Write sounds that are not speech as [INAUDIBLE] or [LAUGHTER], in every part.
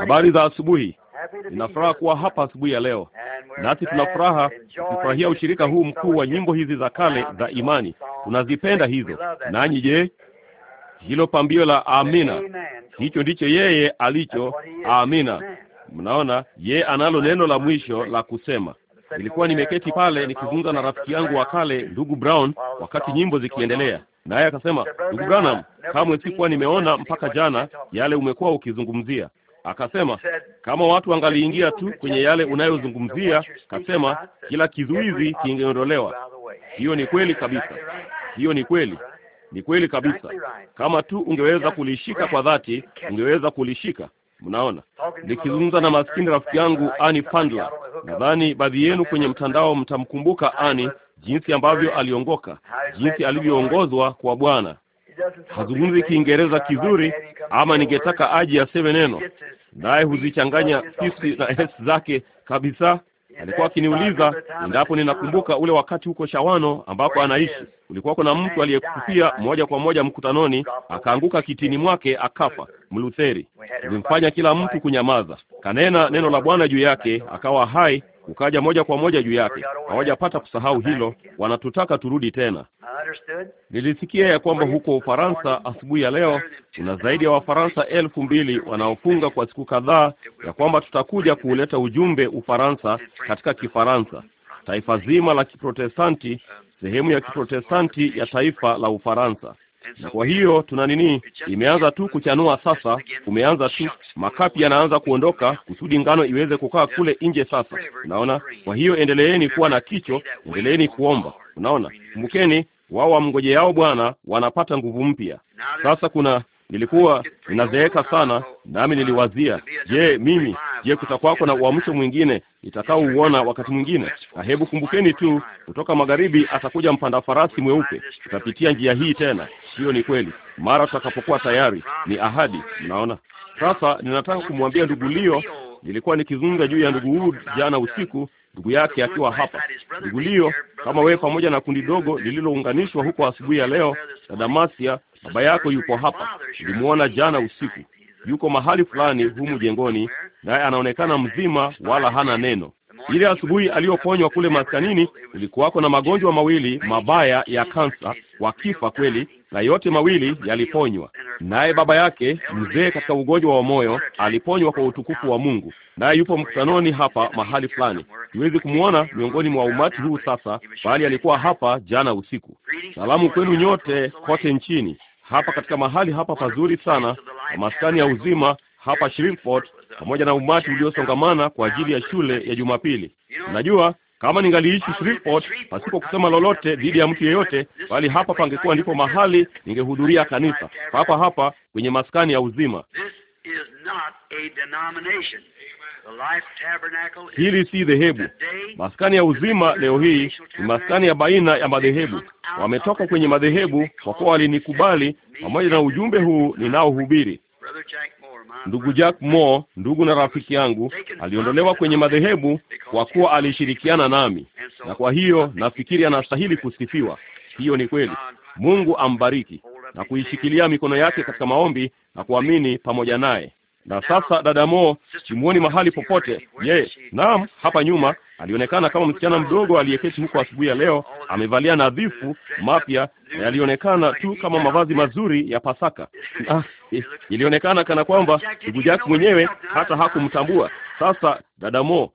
Habari za asubuhi. Ninafuraha furaha kuwa hapa asubuhi ya leo, nasi tunafuraha kufurahia ushirika huu mkuu wa nyimbo hizi za kale za imani. Tunazipenda hizo, nanyi je? Hilo pambio la amina, hicho ndicho yeye alicho. Amina, mnaona, yeye analo neno la mwisho la kusema. Nilikuwa nimeketi pale nikizungumza na rafiki yangu wa kale, ndugu Brown, wakati nyimbo zikiendelea, naye akasema, ndugu Branham, kamwe sikuwa nimeona mpaka jana yale umekuwa ukizungumzia. Akasema kama watu wangaliingia tu kwenye yale unayozungumzia, kasema kila kizuizi kingeondolewa. Hiyo ni kweli kabisa, hiyo ni kweli, ni kweli kabisa. Kama tu ungeweza kulishika kwa dhati, ungeweza kulishika. Mnaona, nikizungumza na maskini rafiki yangu Ani Pandla, nadhani baadhi yenu kwenye mtandao mtamkumbuka Ani, jinsi ambavyo aliongoka, jinsi alivyoongozwa kwa Bwana hazungumzi Kiingereza kizuri, ama ningetaka aje aseme neno, naye huzichanganya sisi na s zake kabisa. Alikuwa akiniuliza endapo ninakumbuka ule wakati huko Shawano ambapo anaishi, ulikuwa kuna mtu aliyekufia moja kwa moja mkutanoni, akaanguka kitini mwake akafa. Mlutheri, ilimfanya kila mtu kunyamaza, kanena neno la Bwana juu yake, akawa hai ukaja moja kwa moja juu yake. Hawajapata kusahau hilo, wanatutaka turudi tena. Nilisikia ya kwamba huko Ufaransa asubuhi ya leo kuna zaidi ya Wafaransa elfu mbili wanaofunga kwa siku kadhaa, ya kwamba tutakuja kuuleta ujumbe Ufaransa katika Kifaransa, taifa zima la Kiprotestanti, um, sehemu ya Kiprotestanti ya taifa la Ufaransa na kwa hiyo tuna nini, imeanza tu kuchanua sasa, umeanza tu, makapi yanaanza kuondoka kusudi ngano iweze kukaa kule nje sasa. Unaona, kwa hiyo endeleeni kuwa na kicho, endeleeni kuomba. Unaona, kumbukeni wao wamngojeao Bwana wanapata nguvu mpya. Sasa kuna Nilikuwa ninazeeka sana, nami niliwazia, je, mimi je, kutakwako na uamsho mwingine itakaouona wakati mwingine? Na hebu kumbukeni tu, kutoka magharibi atakuja mpanda farasi mweupe. Tutapitia njia hii tena, hiyo ni kweli, mara tutakapokuwa tayari. Ni ahadi, mnaona. Sasa ninataka kumwambia ndugu Leo, nilikuwa nikizungumza juu ya ndugu huu jana usiku, ndugu yake akiwa hapa. Ndugu lio kama wewe pamoja na kundi dogo lililounganishwa huko asubuhi ya leo na Damasia Baba yako yuko hapa, nilimwona jana usiku, yuko mahali fulani humu jengoni, naye anaonekana mzima, wala hana neno. Ile asubuhi aliyoponywa kule maskanini, ilikuwako na magonjwa mawili mabaya ya kansa, wakifa kweli, na yote mawili yaliponywa. Naye baba yake mzee katika ugonjwa wa moyo aliponywa kwa utukufu wa Mungu, naye yupo mkutanoni hapa mahali fulani. Siwezi kumwona miongoni mwa umati huu sasa, bali alikuwa hapa jana usiku. Salamu kwenu nyote kote nchini hapa katika mahali hapa pazuri sana na maskani ya uzima hapa Shreveport, pamoja na umati uliosongamana kwa ajili ya shule ya Jumapili. Najua kama ningaliishi Shreveport pasipo kusema lolote dhidi ya mtu yeyote, bali hapa pangekuwa ndipo mahali ningehudhuria kanisa, papa hapa kwenye maskani ya uzima. Hili si dhehebu. Maskani ya uzima leo hii ni maskani ya baina ya madhehebu. Wametoka kwenye madhehebu kwa kuwa walinikubali, pamoja na ujumbe huu ninaohubiri. Ndugu Jack Moore, ndugu na rafiki yangu, aliondolewa kwenye madhehebu kwa kuwa alishirikiana nami, na kwa hiyo nafikiri anastahili kusifiwa. Hiyo ni kweli. Mungu ambariki na kuishikilia mikono yake katika maombi na kuamini pamoja naye. Na sasa dada Mo simuoni mahali popote. ye. naam, hapa nyuma alionekana kama msichana mdogo aliyeketi huko asubuhi ya leo, amevalia nadhifu mapya, na yalionekana tu kama mavazi mazuri ya Pasaka. Ah, eh, ilionekana kana kwamba ndugu Jack mwenyewe hata hakumtambua. Sasa dada Mo,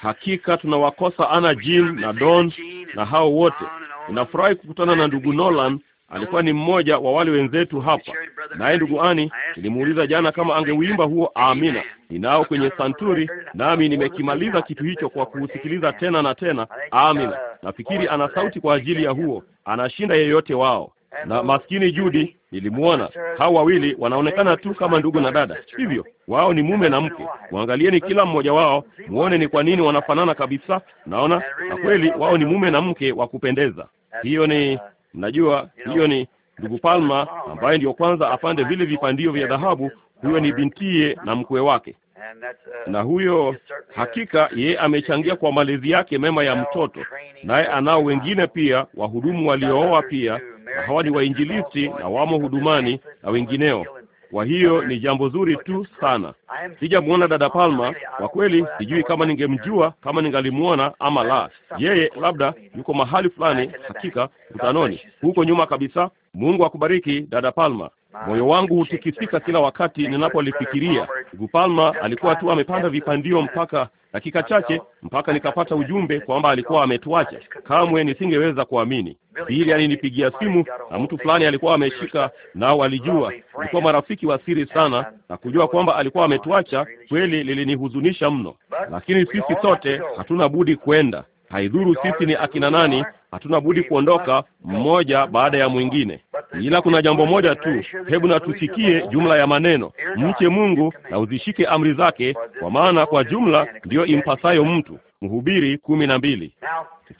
hakika tunawakosa Ana Jean na Don na hao wote. Ninafurahi kukutana na ndugu Nolan alikuwa ni mmoja wa wale wenzetu hapa, naye ndugu Ani nilimuuliza jana kama angeuimba huo Amina. Ninao kwenye santuri, nami nimekimaliza kitu hicho kwa kuusikiliza tena na tena. Amina, uh, nafikiri ana sauti kwa ajili ya huo, anashinda yeyote wao. Na maskini Judi nilimwona, hao wawili wanaonekana tu kama ndugu na dada hivyo, wao ni mume na mke. Mwangalieni kila mmoja wao, muone ni kwa nini wanafanana kabisa. Naona na kweli wao ni mume na mke wa kupendeza. Hiyo ni uh, Mnajua hiyo ni ndugu Palma ambaye ndiyo kwanza apande vile vipandio vya dhahabu. Huyo ni bintiye na mkwe wake, uh, na huyo hakika yeye amechangia kwa malezi yake mema ya mtoto, naye anao uh, wengine pia wahudumu waliooa pia, na hawa ni wainjilisti na wamo hudumani na wengineo. Kwa hiyo ni jambo zuri tu sana. Sijamwona dada Palma kwa kweli, sijui kama ningemjua kama ningalimwona ama la. Yeye labda yuko mahali fulani, hakika utanoni huko nyuma kabisa. Mungu akubariki dada Palma. Moyo wangu hutikisika kila wakati ninapolifikiria. Ndugu Palma alikuwa tu amepanda vipandio mpaka dakika chache, mpaka nikapata ujumbe kwamba alikuwa ametuacha. Kamwe nisingeweza kuamini. Bili alinipigia simu na mtu fulani alikuwa ameshika, nao alijua ilikuwa marafiki wa siri sana, na kujua kwamba alikuwa ametuacha kweli lilinihuzunisha mno, lakini sisi sote hatuna budi kwenda haidhuru sisi ni akina nani, hatuna budi kuondoka mmoja baada ya mwingine, ila kuna jambo moja tu. Hebu na tusikie jumla ya maneno, mche Mungu na uzishike amri zake, kwa maana kwa jumla ndiyo impasayo mtu. Mhubiri kumi na mbili.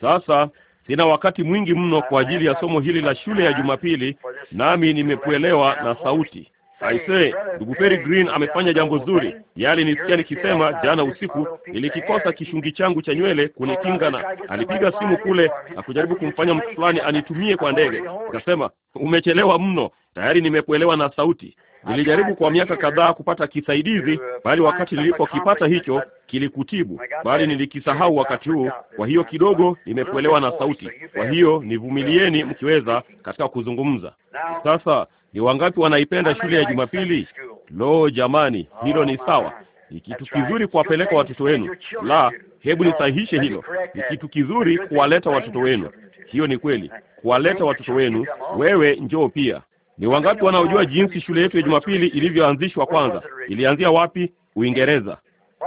Sasa sina wakati mwingi mno kwa ajili ya somo hili la shule ya Jumapili, nami nimepuelewa na sauti aisee, ndugu Green amefanya jambo zuri. Yali nisikia nikisema jana usiku, nilikikosa kishungi changu cha nywele kunikinga, na alipiga simu kule na kujaribu kumfanya mtu fulani anitumie kwa ndege. Nikasema umechelewa mno, tayari nimekuelewa na sauti. Nilijaribu kwa miaka kadhaa kupata kisaidizi, bali wakati nilipokipata hicho kilikutibu, bali nilikisahau wakati huo. Kwa hiyo kidogo nimekuelewa na sauti. Kwa hiyo nivumilieni mkiweza katika kuzungumza sasa. Ni wangapi wanaipenda shule ya Jumapili? Lo, jamani, hilo oh ni sawa. Ni kitu kizuri kuwapeleka watoto wenu. La, hebu nisahihishe hilo, ni kitu kizuri kuwaleta watoto wenu. Hiyo ni kweli, kuwaleta watoto wenu. Wewe njoo pia. Ni wangapi wanaojua jinsi shule yetu ya Jumapili ilivyoanzishwa? Kwanza ilianzia wapi? Uingereza.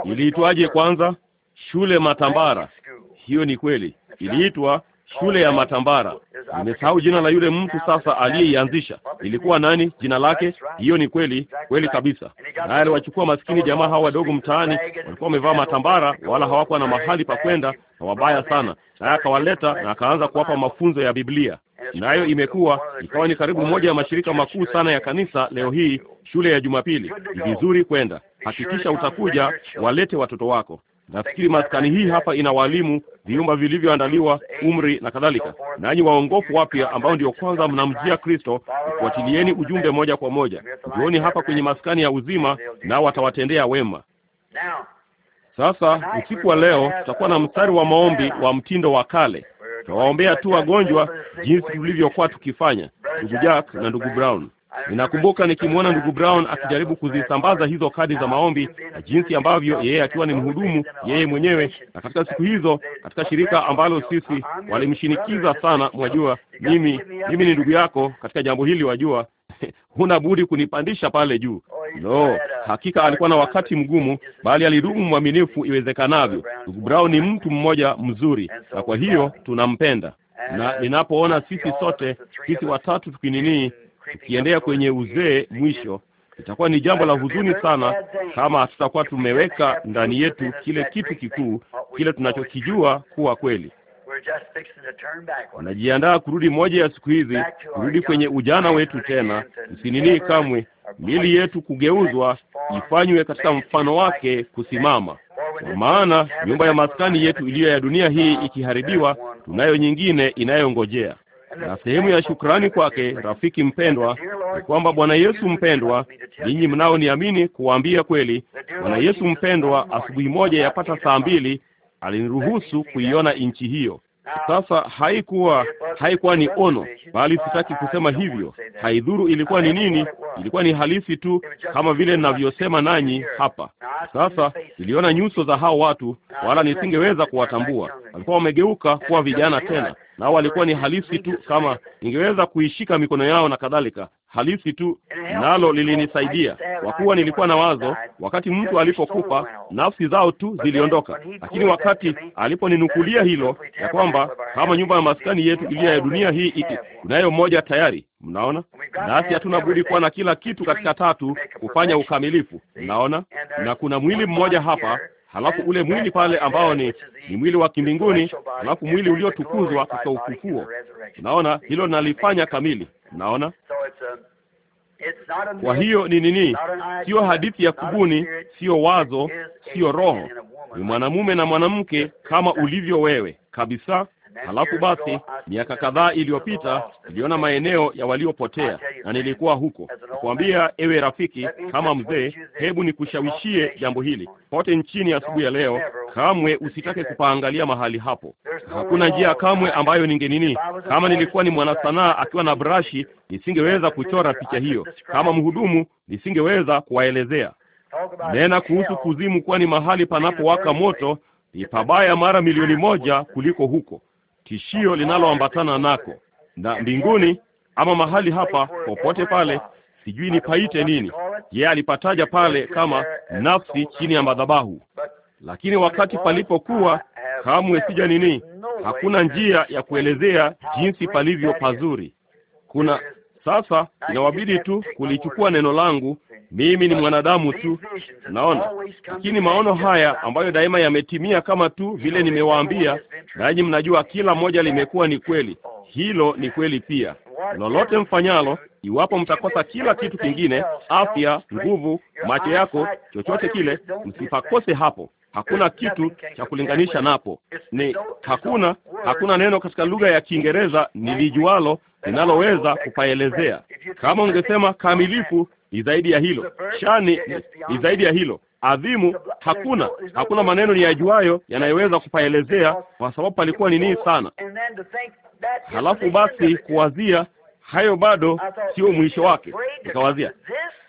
Iliitwaje kwanza? Shule Matambara. Hiyo ni kweli, iliitwa shule ya Matambara. Nimesahau jina la yule mtu sasa aliyeianzisha, ilikuwa nani jina lake? Hiyo ni kweli kweli kabisa. Naye aliwachukua maskini jamaa hawa wadogo mtaani, walikuwa wamevaa matambara, wala hawakuwa na mahali pa kwenda, na wabaya sana, naye akawaleta na akaanza kuwapa mafunzo ya Biblia, nayo imekuwa ikawa ni karibu moja ya mashirika makuu sana ya kanisa leo hii, shule ya Jumapili. Ni vizuri kwenda, hakikisha utakuja, walete watoto wako. Nafikiri maskani hii hapa ina walimu, vyumba vilivyoandaliwa, umri na kadhalika. Nanyi waongofu wapya ambao ndio kwanza mnamjia Kristo, mfuatilieni ujumbe moja kwa moja, jioni hapa kwenye maskani ya uzima, nao watawatendea wema. Sasa usiku wa leo tutakuwa na mstari wa maombi wa mtindo wa kale. Tutawaombea tu wagonjwa jinsi tulivyokuwa tukifanya, ndugu Jack na ndugu Brown. Ninakumbuka nikimwona ndugu Brown akijaribu kuzisambaza hizo kadi za maombi na jinsi ambavyo yeye akiwa ni mhudumu yeye mwenyewe, na katika siku hizo, katika shirika ambalo sisi walimshinikiza sana, mwajua, mimi mimi ni ndugu yako katika jambo hili, wajua [LAUGHS] huna budi kunipandisha pale juu. No, hakika alikuwa na wakati mgumu, bali alidumu mwaminifu iwezekanavyo. Ndugu Brown ni mtu mmoja mzuri, na kwa hiyo tunampenda na ninapoona sisi sote sisi watatu tukininii tukiendea kwenye uzee mwisho, itakuwa ni jambo la huzuni sana kama hatutakuwa tumeweka ndani yetu kile kitu kikuu, kile tunachokijua kuwa kweli. Wanajiandaa kurudi moja ya siku hizi, kurudi kwenye ujana wetu tena, usinini kamwe, mili yetu kugeuzwa ifanywe katika mfano wake kusimama. Kwa maana nyumba ya maskani yetu iliyo ya dunia hii ikiharibiwa, tunayo nyingine inayongojea na sehemu ya shukrani kwake, rafiki mpendwa, ni kwamba Bwana Yesu mpendwa, ninyi mnaoniamini, kuwaambia kweli, Bwana Yesu mpendwa, asubuhi moja yapata saa mbili aliniruhusu kuiona nchi hiyo. Sasa haikuwa haikuwa ni ono, bali sitaki kusema hivyo. Haidhuru ilikuwa ni nini, ilikuwa ni halisi tu, kama vile ninavyosema nanyi hapa sasa. Niliona nyuso za hao watu, wala nisingeweza kuwatambua. Walikuwa wamegeuka kuwa vijana tena, nao walikuwa ni halisi tu, kama ningeweza kuishika mikono yao na kadhalika, halisi tu, nalo lilinisaidia kwa kuwa nilikuwa na wazo, wakati mtu alipokufa nafsi zao tu ziliondoka. Lakini wakati aliponinukulia hilo ya kwamba kama nyumba ya maskani yetu iliyo ya dunia hii iki kunayo moja tayari, mnaona, nasi hatuna budi kuwa na kila kitu katika tatu kufanya ukamilifu, mnaona, na kuna mwili mmoja hapa halafu ule mwili pale ambao ni ni mwili wa kimbinguni, halafu mwili uliotukuzwa katika ufufuo. Unaona, hilo nalifanya kamili. Unaona, kwa hiyo ni nini? Sio hadithi ya kubuni, sio wazo, sio roho. Ni mwanamume na mwanamke kama ulivyo wewe kabisa, Halafu basi, miaka kadhaa iliyopita niliona maeneo ya waliopotea na nilikuwa huko. Kuambia ewe rafiki, kama mzee, hebu nikushawishie jambo hili. Pote nchini asubuhi ya, ya leo, kamwe usitake kupaangalia mahali hapo. Hakuna njia kamwe ambayo ningenini, kama nilikuwa ni mwanasanaa akiwa na brashi, nisingeweza kuchora picha hiyo. Kama mhudumu, nisingeweza kuwaelezea nena kuhusu kuzimu, kwani mahali panapowaka moto ni pabaya mara milioni moja kuliko huko tishio linaloambatana nako na mbinguni ama mahali hapa popote pale, sijui ni paite nini. Yeye alipataja pale kama nafsi chini ya madhabahu, lakini wakati palipokuwa kamwe sija nini, hakuna njia ya kuelezea jinsi palivyo pazuri. Kuna sasa inawabidi tu kulichukua neno langu. Mimi ni mwanadamu tu, naona, lakini maono haya ambayo daima yametimia kama tu vile nimewaambia, nanyi mnajua kila moja limekuwa ni kweli. Hilo ni kweli pia. Lolote mfanyalo, iwapo mtakosa kila kitu kingine, afya, nguvu, macho yako, chochote kile, msipakose hapo. Hakuna kitu cha kulinganisha napo, ni hakuna, hakuna neno katika lugha ya Kiingereza nilijualo linaloweza kupaelezea. Kama ungesema kamilifu, ni zaidi ya hilo. Shani ni zaidi ya hilo. Adhimu, hakuna hakuna maneno ni yajuayo yanayoweza kupaelezea, kwa sababu palikuwa ni nini sana. Halafu basi kuwazia hayo bado sio mwisho wake. Nikawazia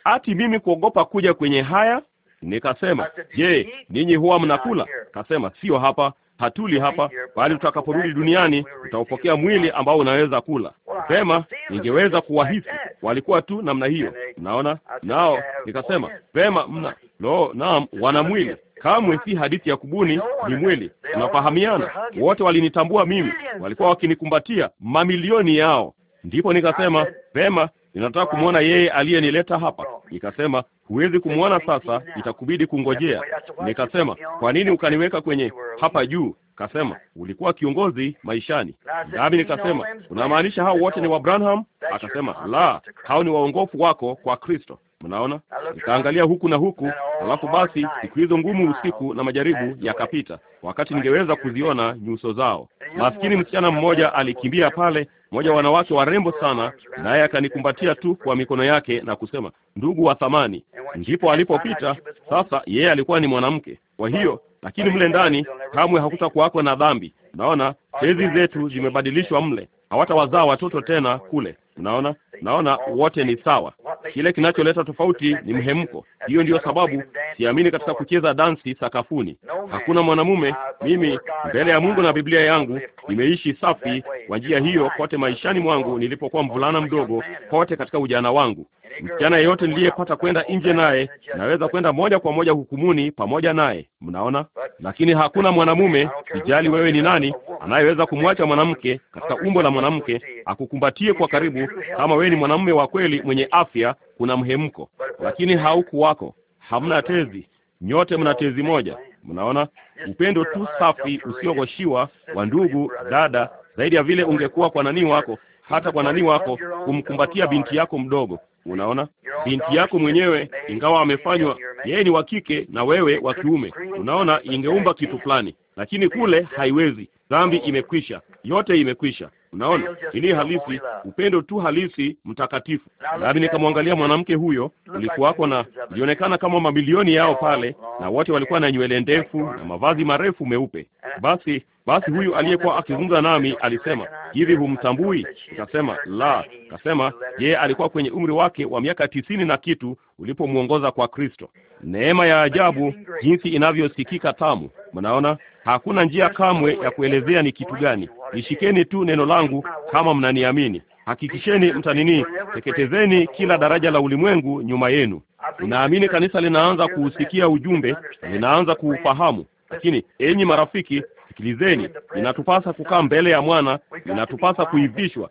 ati mimi kuogopa kuja kwenye haya. Nikasema, je, ninyi huwa mnakula? Kasema sio hapa hatuli hapa, bali tutakaporudi duniani tutaupokea mwili ambao unaweza kula. Sema ningeweza kuwahisi walikuwa tu namna hiyo, naona nao, nikasema vema, mna lo, naam, wana mwili Kamwe si hadithi ya kubuni, ni mwili. Tunafahamiana wote, walinitambua mimi, walikuwa wakinikumbatia mamilioni yao. Ndipo nikasema vema, ninataka kumwona yeye aliyenileta hapa. Nikasema huwezi kumwona sasa, itakubidi kungojea. Nikasema kwa nini ukaniweka kwenye hapa juu? Kasema ulikuwa kiongozi maishani. Nami nikasema unamaanisha hao wote ni wa Branham? Akasema la, hao ni waongofu wako kwa Kristo. Mnaona, nikaangalia huku na huku, alafu basi siku hizo ngumu usiku na majaribu yakapita, wakati ningeweza kuziona nyuso zao. Maskini msichana mmoja alikimbia pale, mmoja wa wanawake warembo sana, naye akanikumbatia tu kwa mikono yake na kusema, ndugu wa thamani. Ndipo alipopita sasa. Yeye alikuwa ni mwanamke, kwa hiyo lakini mle ndani kamwe hakutakuwako na dhambi. Naona tezi zetu zimebadilishwa mle, hawatawazaa watoto tena kule Naona, naona wote ni sawa. Kile kinacholeta tofauti ni mhemko. Hiyo ndiyo sababu siamini katika kucheza dansi sakafuni. Hakuna mwanamume mimi, mbele ya Mungu na Biblia yangu, nimeishi safi kwa njia hiyo kote maishani mwangu, nilipokuwa mvulana mdogo, kote katika ujana wangu msichana yeyote niliyepata kwenda nje naye naweza kwenda moja kwa moja hukumuni pamoja naye, mnaona. Lakini hakuna mwanamume, sijali wewe ni nani, anayeweza kumwacha mwanamke katika umbo la mwanamke akukumbatie kwa karibu, kama wewe ni mwanamume wa kweli mwenye afya. Kuna mhemko, lakini haukuwako. Hamna tezi, nyote mna tezi moja, mnaona, upendo tu safi usiogoshiwa wa ndugu dada, zaidi ya vile ungekuwa kwa nani wako hata kwa nani wako kumkumbatia binti yako mdogo. Unaona, binti yako mwenyewe ingawa amefanywa yeye ni wa kike na wewe wa kiume, unaona, ingeumba kitu fulani, lakini kule haiwezi. Dhambi imekwisha, yote imekwisha. Unaona, hili halisi, upendo tu halisi, mtakatifu. Nami nikamwangalia mwanamke huyo, ulikuwako na ilionekana kama mabilioni yao oh, pale, oh, na wote walikuwa na nywele ndefu na mavazi marefu meupe. Basi basi huyu aliyekuwa akizungumza nami alisema, hivi humtambui? Nikasema la. Kasema, ye alikuwa kwenye umri wake wa miaka tisini na kitu ulipomwongoza kwa Kristo? Neema ya ajabu, jinsi inavyosikika tamu. Mnaona, Hakuna njia kamwe ya kuelezea ni kitu gani. Lishikeni tu neno langu kama mnaniamini. Hakikisheni mtanini, teketezeni kila daraja la ulimwengu nyuma yenu. Ninaamini kanisa linaanza kuusikia ujumbe, linaanza kuufahamu. Lakini enyi marafiki, sikilizeni, inatupasa kukaa mbele ya mwana, inatupasa kuivishwa.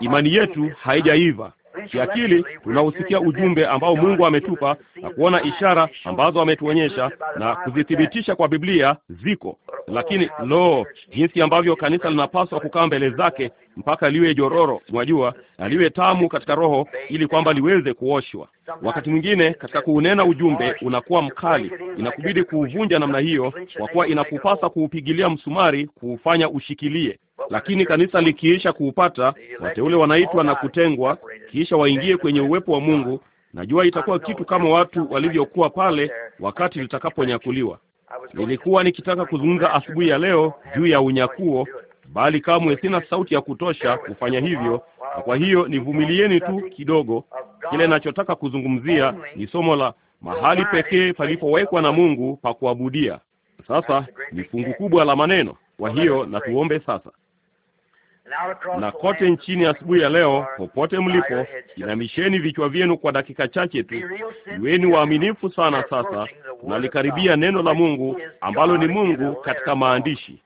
Imani yetu haijaiva kiakili tunausikia ujumbe ambao Mungu ametupa na kuona ishara ambazo ametuonyesha na kuzithibitisha kwa Biblia ziko, lakini lo, jinsi ambavyo kanisa linapaswa kukaa mbele zake mpaka liwe jororo, mwajua, na liwe tamu katika roho, ili kwamba liweze kuoshwa. Wakati mwingine katika kuunena ujumbe unakuwa mkali, inakubidi kuuvunja namna hiyo, kwa kuwa inakupasa kuupigilia msumari, kuufanya ushikilie lakini kanisa likiisha kuupata, wateule wanaitwa na kutengwa, kisha waingie kwenye uwepo wa Mungu. Najua itakuwa kitu kama watu walivyokuwa pale wakati litakaponyakuliwa. Nilikuwa nikitaka kuzungumza asubuhi ya leo juu ya unyakuo, bali kamwe sina sauti ya kutosha kufanya hivyo, na kwa hiyo nivumilieni tu kidogo. Kile ninachotaka kuzungumzia ni somo la mahali pekee palipowekwa na Mungu pa kuabudia. Sasa ni fungu kubwa la maneno. Kwa hiyo na tuombe sasa na kote nchini asubuhi ya leo, popote mlipo, inamisheni vichwa vyenu kwa dakika chache tu. Iweni waaminifu sana. Sasa tunalikaribia neno la Mungu ambalo ni Mungu katika maandishi.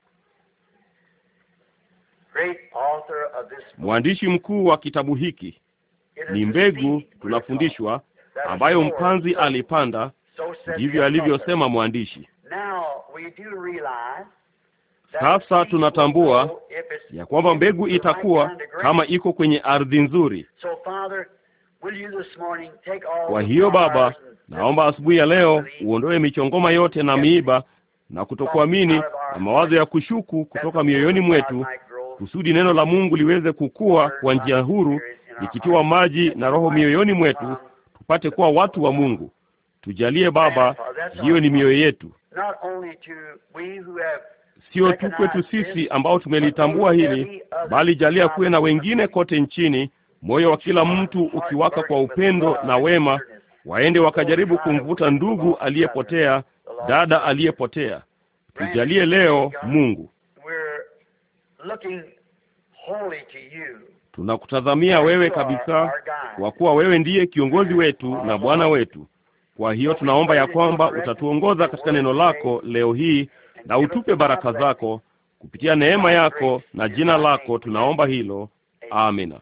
Mwandishi mkuu wa kitabu hiki ni mbegu, tunafundishwa, ambayo mpanzi alipanda, ndivyo alivyosema mwandishi. Sasa tunatambua ya kwamba mbegu itakuwa kama iko kwenye ardhi nzuri. Kwa hiyo Baba, naomba asubuhi ya leo uondoe michongoma yote na miiba na kutokuamini na mawazo ya kushuku kutoka mioyoni mwetu, kusudi neno la Mungu liweze kukua kwa njia huru, ikitiwa maji na Roho mioyoni mwetu, tupate kuwa watu wa Mungu. Tujalie Baba, hiyo ni mioyo yetu sio tu kwetu sisi ambao tumelitambua hili, bali jalia kuwe na wengine kote nchini, moyo wa kila mtu ukiwaka kwa upendo na wema, waende wakajaribu kumvuta ndugu aliyepotea, dada aliyepotea. Tujalie leo, Mungu, tunakutazamia wewe kabisa, kwa kuwa wewe ndiye kiongozi wetu na Bwana wetu. Kwa hiyo tunaomba ya kwamba utatuongoza katika neno lako leo hii na utupe baraka zako kupitia neema yako na jina lako, tunaomba hilo, amina.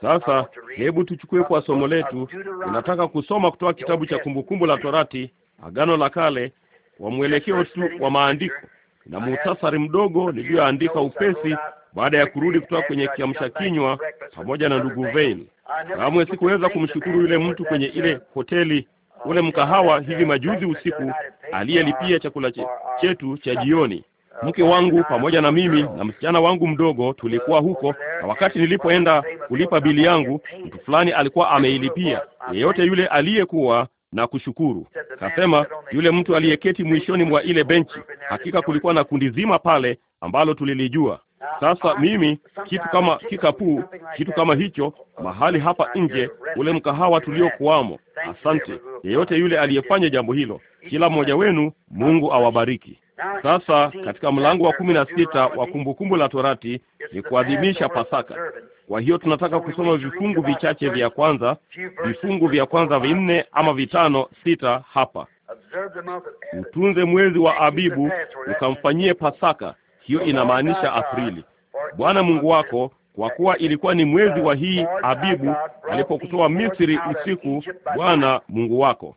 Sasa hebu tuchukue kwa somo letu. Tunataka kusoma kutoka kitabu cha Kumbukumbu la Torati, Agano la Kale, kwa mwelekeo tu wa maandiko na muhtasari mdogo niliyoandika upesi baada ya kurudi kutoka kwenye kiamsha kinywa pamoja na ndugu Vein. Kamwe sikuweza kumshukuru yule mtu kwenye ile hoteli ule mkahawa hivi majuzi usiku, aliyelipia chakula chetu cha jioni mke wangu pamoja na mimi na msichana wangu mdogo tulikuwa huko, na wakati nilipoenda kulipa bili yangu, mtu fulani alikuwa ameilipia. Yeyote yule aliyekuwa na kushukuru, kasema yule mtu aliyeketi mwishoni mwa ile benchi. Hakika kulikuwa na kundi zima pale ambalo tulilijua. Sasa ah, mimi kitu kama kikapu, kitu kama hicho, mahali hapa nje, ule mkahawa tuliokuwamo. Asante yeyote yule aliyefanya jambo hilo, kila mmoja wenu, Mungu awabariki. Sasa katika mlango wa kumi na sita wa Kumbukumbu la Torati ni kuadhimisha Pasaka. Kwa hiyo tunataka kusoma vifungu vichache vya kwanza, vifungu vya kwanza vinne ama vitano sita hapa. utunze mwezi wa Abibu, ukamfanyie Pasaka hiyo inamaanisha uh, Aprili. Bwana Mungu wako kwa kuwa ilikuwa ni mwezi wa hii Abibu alipokutoa Misri usiku, Bwana Mungu wako.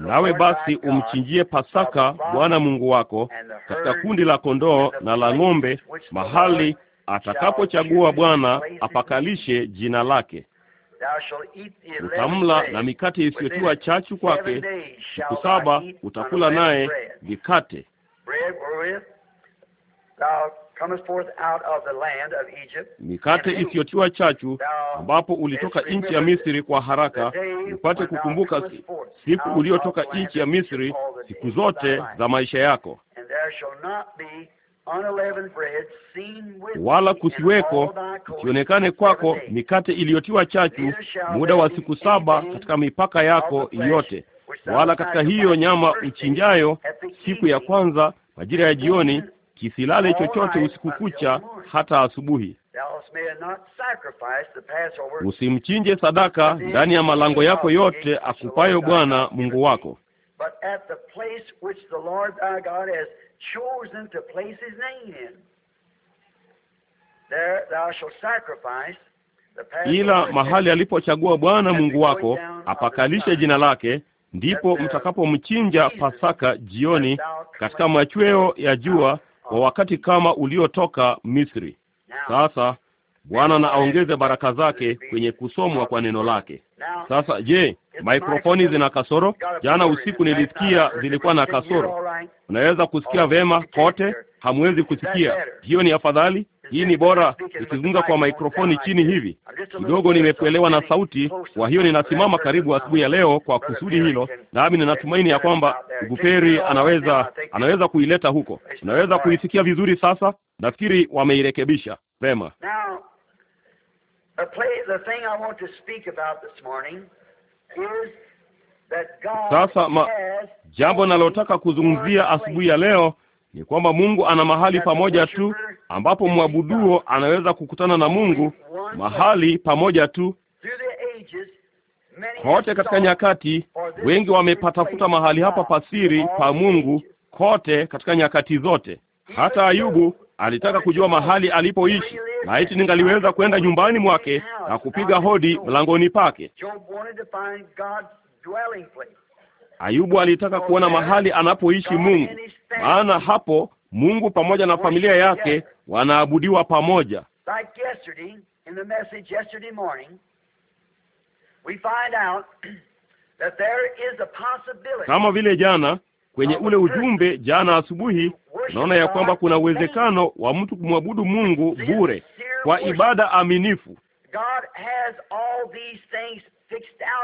Nawe basi umchinjie Pasaka Bwana Mungu wako katika kundi la kondoo na la ng'ombe, mahali atakapochagua Bwana apakalishe jina lake utamla na mikate isiyotiwa chachu kwake. Siku saba utakula naye mikate mikate isiyotiwa chachu, ambapo ulitoka nchi ya Misri kwa haraka, upate kukumbuka siku uliotoka nchi ya Misri siku zote za maisha yako wala kusiweko kionekane kwako mikate iliyotiwa chachu muda wa siku saba katika mipaka yako yote, wala katika hiyo nyama uchinjayo siku ya kwanza majira ya jioni, kisilale chochote usiku kucha hata asubuhi. Usimchinje sadaka ndani ya malango yako yote akupayo Bwana Mungu wako but at the place which the Lord thy God has chosen to place his name in. There thou shalt sacrifice the ila mahali alipochagua Bwana Mungu wako apakalishe jina lake, ndipo mtakapomchinja Pasaka jioni katika machweo ya jua, kwa wakati kama uliotoka Misri. Sasa Bwana na aongeze baraka zake kwenye kusomwa kwa neno lake. Sasa je, mikrofoni zina kasoro? Jana usiku nilisikia zilikuwa na kasoro. Unaweza kusikia vema kote, hamwezi kusikia. Hiyo ni afadhali. Hii ni bora nikizungumza kwa mikrofoni chini hivi kidogo. Nimekuelewa na sauti, kwa hiyo ninasimama karibu asubuhi ya leo kwa kusudi hilo, nami ninatumaini ya kwamba Guperi anaweza anaweza kuileta huko. Unaweza kuisikia vizuri sasa? Nafikiri wameirekebisha vema. Sasa ma, jambo nalotaka kuzungumzia asubuhi ya leo ni kwamba Mungu ana mahali pamoja tu ambapo mwabuduo anaweza kukutana na Mungu, mahali pamoja tu. Kote katika nyakati, wengi wamepatafuta mahali hapa pasiri pa Mungu, kote katika nyakati zote. Hata Ayubu alitaka kujua mahali alipoishi, laiti ningaliweza kwenda nyumbani mwake na kupiga hodi mlangoni pake. Ayubu alitaka kuona mahali anapoishi Mungu, maana hapo Mungu pamoja na familia yake wanaabudiwa pamoja. [CLEARS THROAT] Kama vile jana kwenye ule ujumbe jana asubuhi, naona ya kwamba kuna uwezekano wa mtu kumwabudu Mungu bure kwa ibada aminifu.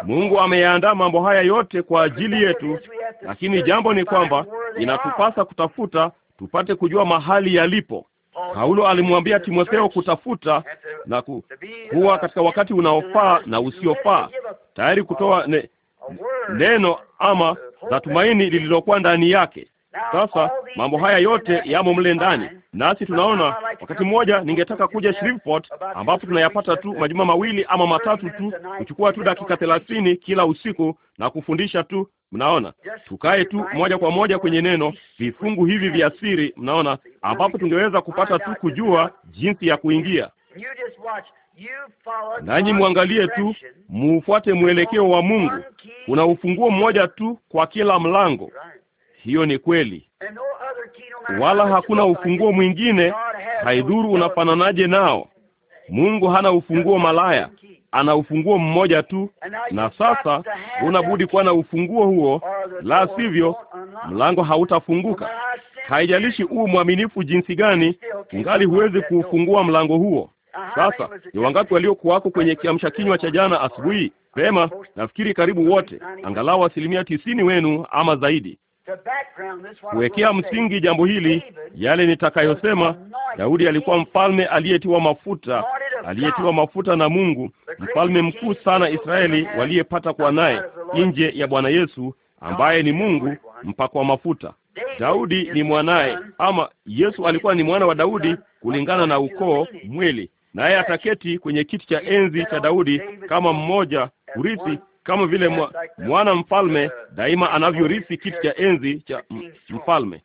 Mungu ameyaandaa mambo haya yote kwa ajili yetu, lakini jambo ni kwamba inatupasa kutafuta tupate kujua mahali yalipo. Paulo alimwambia Timotheo kutafuta na ku, kuwa katika wakati unaofaa na usiofaa, tayari kutoa ne, neno ama la tumaini lililokuwa ndani yake. Sasa mambo haya yote yamo mle ndani, nasi tunaona. Wakati mmoja ningetaka kuja Shreveport, ambapo tunayapata tu majuma mawili ama matatu tu, kuchukua tu dakika thelathini kila usiku na kufundisha tu, mnaona, tukae tu moja kwa moja kwenye neno, vifungu hivi vya siri, mnaona, ambapo tungeweza kupata tu kujua jinsi ya kuingia nanyi mwangalie tu, muufuate mwelekeo wa Mungu. Kuna ufunguo mmoja tu kwa kila mlango. Hiyo ni kweli, wala hakuna ufunguo mwingine, haidhuru unafananaje nao. Mungu hana ufunguo malaya, ana ufunguo mmoja tu, na sasa unabudi kuwa na ufunguo huo, la sivyo mlango hautafunguka. Haijalishi uu mwaminifu jinsi gani, ungali huwezi kuufungua mlango huo. Sasa ni wangapi waliokuwako kwenye kiamsha kinywa cha jana asubuhi? Vema, nafikiri karibu wote, angalau asilimia tisini wenu ama zaidi. Kuwekea msingi jambo hili, yale nitakayosema, Daudi alikuwa mfalme aliyetiwa mafuta, aliyetiwa mafuta na Mungu, mfalme mkuu sana Israeli waliyepata kuwa naye nje ya Bwana Yesu ambaye ni Mungu mpakwa mafuta. Daudi ni mwanaye, ama Yesu alikuwa ni mwana wa Daudi kulingana na ukoo mwili, naye ataketi kwenye kiti cha enzi cha Daudi kama mmoja urithi kama vile mwana mfalme daima anavyorithi kiti cha enzi cha mfalme.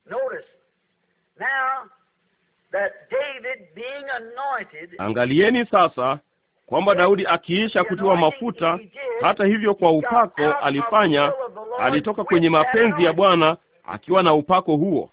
Angalieni sasa kwamba Daudi akiisha kutiwa mafuta, hata hivyo kwa upako alifanya, alitoka kwenye mapenzi ya Bwana akiwa na upako huo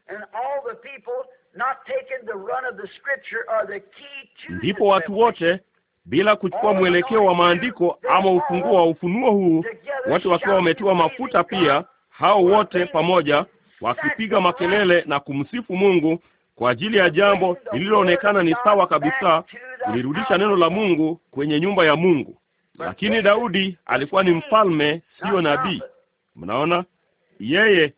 ndipo watu wote bila kuchukua mwelekeo wa maandiko ama ufunguo wa ufunuo huu, wote wakiwa wametiwa mafuta pia, hao wote pamoja wakipiga makelele na kumsifu Mungu kwa ajili ya jambo lililoonekana ni sawa kabisa, kulirudisha neno la Mungu kwenye nyumba ya Mungu. Lakini Daudi alikuwa ni mfalme, siyo nabii. Mnaona, yeye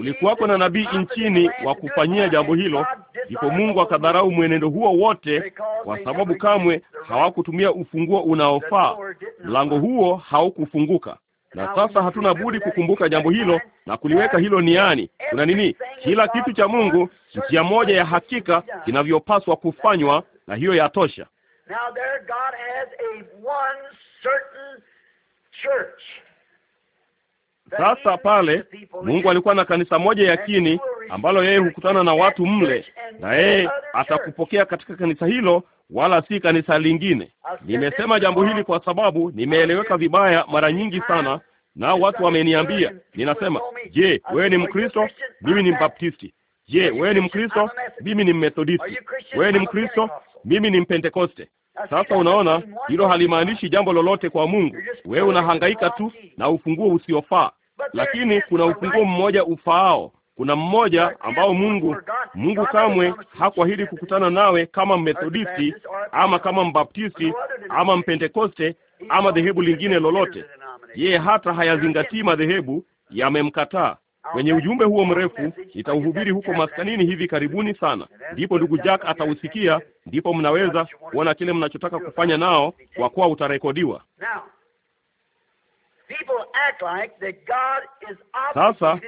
Kulikuwako na nabii nchini wa kufanyia jambo hilo, ndipo Mungu akadharau mwenendo huo wote, kwa sababu kamwe hawakutumia ufunguo unaofaa. Mlango huo haukufunguka, na sasa hatuna budi kukumbuka jambo hilo na kuliweka hilo niani. Kuna nini? Kila kitu cha Mungu, njia moja ya hakika kinavyopaswa kufanywa, na hiyo yatosha. Sasa pale Mungu alikuwa na kanisa moja yakini ambalo yeye hukutana na watu mle, na yeye atakupokea katika kanisa hilo, wala si kanisa lingine. Nimesema jambo hili kwa sababu nimeeleweka vibaya mara nyingi sana, nao watu wameniambia. Ninasema, je, wewe ni Mkristo? Mimi ni Mbaptisti. Je, wewe ni Mkristo? Mimi ni Mmethodisti. Wewe ni Mkristo? Mimi ni Mpentekoste. Sasa unaona, hilo halimaanishi jambo lolote kwa Mungu. Wewe unahangaika tu na ufunguo usiofaa lakini kuna ufunguo mmoja ufaao. Kuna mmoja ambao Mungu Mungu kamwe hakuahidi kukutana nawe kama Methodisti ama kama Mbaptisti ama Mpentekoste ama dhehebu lingine lolote. Yeye hata hayazingatii madhehebu, yamemkataa. Kwenye ujumbe huo mrefu nitauhubiri huko maskanini hivi karibuni sana, ndipo ndugu Jack atausikia, ndipo mnaweza kuona kile mnachotaka kufanya nao, kwa kuwa utarekodiwa. Sasa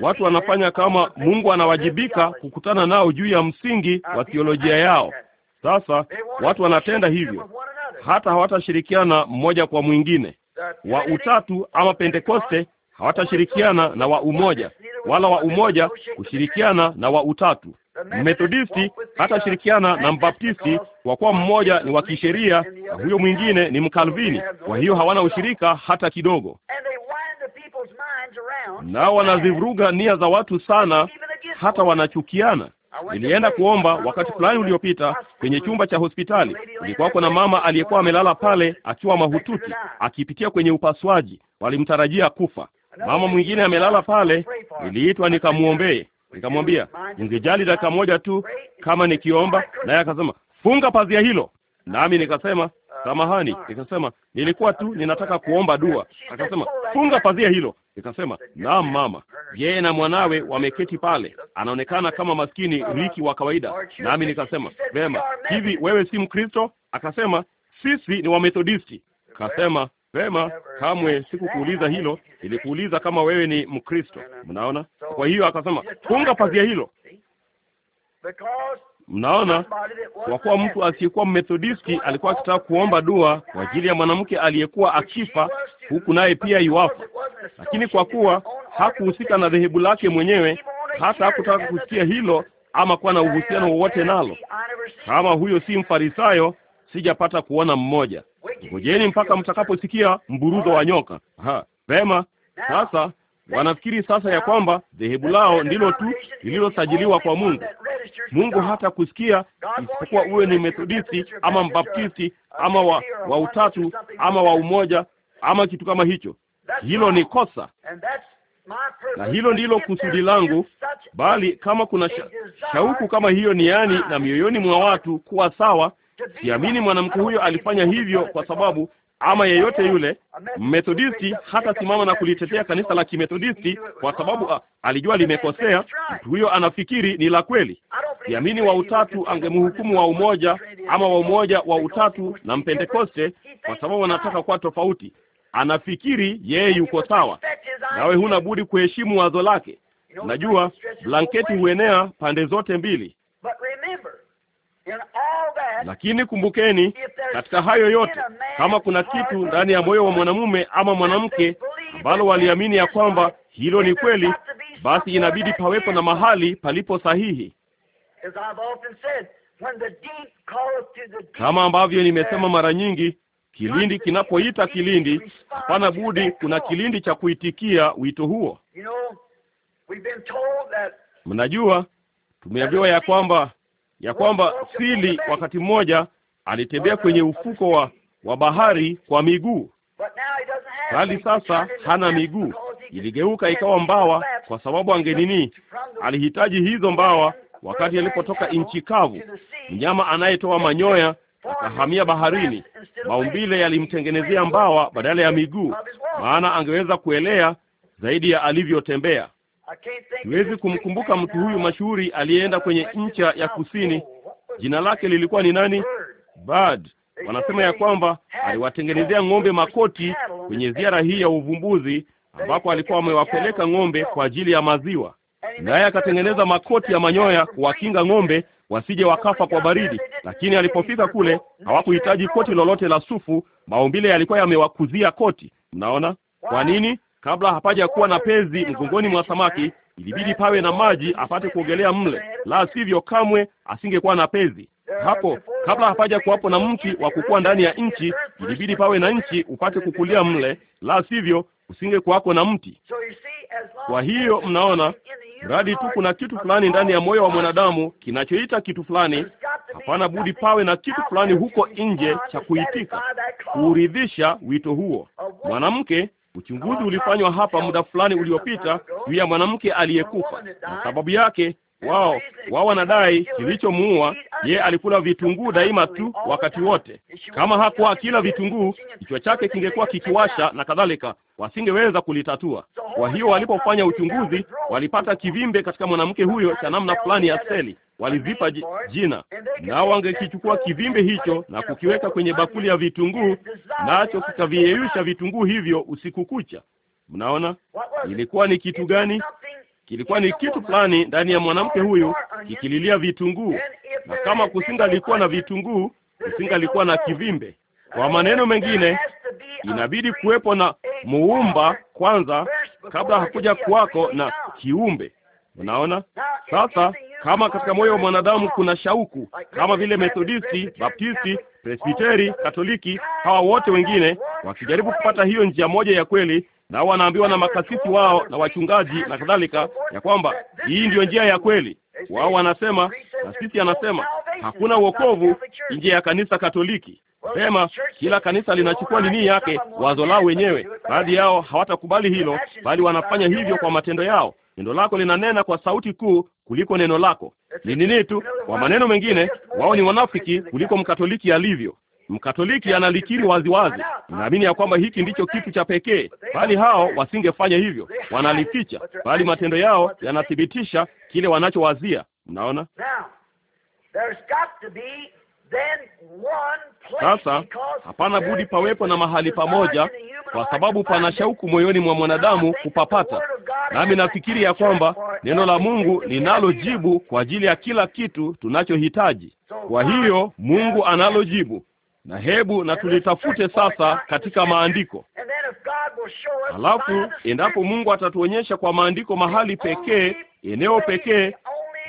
watu wanafanya kama Mungu anawajibika kukutana nao juu ya msingi wa theolojia yao. Sasa watu wanatenda hivyo, hata hawatashirikiana mmoja kwa mwingine. Wa utatu ama Pentekoste hawatashirikiana na wa umoja, wala wa umoja kushirikiana na wa utatu. Mmethodisti hata shirikiana na Mbaptisti kwa kuwa mmoja ni wa kisheria na huyo mwingine ni Mkalvini. Kwa hiyo hawana ushirika hata kidogo, nao wanazivuruga nia za watu sana, hata wanachukiana. Nilienda kuomba wakati fulani uliopita kwenye chumba cha hospitali. kulikuwa na mama aliyekuwa amelala pale akiwa mahututi, akipitia kwenye upasuaji, walimtarajia kufa. Mama mwingine amelala pale, niliitwa nikamwombee. Nikamwambia ningejali dakika moja tu kama nikiomba, naye akasema funga pazia hilo, nami nikasema samahani. Nikasema nilikuwa tu ninataka kuomba dua. Akasema funga pazia hilo, nikasema naam mama. Yeye na mwanawe wameketi pale, anaonekana kama maskini riki wa kawaida, nami nikasema vema, hivi wewe si Mkristo? Akasema sisi ni Wamethodisti. Kasema Vema, kamwe sikukuuliza hilo, nilikuuliza kama wewe ni Mkristo. Mnaona? Kwa hiyo akasema funga pazia hilo. Mnaona, kwa kuwa mtu asiyekuwa Methodisti alikuwa akitaka kuomba dua kwa ajili ya mwanamke aliyekuwa akifa huku naye pia iwafa lakini kwa kuwa hakuhusika na dhehebu lake mwenyewe, hata hakutaka kusikia hilo ama kuwa na uhusiano wowote nalo. Kama huyo si mfarisayo, sijapata kuona mmoja. Ngojeni mpaka mtakaposikia mburuzo wa nyoka. Ha, vema. Sasa wanafikiri sasa ya kwamba dhehebu lao ndilo tu lililosajiliwa kwa Mungu. Mungu hata kusikia isipokuwa uwe ni Methodisti ama Mbaptisti ama wa, wa utatu ama wa umoja ama kitu kama hicho. Hilo ni kosa na hilo ndilo kusudi langu, bali kama kuna sha, shauku kama hiyo niani na mioyoni mwa watu kuwa sawa Siamini mwanamke huyo alifanya hivyo kwa sababu ama yeyote yule Methodisti hata simama na kulitetea kanisa la Kimethodisti kwa sababu a, ah, alijua limekosea. Mtu huyo anafikiri ni la kweli. Siamini wa utatu angemhukumu wa umoja ama wa umoja wa utatu na Mpentekoste kwa sababu anataka kuwa tofauti. Anafikiri yeye yuko sawa, nawe huna budi kuheshimu wazo lake. Najua blanketi huenea pande zote mbili, lakini kumbukeni, katika hayo yote, kama kuna kitu ndani ya moyo wa mwanamume ama mwanamke ambalo waliamini ya kwamba hilo ni kweli, basi inabidi pawepo na mahali palipo sahihi. Kama ambavyo nimesema mara nyingi, kilindi kinapoita kilindi, hapana budi kuna kilindi cha kuitikia wito huo. Mnajua, tumeambiwa ya kwamba ya kwamba Fili wakati mmoja alitembea kwenye ufuko wa, wa bahari kwa miguu, bali sasa hana miguu. Iligeuka ikawa mbawa, kwa sababu angenini, alihitaji hizo mbawa wakati alipotoka nchi kavu. Mnyama anayetoa manyoya akahamia baharini. Maumbile yalimtengenezea mbawa badala ya miguu, maana angeweza kuelea zaidi ya alivyotembea. Siwezi kumkumbuka mtu huyu mashuhuri aliyeenda kwenye ncha ya kusini. Jina lake lilikuwa ni nani? Bad. Wanasema ya kwamba aliwatengenezea ng'ombe makoti kwenye ziara hii ya uvumbuzi, ambapo alikuwa amewapeleka ng'ombe kwa ajili ya maziwa, naye akatengeneza makoti ya manyoya kuwakinga ng'ombe wasije wakafa kwa baridi. Lakini alipofika kule hawakuhitaji koti lolote la sufu. Maumbile yalikuwa yamewakuzia koti. Mnaona kwa nini? Kabla hapaja kuwa na pezi mgongoni mwa samaki, ilibidi pawe na maji apate kuogelea mle, la sivyo kamwe asingekuwa na pezi hapo. Kabla hapaja kuwapo na mti wa kukua ndani ya nchi, ilibidi pawe na nchi upate kukulia mle, la sivyo usinge kuwako na mti. Kwa hiyo mnaona, mradi tu kuna kitu fulani ndani ya moyo wa mwanadamu kinachoita kitu fulani, hapana budi pawe na kitu fulani huko nje cha kuitika kuuridhisha wito huo. Mwanamke Uchunguzi ulifanywa hapa muda fulani uliopita juu ya mwanamke aliyekufa, na sababu yake wao wao wanadai kilichomuua ye, alikula vitunguu daima tu wakati wote. Kama hakuwa akila vitunguu, kichwa chake kingekuwa kikiwasha na kadhalika, wasingeweza kulitatua. Kwa hiyo walipofanya uchunguzi, walipata kivimbe katika mwanamke huyo cha namna fulani ya seli, walizipa jina, nao wangekichukua kivimbe hicho na kukiweka kwenye bakuli ya vitunguu, nacho kikaviyeyusha vitunguu hivyo usiku kucha. Mnaona ilikuwa ni kitu gani? kilikuwa ni kitu fulani ndani ya mwanamke huyu kikililia vitunguu, na kama kusingalikuwa na vitunguu, kusingalikuwa na kivimbe. Uh, Kwa maneno mengine, inabidi kuwepo na muumba kwanza kabla hakuja kuwako na kiumbe. Unaona sasa, kama katika moyo wa mwanadamu kuna shauku, kama vile Methodisti, Baptisti, Presbiteri, Katoliki, hawa wote wengine wakijaribu kupata hiyo njia moja ya kweli nao wanaambiwa na makasisi wao na wachungaji na kadhalika, ya kwamba hii ndiyo njia ya kweli. Wao wanasema na sisi, anasema hakuna wokovu nje ya kanisa Katoliki. Sema kila kanisa linachukua nini yake, wazo lao wenyewe. Baadhi yao hawatakubali hilo, bali wanafanya hivyo kwa matendo yao. Neno lako linanena kwa sauti kuu kuliko neno lako ni nini tu. Kwa maneno mengine, wao ni wanafiki kuliko mkatoliki alivyo. Mkatoliki analikiri waziwazi. Naamini ya kwamba hiki ndicho kitu cha pekee, bali hao wasingefanya hivyo, wanalificha, bali matendo yao yanathibitisha kile wanachowazia. Mnaona sasa? Hapana budi pawepo na mahali pamoja, kwa sababu pana shauku moyoni mwa mwanadamu kupapata. Nami nafikiri ya kwamba neno la Mungu linalo jibu kwa ajili ya kila kitu tunachohitaji. Kwa hiyo Mungu analo jibu na hebu na tulitafute sasa katika maandiko. Halafu endapo Mungu atatuonyesha kwa maandiko mahali pekee, eneo pekee,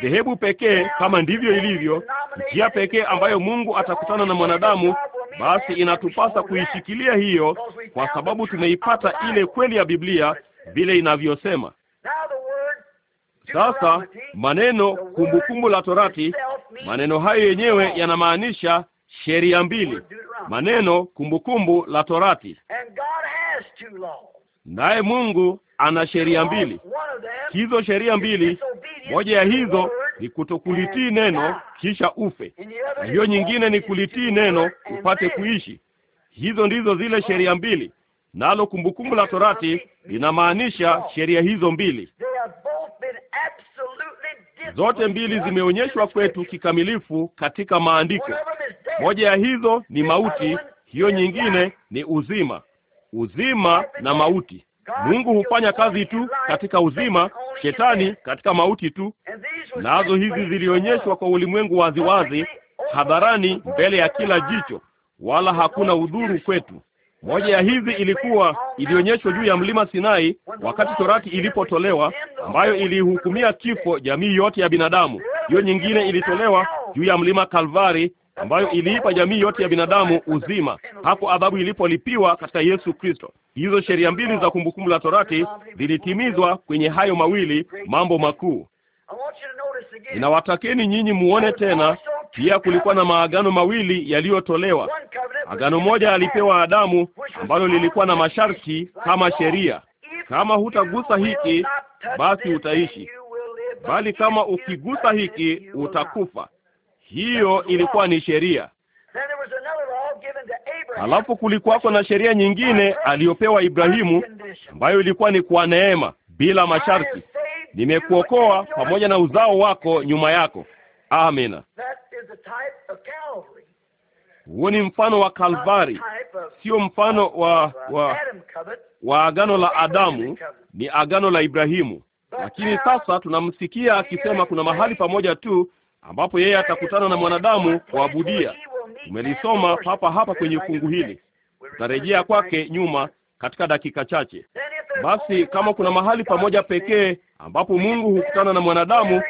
dhehebu pekee, kama ndivyo ilivyo, njia pekee ambayo Mungu atakutana na mwanadamu, basi inatupasa kuishikilia hiyo, kwa sababu tumeipata ile kweli ya Biblia vile inavyosema. Sasa maneno kumbukumbu la Torati, maneno hayo yenyewe yanamaanisha sheria mbili, maneno, kumbukumbu la Torati. Naye Mungu ana sheria mbili. Hizo sheria mbili, moja ya hizo ni kutokulitii neno kisha ufe, na hiyo nyingine ni kulitii neno upate kuishi. Hizo ndizo zile sheria mbili, nalo kumbukumbu la Torati linamaanisha sheria hizo mbili. Zote mbili zimeonyeshwa kwetu kikamilifu katika maandiko. Moja ya hizo ni mauti, hiyo nyingine ni uzima. Uzima na mauti. Mungu hufanya kazi tu katika uzima, shetani katika mauti tu. Nazo hizi zilionyeshwa kwa ulimwengu waziwazi, hadharani, mbele ya kila jicho, wala hakuna udhuru kwetu. Moja ya hizi ilikuwa ilionyeshwa juu ya mlima Sinai wakati torati ilipotolewa, ambayo ilihukumia kifo jamii yote ya binadamu. Hiyo nyingine ilitolewa juu ya mlima Kalvari, ambayo iliipa jamii yote ya binadamu uzima, hapo adhabu ilipolipiwa katika Yesu Kristo. Hizo sheria mbili za kumbukumbu la torati zilitimizwa kwenye hayo mawili mambo makuu. Ninawatakeni nyinyi muone tena pia kulikuwa na maagano mawili yaliyotolewa. Agano moja alipewa Adamu, ambalo lilikuwa na masharti kama sheria, kama hutagusa hiki basi utaishi, bali kama ukigusa hiki utakufa. Hiyo ilikuwa ni sheria. alafu kulikuwako na sheria nyingine aliyopewa Ibrahimu, ambayo ilikuwa ni kwa neema bila masharti, nimekuokoa pamoja na uzao wako nyuma yako. Amina. Huo ni mfano wa Kalvari, sio mfano wa uh, wa wa agano la Adamu, ni agano la Ibrahimu. Lakini sasa tunamsikia akisema kuna mahali pamoja tu ambapo yeye atakutana na mwanadamu kuabudia. Tumelisoma hapa hapa kwenye fungu hili, tutarejea kwake nyuma katika dakika chache. Basi kama kuna mahali pamoja pekee ambapo Mungu hukutana na mwanadamu,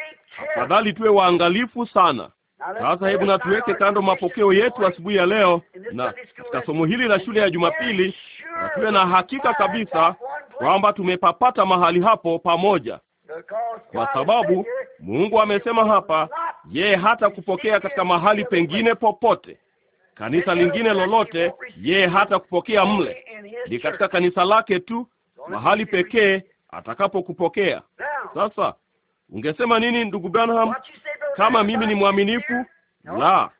afadhali tuwe waangalifu sana. Sasa hebu na tuweke kando mapokeo yetu asubuhi ya leo na katika somo hili la shule ya Jumapili, na tuwe na hakika kabisa kwamba tumepapata mahali hapo pamoja, kwa sababu Mungu amesema hapa, yeye hata kupokea katika mahali pengine popote, kanisa lingine lolote, yeye hata kupokea mle, ni katika kanisa lake tu mahali pekee atakapokupokea. Sasa Ungesema nini ndugu Branham kama mimi ni mwaminifu? La,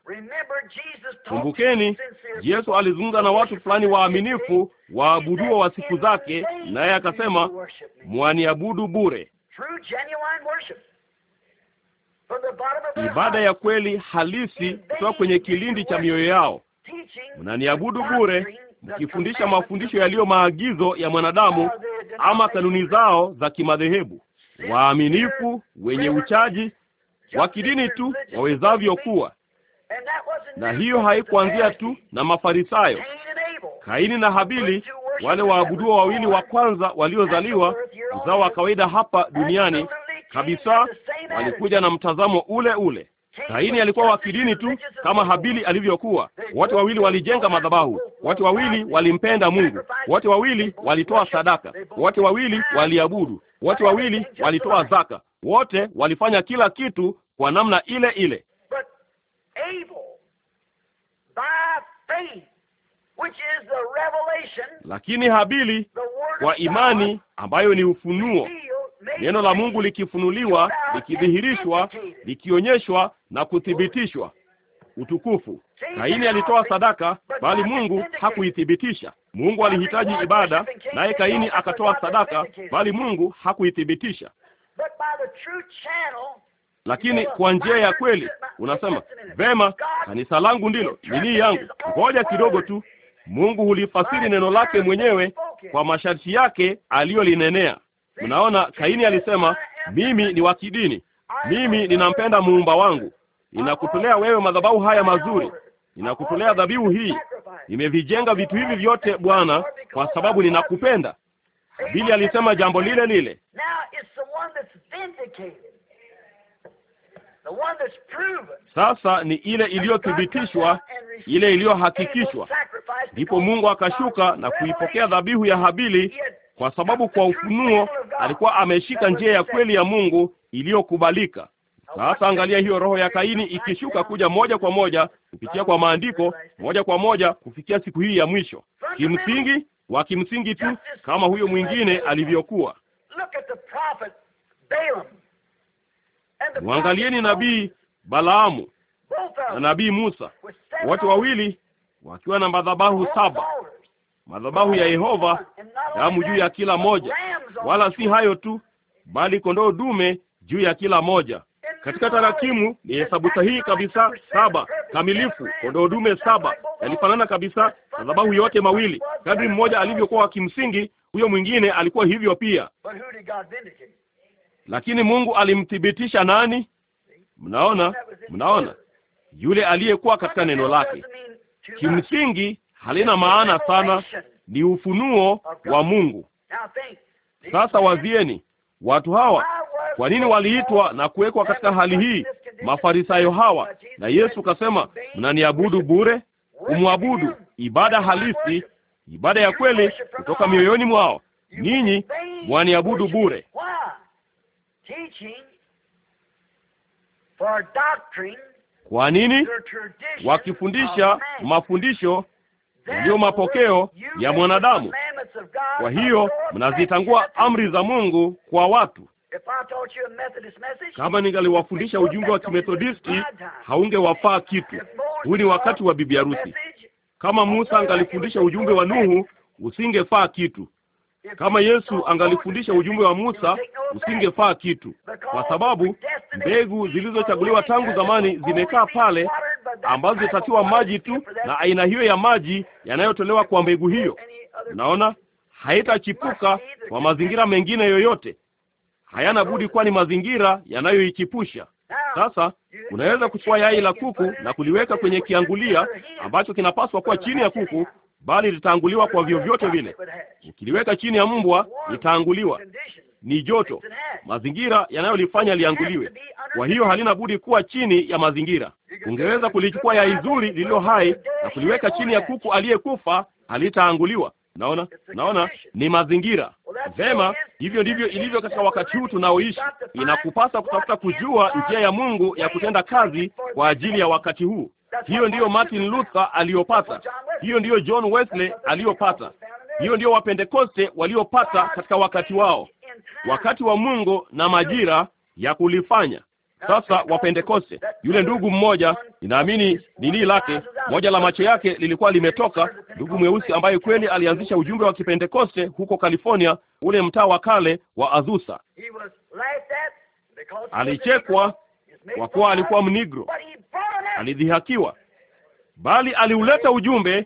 kumbukeni, Yesu alizungumza na watu fulani waaminifu waabuduo wa siku zake, naye akasema mwaniabudu bure. Ibada ya kweli halisi kutoka kwenye kilindi cha mioyo yao, mnaniabudu bure mkifundisha mafundisho yaliyo maagizo ya mwanadamu ama kanuni zao za kimadhehebu waaminifu, wenye uchaji wa kidini tu wawezavyo kuwa, na hiyo haikuanzia tu na Mafarisayo, Kaini na Habili, wale waabuduo wawili wa kwanza waliozaliwa uzao wa kawaida hapa duniani kabisa, walikuja na mtazamo ule ule. Kaini alikuwa wa kidini tu kama Habili alivyokuwa. Wote wawili walijenga madhabahu, wote wawili walimpenda Mungu, wote wawili walitoa sadaka, wote wawili waliabudu, wote wawili walitoa zaka, wote walifanya kila kitu kwa namna ile ile. Lakini Habili kwa imani ambayo ni ufunuo neno la Mungu likifunuliwa, likidhihirishwa, likionyeshwa na kuthibitishwa. Utukufu. Kaini alitoa sadaka, bali Mungu hakuithibitisha. Mungu alihitaji ibada, naye Kaini akatoa sadaka, bali Mungu hakuithibitisha. Lakini kwa njia ya kweli unasema vema, kanisa langu ndilo nini yangu. Ngoja kidogo tu. Mungu hulifasiri neno lake mwenyewe kwa masharti yake aliyolinenea. Mnaona, Kaini alisema mimi ni wa kidini, mimi ninampenda muumba wangu, ninakutolea wewe madhabahu haya mazuri, ninakutolea dhabihu hii, nimevijenga vitu hivi vyote Bwana, kwa sababu ninakupenda. bili alisema jambo lile lile. Sasa ni ile iliyothibitishwa, ile iliyohakikishwa. Ndipo Mungu akashuka na kuipokea dhabihu ya Habili kwa sababu kwa ufunuo alikuwa ameshika njia ya kweli ya Mungu iliyokubalika. Sasa angalia hiyo roho ya Kaini ikishuka kuja moja kwa moja kupitia kwa maandiko moja kwa moja kufikia siku hii ya mwisho, kimsingi wa kimsingi tu kama huyo mwingine alivyokuwa. Waangalieni nabii Balaamu na nabii Musa, wote wawili wakiwa na madhabahu saba madhabahu ya Yehova, damu juu ya kila moja, wala si hayo tu, bali kondoo dume juu ya kila moja. Katika tarakimu ni hesabu sahihi kabisa, saba kamilifu, kondoo dume saba yalifanana kabisa, madhabahu yote mawili. Kadri mmoja alivyokuwa kimsingi, huyo mwingine alikuwa hivyo pia. Lakini Mungu alimthibitisha nani? Mnaona, mnaona yule aliyekuwa katika neno lake. Kimsingi halina maana sana, ni ufunuo wa Mungu. Sasa wazieni, watu hawa kwa nini waliitwa na kuwekwa katika hali hii, mafarisayo hawa? Na Yesu kasema, mnaniabudu bure. umwabudu ibada halisi, ibada ya kweli kutoka mioyoni mwao. Ninyi mwaniabudu bure kwa nini? Wakifundisha mafundisho ndiyo mapokeo ya mwanadamu. Kwa hiyo mnazitangua amri za Mungu kwa watu. Kama ningaliwafundisha ujumbe wa Kimethodisti, haungewafaa kitu. Huu ni wakati wa bibi harusi. Kama Musa angalifundisha ujumbe wa Nuhu, usingefaa kitu. Kama Yesu angalifundisha ujumbe wa Musa, usingefaa kitu, kwa sababu mbegu zilizochaguliwa tangu zamani zimekaa pale, ambazo zitatiwa maji tu na aina hiyo ya maji yanayotolewa kwa mbegu hiyo. Unaona, haitachipuka kwa mazingira mengine yoyote, hayana budi kuwa ni mazingira yanayoichipusha. Sasa unaweza kuchukua yai la kuku na kuliweka kwenye kiangulia ambacho kinapaswa kuwa chini ya kuku bali litaanguliwa kwa vyovyote vile. Ukiliweka chini ya mbwa litaanguliwa, ni joto, mazingira yanayolifanya lianguliwe. Kwa hiyo halina budi kuwa chini ya mazingira. Ungeweza kulichukua yai nzuri lililo hai na kuliweka chini ya kuku aliyekufa, halitaanguliwa. Naona, naona ni mazingira. Vema, hivyo ndivyo ilivyo katika wakati huu tunaoishi. Inakupasa kutafuta kujua njia ya Mungu ya kutenda kazi kwa ajili ya wakati huu. Hiyo ndiyo Martin Luther aliyopata. Hiyo ndiyo John Wesley aliyopata, hiyo ndiyo Wapentekoste waliopata katika wakati wao, wakati wa Mungu na majira ya kulifanya. Sasa Wapentekoste, yule ndugu mmoja, ninaamini nini lake moja la macho yake lilikuwa limetoka, ndugu mweusi ambaye kweli alianzisha ujumbe wa Kipentekoste huko California, ule mtaa wa kale wa Azusa. Alichekwa kwa kuwa alikuwa mnigro, alidhihakiwa bali aliuleta ujumbe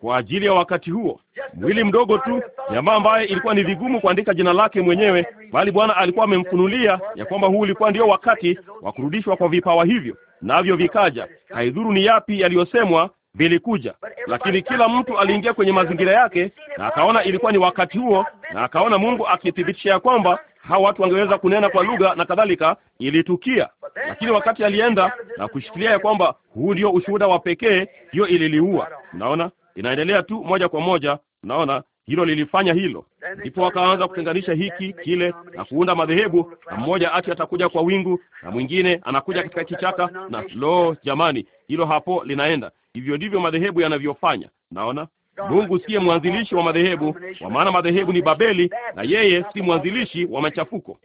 kwa ajili ya wakati huo, mwili mdogo tu, jamaa ambaye ilikuwa ni vigumu kuandika jina lake mwenyewe, bali Bwana alikuwa amemfunulia ya kwamba huu ulikuwa ndio wakati wa kurudishwa kwa vipawa hivyo, navyo vikaja. Haidhuru ni yapi yaliyosemwa, vilikuja. Lakini kila mtu aliingia kwenye mazingira yake, na akaona ilikuwa ni wakati huo, na akaona Mungu akithibitisha ya kwamba hawa watu wangeweza kunena kwa lugha na kadhalika, ilitukia. Lakini wakati alienda na kushikilia ya kwamba huu ndio ushuhuda wa pekee, hiyo ililiua. naona inaendelea tu moja kwa moja. naona hilo lilifanya hilo. Ndipo wakaanza kutenganisha hiki kile na kuunda madhehebu, na mmoja ati atakuja kwa wingu na mwingine anakuja katika kichaka, na lo, jamani, hilo hapo linaenda hivyo. Ndivyo madhehebu yanavyofanya. Naona Mungu siye mwanzilishi wa madhehebu, kwa maana madhehebu ni Babeli na yeye si mwanzilishi wa machafuko.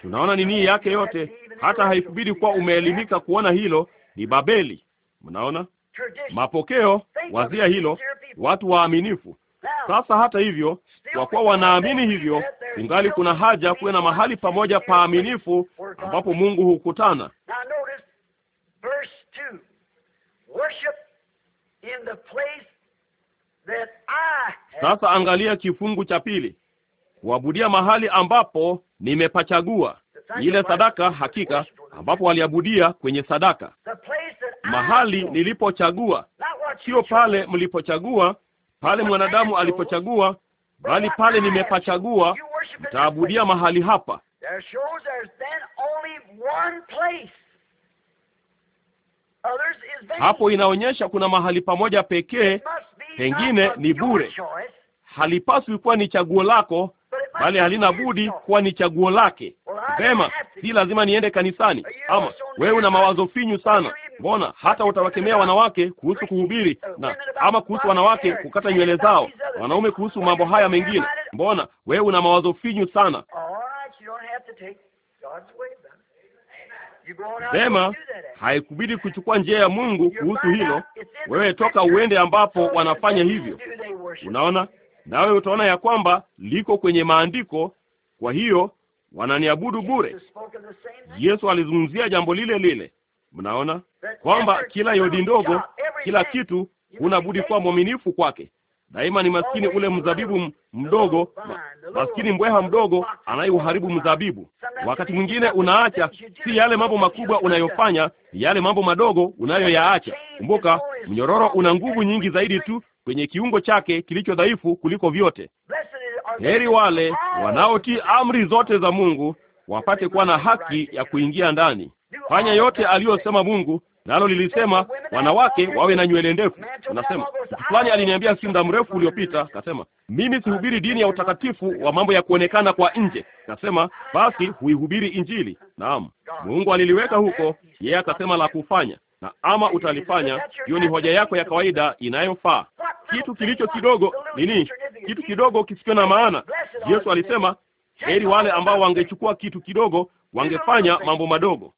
Tunaona nini yake yote, hata haikubidi kuwa umeelimika kuona hilo ni Babeli. Mnaona mapokeo, wazia hilo, watu waaminifu. Sasa hata hivyo, kwa kuwa wanaamini hivyo, ungali kuna haja kuwe na mahali pamoja paaminifu ambapo Mungu hukutana. In the place sasa angalia kifungu cha pili, kuabudia mahali ambapo nimepachagua, ile sadaka hakika, ambapo waliabudia kwenye sadaka, mahali nilipochagua, sio pale mlipochagua, pale mwanadamu alipochagua, bali pale nimepachagua, mtaabudia mahali hapa. Hapo inaonyesha kuna mahali pamoja pekee pengine ni bure. Halipaswi kuwa ni chaguo lako, bali halina budi kuwa ni chaguo lake. Vema, si lazima niende kanisani. Ama wewe una mawazo finyu sana. Mbona hata utawakemea wanawake kuhusu kuhubiri na ama kuhusu wanawake kukata nywele zao, wanaume kuhusu mambo haya mengine? Mbona wewe una mawazo finyu sana? sema haikubidi kuchukua njia ya Mungu kuhusu hilo. Wewe toka uende ambapo wanafanya hivyo, unaona, nawe utaona ya kwamba liko kwenye maandiko. Kwa hiyo wananiabudu bure. Yesu alizungumzia jambo lile lile, mnaona kwamba kila yodi ndogo, kila kitu, huna budi kuwa mwaminifu kwake. Daima ni maskini ule mzabibu mdogo, maskini mbweha mdogo anayeuharibu mzabibu. Wakati mwingine unaacha, si yale mambo makubwa unayofanya, ni yale mambo madogo unayoyaacha. Kumbuka, mnyororo una nguvu nyingi zaidi tu kwenye kiungo chake kilicho dhaifu kuliko vyote. Heri wale wanaotii amri zote za Mungu wapate kuwa na haki ya kuingia ndani. Fanya yote aliyosema Mungu nalo lilisema wanawake wawe na nywele ndefu. Unasema mtu fulani aliniambia si muda mrefu uliopita, kasema mimi sihubiri dini ya utakatifu wa mambo ya kuonekana kwa nje. Kasema basi huihubiri Injili. Naam, Mungu aliliweka huko, yeye akasema la kufanya, na ama utalifanya. Hiyo ni hoja yako ya kawaida inayofaa. Kitu kilicho kidogo nini? Kitu kidogo kisicho na maana. Yesu alisema heri wale ambao wangechukua kitu kidogo, wangefanya mambo madogo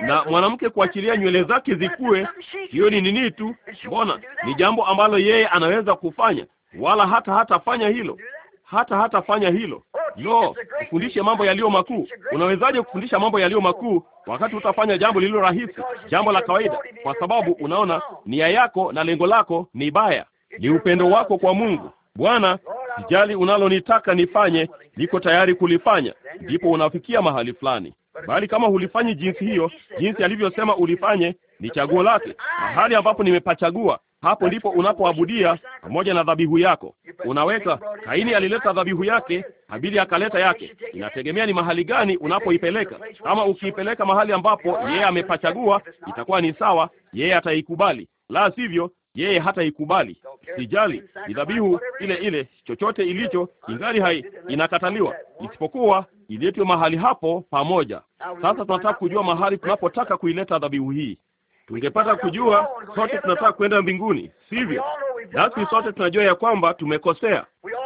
na mwanamke kuachilia nywele zake zikue, hiyo ni nini tu? Mbona ni jambo ambalo yeye anaweza kufanya, wala hata hatafanya hilo, hata hatafanya hilo. Lo, ufundishe mambo yaliyo makuu. Unawezaje kufundisha mambo yaliyo makuu wakati utafanya jambo lililo rahisi, jambo la kawaida? Kwa sababu unaona, nia yako na lengo lako ni baya, ni upendo wako kwa Mungu. Bwana, sijali unalonitaka nifanye, niko tayari kulifanya. Ndipo unafikia mahali fulani bali kama hulifanyi jinsi hiyo, jinsi alivyosema ulifanye, ni chaguo lake. Mahali ambapo nimepachagua, hapo ndipo unapoabudia pamoja na dhabihu yako. Unaweka Kaini alileta dhabihu yake, Habili akaleta yake. Inategemea ni mahali gani unapoipeleka. Kama ukiipeleka mahali ambapo yeye amepachagua, itakuwa ni sawa, yeye ataikubali, la sivyo yeye hata ikubali Sijali, ni dhabihu ile ile, chochote ilicho ingali hai inakataliwa, isipokuwa iletwe mahali hapo pamoja. Sasa tunataka kujua mahali tunapotaka kuileta dhabihu hii. Tungepata kujua, sote tunataka kwenda mbinguni, sivyo? Nasi sote tunajua ya kwamba tumekosea.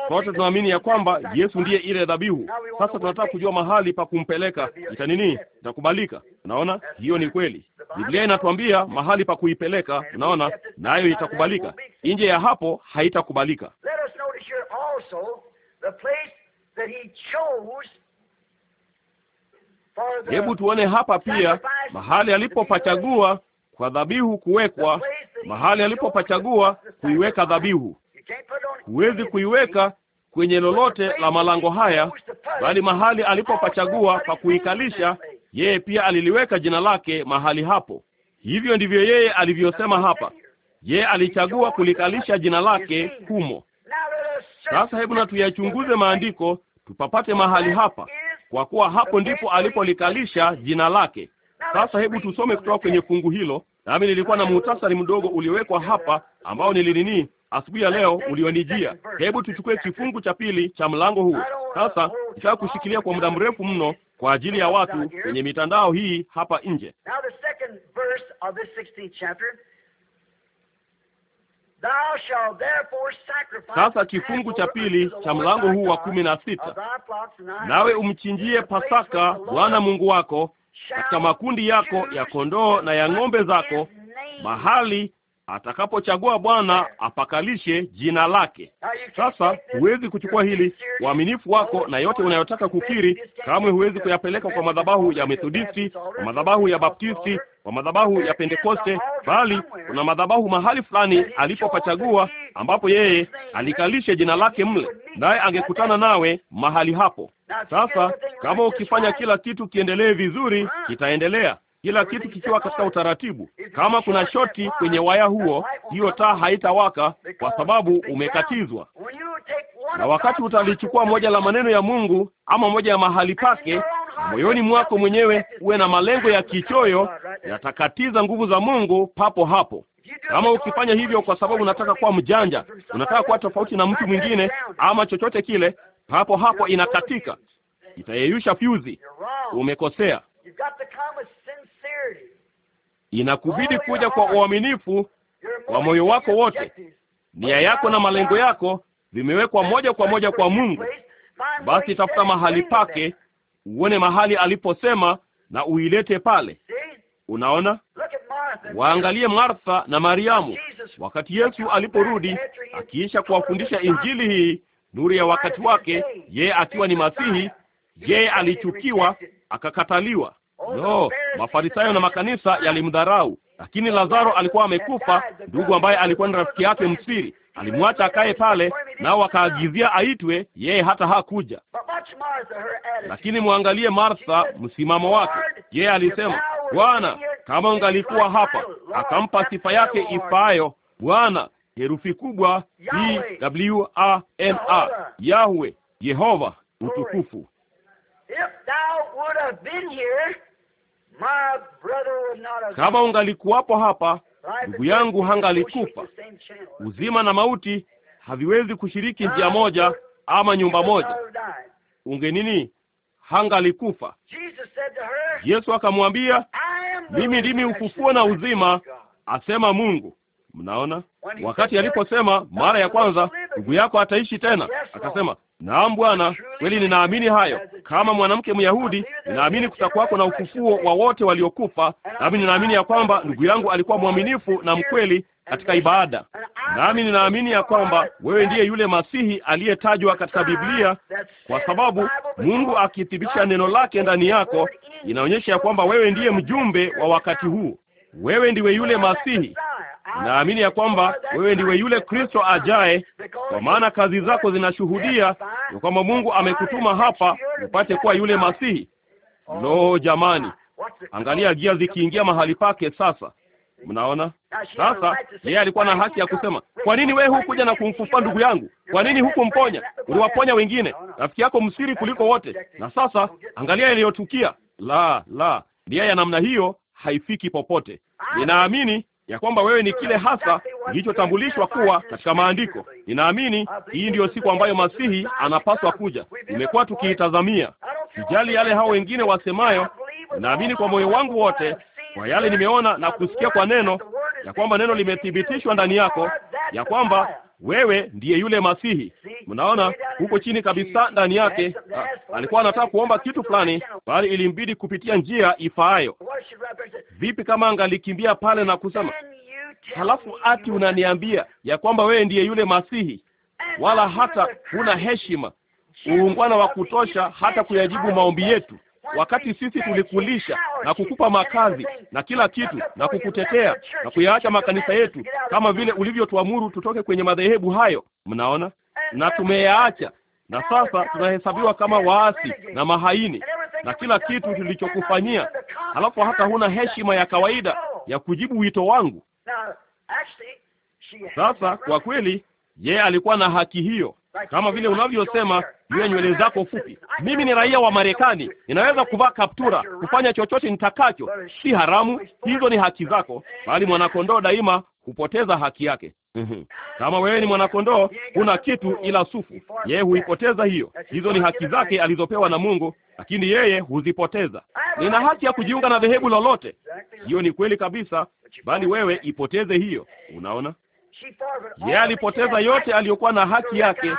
Sote tunaamini ya kwamba Yesu ndiye ile dhabihu. Sasa tunataka kujua mahali pa kumpeleka, ita nini, itakubalika. Unaona, hiyo ni kweli. Biblia inatuambia mahali pa kuipeleka, unaona, nayo itakubalika. Nje ya hapo haitakubalika. Hebu tuone hapa pia mahali alipopachagua kwa dhabihu kuwekwa mahali alipopachagua kuiweka dhabihu. Huwezi kuiweka kwenye lolote la malango haya, bali mahali alipopachagua pa kuikalisha yeye, pia aliliweka jina lake mahali hapo. Hivyo ndivyo yeye alivyosema hapa, yeye alichagua kulikalisha jina lake humo. Sasa hebu na tuyachunguze maandiko tupapate mahali hapa, kwa kuwa hapo ndipo alipolikalisha jina lake. Sasa hebu tusome kutoka kwenye fungu hilo, nami nilikuwa na muhtasari mdogo uliowekwa hapa ambao nilinini asubuhi ya leo ulionijia. Hebu tuchukue kifungu cha pili cha mlango huu Sasa nitaka kushikilia kwa muda mrefu mno kwa ajili ya watu kwenye mitandao hii hapa nje. Sasa kifungu cha pili cha mlango huu wa kumi na sita, nawe umchinjie Pasaka Bwana Mungu wako katika makundi yako ya kondoo na ya ng'ombe zako mahali atakapochagua Bwana apakalishe jina lake. Sasa huwezi kuchukua hili uaminifu wako na yote unayotaka kukiri, kamwe huwezi kuyapeleka kwa madhabahu ya Methodisti, kwa madhabahu ya Baptisti, kwa madhabahu ya Pentekoste, bali kuna madhabahu mahali fulani alipopachagua, ambapo yeye alikalishe jina lake mle, naye angekutana nawe mahali hapo. Sasa kama ukifanya kila kitu kiendelee vizuri, kitaendelea kila kitu kikiwa katika utaratibu. Kama kuna shoti kwenye waya huo, hiyo taa haitawaka kwa sababu umekatizwa. Na wakati utalichukua moja la maneno ya Mungu ama moja ya mahali pake, moyoni mwako mwenyewe uwe na malengo ya kichoyo, yatakatiza nguvu za Mungu papo hapo. Kama ukifanya hivyo kwa sababu unataka kuwa mjanja, unataka kuwa tofauti na mtu mwingine ama chochote kile, papo hapo inakatika, itayeyusha fyuzi. Umekosea. Inakubidi oh, kuja kwa uaminifu wa moyo wako wote. Nia yako na malengo yako vimewekwa moja kwa moja kwa Mungu. Basi tafuta mahali pake, uone mahali aliposema na uilete pale. Unaona, waangalie Martha na Mariamu wakati Yesu aliporudi, akiisha kuwafundisha injili hii, nuru ya wakati wake, yeye akiwa ni Masihi. Yeye alichukiwa, akakataliwa, No, Mafarisayo na makanisa yalimdharau, lakini Lazaro alikuwa amekufa. Ndugu ambaye alikuwa ni rafiki yake msiri alimwacha akae pale, nao wakaagizia aitwe, yeye hata hakuja. Lakini mwangalie Martha, msimamo wake. Yeye alisema, Bwana, kama ungalikuwa hapa. Akampa sifa yake ifaayo, Bwana herufi kubwa B W A N A, Yahwe, Yehova, utukufu kama ungalikuwapo hapa, ndugu yangu hangalikufa. Uzima na mauti haviwezi kushiriki njia ah, moja ama nyumba moja, unge nini? Hangalikufa. Yesu akamwambia, mimi ndimi ufufuo na uzima, asema Mungu. Mnaona, wakati aliposema mara ya kwanza, ndugu yako ataishi tena, akasema Naam Bwana, kweli ninaamini hayo. Kama mwanamke Myahudi, ninaamini kutakuwako na ufufuo wa wote waliokufa, nami ninaamini ya kwamba ndugu yangu alikuwa mwaminifu na mkweli katika ibada, nami ninaamini ya kwamba wewe ndiye yule Masihi aliyetajwa katika Biblia, kwa sababu Mungu akithibitisha neno lake ndani yako, inaonyesha ya kwamba wewe ndiye mjumbe wa wakati huu. Wewe ndiwe yule Masihi, Naamini ya kwamba wewe ndiwe yule Kristo ajaye, kwa maana kazi zako zinashuhudia ya kwamba Mungu amekutuma hapa upate kuwa yule Masihi. Lo, jamani, angalia gia zikiingia mahali pake sasa. Mnaona sasa, yeye alikuwa na haki ya kusema, kwa nini wewe hukuja na kumfufua ndugu yangu? Kwa nini hukumponya? Uliwaponya wengine, rafiki yako msiri kuliko wote, na sasa angalia yaliyotukia. La, la, ndiye ya namna hiyo haifiki popote. Ninaamini ya kwamba wewe ni kile hasa kilichotambulishwa kuwa katika maandiko. Ninaamini hii ndiyo siku ambayo Masihi anapaswa kuja. Nimekuwa tukiitazamia. Sijali yale hao wengine wasemayo, ninaamini kwa moyo wangu wote kwa yale nimeona na kusikia kwa neno, ya kwamba neno limethibitishwa ndani yako, ya kwamba wewe ndiye yule Masihi. Mnaona huko chini kabisa ndani yake a, ah, alikuwa anataka kuomba kitu fulani, bali ilimbidi kupitia njia ifaayo. Vipi kama angalikimbia pale na kusema, halafu ati unaniambia ya kwamba wewe ndiye yule Masihi, wala hata huna heshima, uungwana wa kutosha hata kuyajibu maombi yetu wakati sisi tulikulisha na kukupa makazi na kila kitu na kukutetea na kuyaacha makanisa yetu kama vile ulivyotuamuru tutoke kwenye madhehebu hayo. Mnaona, na tumeyaacha, na sasa tunahesabiwa kama waasi na mahaini na kila kitu tulichokufanyia, halafu hata huna heshima ya kawaida ya kujibu wito wangu. Sasa kwa kweli, yeye alikuwa na haki hiyo, kama vile unavyosema niwe nywele zako fupi. Mimi ni raia wa Marekani, ninaweza kuvaa kaptura, kufanya chochote nitakacho, si haramu. Hizo ni haki zako, bali mwanakondoo daima hupoteza haki yake. Mhm. Kama wewe ni mwanakondoo, kuna kitu ila sufu, yeye huipoteza hiyo. Hizo ni haki zake alizopewa na Mungu, lakini yeye huzipoteza. Nina haki ya kujiunga na dhehebu lolote, hiyo ni kweli kabisa, bali wewe ipoteze hiyo. Unaona? Yeye alipoteza yote aliyokuwa na haki yake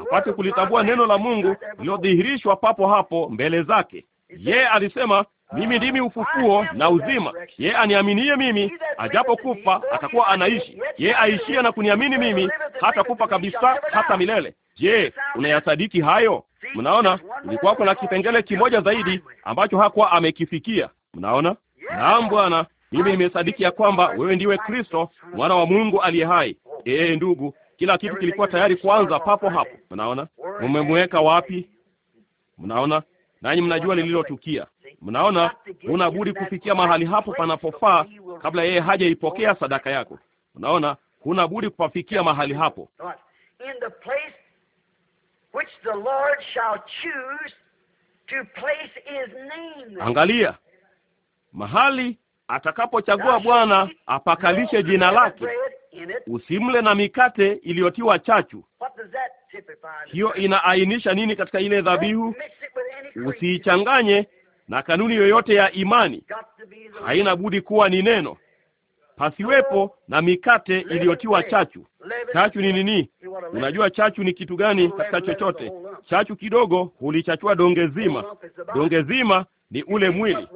apate kulitambua neno la Mungu lililodhihirishwa papo hapo mbele zake. Yeye alisema, mimi ndimi ufufuo na uzima, yeye aniaminie mimi ajapo kufa atakuwa anaishi, yeye aishia na kuniamini mimi hata kufa kabisa hata milele. Je, unayasadiki hayo? Mnaona, kulikuwa kuna kipengele kimoja zaidi ambacho hakuwa amekifikia. Mnaona? Naam, Bwana, mimi nimesadiki ya kwamba wewe ndiwe Kristo mwana wa Mungu aliye hai. Ee ndugu, kila kitu kilikuwa tayari kuanza papo hapo. Mnaona mumemweka wapi? Mnaona nanyi mnajua lililotukia. Mnaona huna budi kufikia mahali hapo panapofaa kabla yeye hajaipokea sadaka yako. Mnaona huna budi kupafikia mahali hapo angalia mahali atakapochagua Bwana apakalishe jina lake. Usimle na mikate iliyotiwa chachu. Hiyo inaainisha nini katika ile dhabihu? Usiichanganye na kanuni yoyote ya imani, haina budi kuwa ni neno. Pasiwepo na mikate iliyotiwa chachu. Chachu ni nini? Unajua chachu ni kitu gani katika chochote? Chachu kidogo hulichachua donge zima. Donge zima ni ule mwili.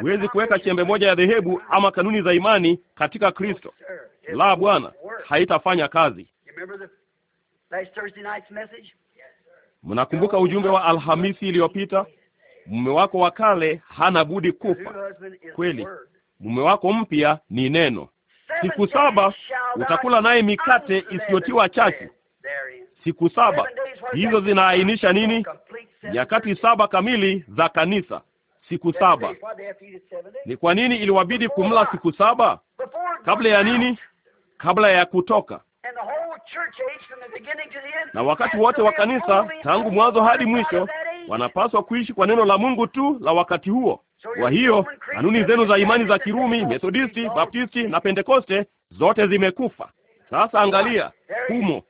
Huwezi kuweka chembe moja ya dhehebu ama kanuni za imani katika Kristo. La, Bwana, haitafanya kazi. Mnakumbuka ujumbe wa Alhamisi iliyopita? Mume wako wa kale hana budi kufa. Kweli, mume wako mpya ni neno. Siku saba utakula naye mikate isiyotiwa chachu. Siku saba hizo zinaainisha nini? Nyakati saba kamili za kanisa siku saba. Ni kwa nini iliwabidi kumla siku saba? Kabla ya nini? Kabla ya kutoka. Na wakati wote wa kanisa tangu mwanzo hadi mwisho wanapaswa kuishi kwa neno la Mungu tu la wakati huo. Kwa hiyo kanuni zenu za imani za Kirumi, Methodisti, Baptisti na Pentekoste zote zimekufa. Sasa angalia humo,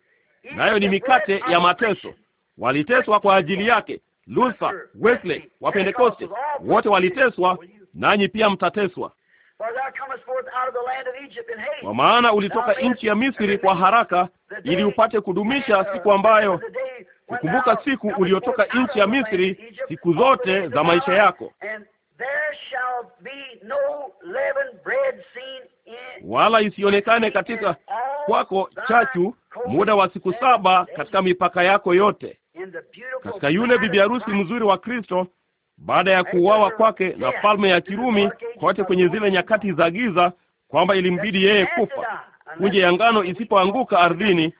nayo ni mikate ya mateso. Waliteswa kwa ajili yake, Luther, Wesley, Wapentekoste wote waliteswa, nanyi pia mtateswa. Kwa maana ulitoka nchi ya Misri kwa haraka, ili upate kudumisha uh, siku ambayo, kukumbuka siku uliotoka nchi ya Misri siku zote za maisha yako, wala isionekane katika kwako chachu muda wa siku saba katika mipaka yako yote katika yule bibi harusi mzuri wa Kristo baada ya kuuawa kwake na falme ya Kirumi kote kwenye zile nyakati za giza, kwamba ilimbidi yeye kufa. Punje ya ngano isipoanguka ardhini,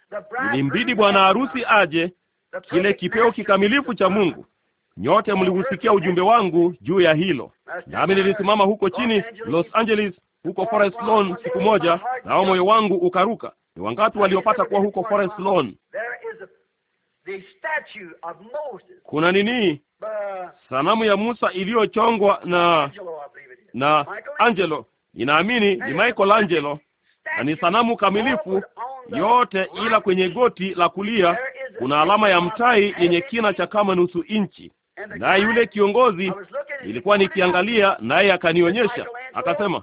ilimbidi bwana harusi aje, kile kipeo kikamilifu cha Mungu. Nyote mlihusikia ujumbe wangu juu ya hilo, nami nilisimama huko chini Los Angeles, huko Forest Lawn siku moja, nao moyo wangu ukaruka. Ni wangapi waliopata kuwa huko Forest Lawn? kuna nini sanamu ya Musa iliyochongwa na na Angelo, ninaamini ni Michael Angelo, na ni sanamu kamilifu yote, ila kwenye goti la kulia kuna alama ya mtai yenye kina cha kama nusu inchi. Naye yule kiongozi nilikuwa nikiangalia, naye akanionyesha akasema,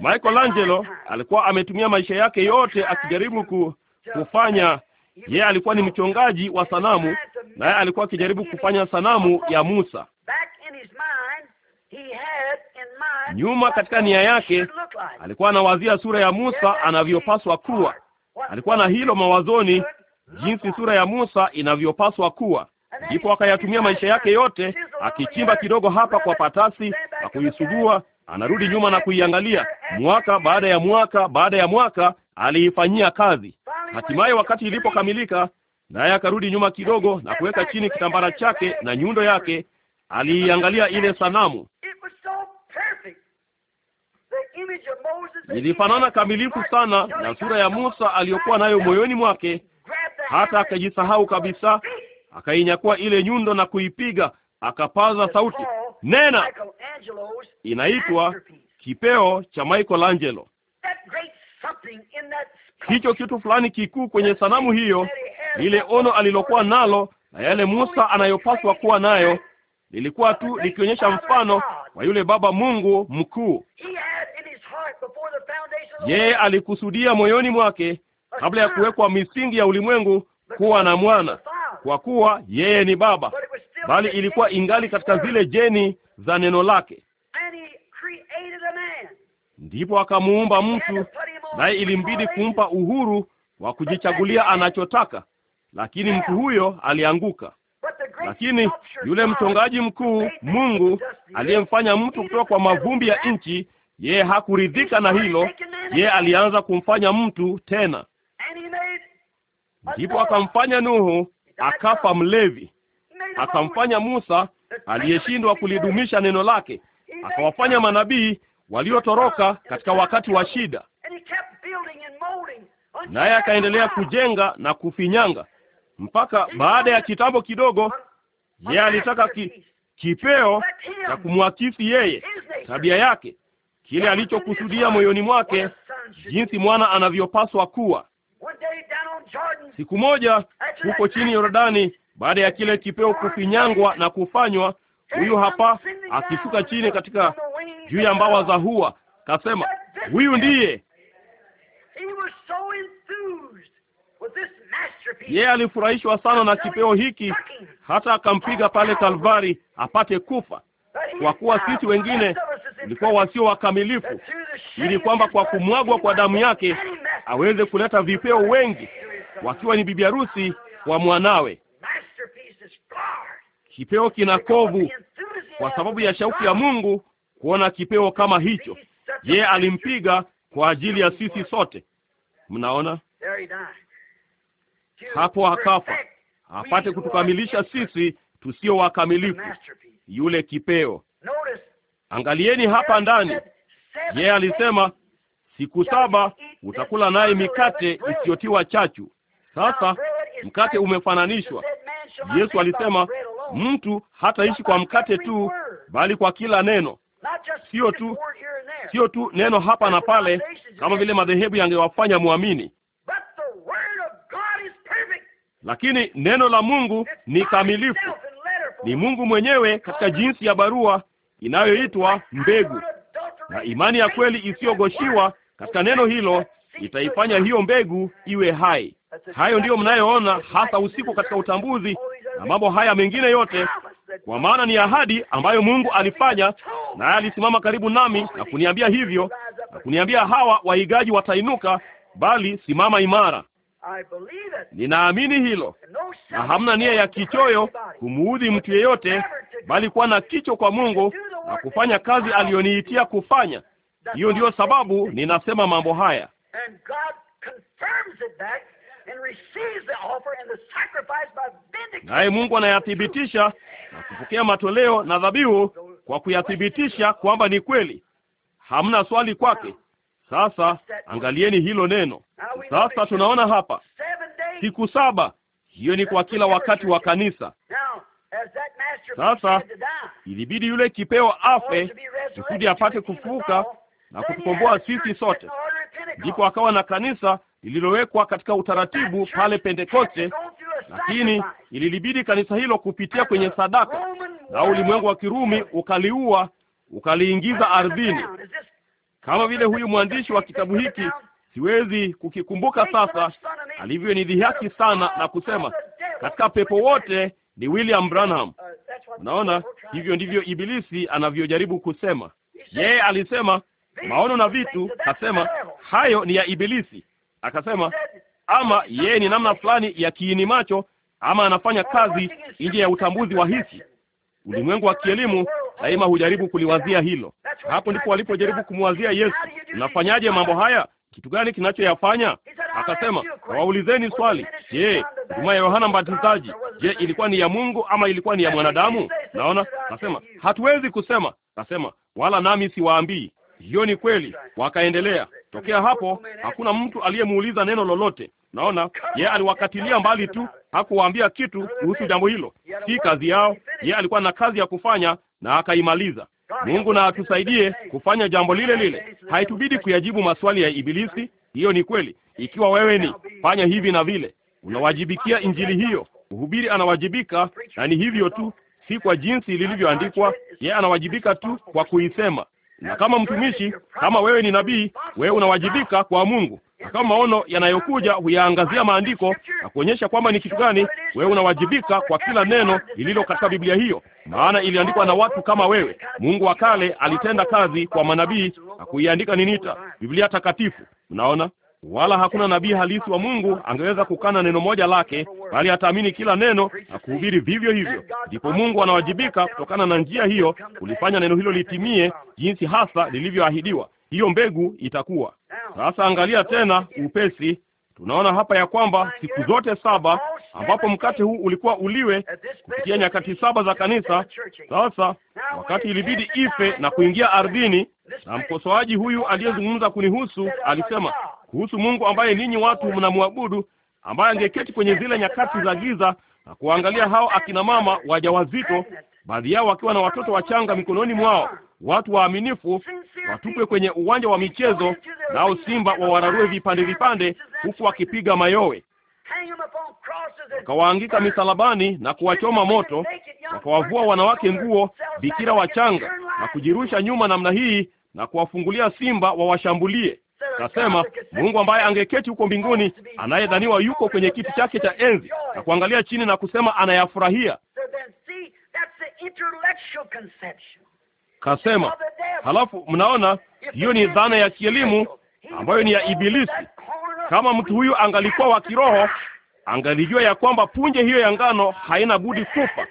Michael Angelo alikuwa ametumia maisha yake yote akijaribu ku, kufanya yeye alikuwa ni mchongaji wa sanamu, naye alikuwa akijaribu kufanya sanamu ya Musa. Nyuma katika nia yake alikuwa anawazia sura ya Musa anavyopaswa kuwa. Alikuwa na hilo mawazoni, jinsi sura ya Musa inavyopaswa kuwa. Ndipo akayatumia maisha yake yote akichimba kidogo hapa kwa patasi na kuisugua, anarudi nyuma na kuiangalia, mwaka baada ya mwaka baada ya mwaka aliifanyia kazi. Hatimaye wakati ilipokamilika, naye akarudi nyuma kidogo na kuweka chini kitambara chake na nyundo yake, aliiangalia ile sanamu. Ilifanana kamilifu sana na sura ya Musa aliyokuwa nayo moyoni mwake, hata akajisahau kabisa, akainyakua ile nyundo na kuipiga, akapaza sauti, nena. Inaitwa kipeo cha Michelangelo hicho kitu fulani kikuu kwenye sanamu hiyo, lile ono alilokuwa nalo na yale Musa anayopaswa kuwa nayo, lilikuwa tu likionyesha mfano wa yule Baba Mungu mkuu. Yeye alikusudia moyoni mwake kabla ya kuwekwa misingi ya ulimwengu kuwa na mwana, kwa kuwa yeye ni Baba, bali ilikuwa ingali katika zile jeni za neno lake. Ndipo akamuumba mtu naye ilimbidi kumpa uhuru wa kujichagulia anachotaka, lakini mtu huyo alianguka. Lakini yule mchongaji mkuu Mungu aliyemfanya mtu kutoka kwa mavumbi ya nchi, yeye hakuridhika na hilo. Yeye alianza kumfanya mtu tena, ndipo akamfanya Nuhu akafa mlevi, akamfanya Musa aliyeshindwa kulidumisha neno lake, akawafanya manabii waliotoroka katika wakati wa shida naye akaendelea kujenga na kufinyanga mpaka baada ya kitambo kidogo, yeye alitaka ki, kipeo na kumwakisi yeye tabia yake, kile alichokusudia moyoni mwake, jinsi mwana anavyopaswa kuwa. Siku moja huko chini Yordani, baada ya kile kipeo kufinyangwa na kufanywa, huyu hapa akishuka chini katika juu ya mbawa za hua, kasema, huyu ndiye yeye alifurahishwa sana na kipeo hiki hata akampiga pale Kalvari apate kufa, kwa kuwa sisi wengine tulikuwa wasio wakamilifu, ili kwamba kwa kumwagwa kwa damu yake aweze kuleta vipeo wengi, wakiwa ni bibi harusi wa mwanawe. Kipeo kina kovu kwa sababu ya shauku ya Mungu kuona kipeo kama hicho. Yeye alimpiga kwa ajili ya sisi sote. Mnaona hapo, akafa apate kutukamilisha sisi tusio wakamilifu, yule kipeo. Angalieni hapa ndani, yeye alisema siku saba utakula naye mikate isiyotiwa chachu. Sasa mkate umefananishwa. Yesu alisema mtu hataishi kwa mkate tu, bali kwa kila neno, sio tu sio tu neno hapa na pale, kama vile madhehebu yangewafanya muamini, lakini neno la Mungu ni kamilifu. Ni Mungu mwenyewe katika jinsi ya barua inayoitwa mbegu, na imani ya kweli isiyogoshiwa katika neno hilo itaifanya hiyo mbegu iwe hai. Hayo ndiyo mnayoona hasa usiku katika utambuzi na mambo haya mengine yote, kwa maana ni ahadi ambayo Mungu alifanya, naye alisimama karibu nami na kuniambia hivyo na kuniambia, hawa waigaji watainuka, bali simama imara. Ninaamini hilo, na hamna nia ya kichoyo kumuudhi mtu yeyote, bali kuwa na kicho kwa Mungu na kufanya kazi aliyoniitia kufanya. Hiyo ndiyo sababu ninasema mambo haya naye Mungu anayathibitisha na kupokea matoleo na dhabihu kwa kuyathibitisha kwamba ni kweli. Hamna swali kwake. Sasa angalieni hilo neno sasa. Tunaona hapa siku saba, hiyo ni kwa kila wakati wa kanisa. Sasa ilibidi yule kipeo afe kusudi apate kufuka na kutukomboa sisi sote, ndipo akawa na kanisa lililowekwa katika utaratibu pale Pentekoste, lakini ililibidi kanisa hilo kupitia kwenye sadaka, na ulimwengu wa Kirumi ukaliua, ukaliingiza ardhini. Kama vile huyu mwandishi wa kitabu hiki, siwezi kukikumbuka sasa, alivyonidhihaki sana na kusema katika pepo wote ni William Branham. Uh, Unaona, hivyo ndivyo Ibilisi anavyojaribu kusema. Yeye alisema maono na vitu, kasema hayo ni ya Ibilisi. Akasema ama yeye ni namna fulani ya kiini macho, ama anafanya kazi nje ya utambuzi wa hisi. Ulimwengu wa kielimu daima hujaribu kuliwazia hilo. Hapo ndipo walipojaribu kumwazia Yesu, unafanyaje mambo haya? Kitu gani kinachoyafanya? Akasema, waulizeni swali. Je, huduma ya Yohana Mbatizaji, je, ilikuwa ni ya Mungu ama ilikuwa ni ya mwanadamu? Naona nasema hatuwezi kusema, Akasema, wala nami siwaambii hiyo ni kweli. Wakaendelea. Tokea hapo hakuna mtu aliyemuuliza neno lolote. Naona yeye aliwakatilia mbali tu, hakuwaambia kitu kuhusu jambo hilo, si kazi yao. Yeye alikuwa na kazi ya kufanya na akaimaliza. Mungu na atusaidie kufanya jambo lile lile. Haitubidi kuyajibu maswali ya Ibilisi. Hiyo ni kweli. Ikiwa wewe ni fanya hivi na vile, unawajibikia injili hiyo. Mhubiri anawajibika na ni hivyo tu, si kwa jinsi lilivyoandikwa. Yeye anawajibika tu kwa kuisema. Na kama mtumishi, kama wewe ni nabii, wewe unawajibika kwa Mungu, na kama maono yanayokuja huyaangazia maandiko na kuonyesha kwamba ni kitu gani, wewe unawajibika kwa kila neno lililo katika Biblia hiyo, maana iliandikwa na watu kama wewe. Mungu wa kale alitenda kazi kwa manabii na kuiandika ninita Biblia takatifu. unaona Wala hakuna nabii halisi wa Mungu angeweza kukana neno moja lake, bali ataamini kila neno na kuhubiri vivyo hivyo. Ndipo Mungu anawajibika kutokana na njia hiyo kulifanya neno hilo litimie jinsi hasa lilivyoahidiwa. Hiyo mbegu itakuwa sasa. Angalia tena upesi Tunaona hapa ya kwamba siku zote saba ambapo mkate huu ulikuwa uliwe kupitia nyakati saba za kanisa. Sasa wakati ilibidi ife na kuingia ardhini, na mkosoaji huyu aliyezungumza kunihusu alisema kuhusu Mungu ambaye ninyi watu mnamwabudu, ambaye angeketi kwenye zile nyakati za giza na kuangalia hao akina mama wajawazito, baadhi yao wakiwa na watoto wachanga mikononi mwao, watu waaminifu watupwe kwenye uwanja wa michezo, nao simba wawararue vipande vipande, huku wakipiga mayowe wakawaangika misalabani na kuwachoma moto, wakawavua wanawake nguo, bikira wachanga, na kujirusha nyuma namna hii na kuwafungulia simba wawashambulie. Kasema Mungu ambaye angeketi huko mbinguni, anayedhaniwa yuko kwenye kiti chake cha enzi na kuangalia chini na kusema anayafurahia. Kasema halafu, mnaona hiyo ni dhana ya kielimu ambayo ni ya Ibilisi. Kama mtu huyu angalikuwa wa kiroho, angalijua ya kwamba punje hiyo ya ngano haina budi kufa,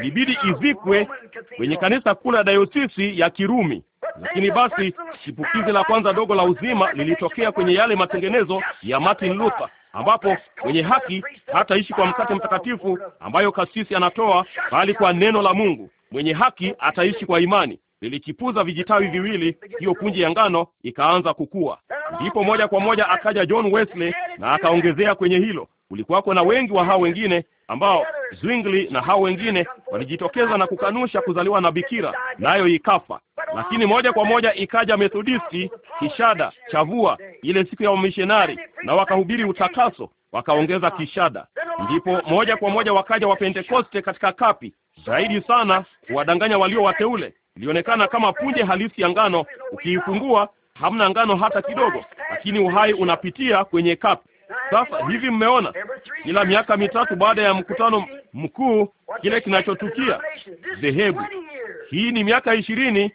ilibidi izikwe kwenye kanisa kuu la dayosisi ya Kirumi. Lakini basi chipukizi la kwanza dogo la uzima lilitokea kwenye yale matengenezo ya Martin Luther ambapo mwenye haki hataishi kwa mkate mtakatifu ambayo kasisi anatoa, bali kwa neno la Mungu. Mwenye haki ataishi kwa imani. Lilichipuza vijitawi viwili, hiyo punje ya ngano ikaanza kukua. Ndipo moja kwa moja akaja John Wesley na akaongezea kwenye hilo kulikuwako na wengi wa hao wengine ambao Zwingli na hao wengine walijitokeza na kukanusha kuzaliwa na bikira, nayo ikafa. Lakini moja kwa moja ikaja Methodisti, kishada, chavua, ile siku ya wamishonari, na wakahubiri utakaso, wakaongeza kishada. Ndipo moja kwa moja wakaja Wapentekoste katika kapi zaidi sana, kuwadanganya walio wateule. Ilionekana kama punje halisi ya ngano, ukiifungua hamna ngano hata kidogo, lakini uhai unapitia kwenye kapi. Sasa hivi mmeona, ila miaka mitatu baada ya mkutano mkuu, kile kinachotukia dhehebu. Hii ni miaka ishirini,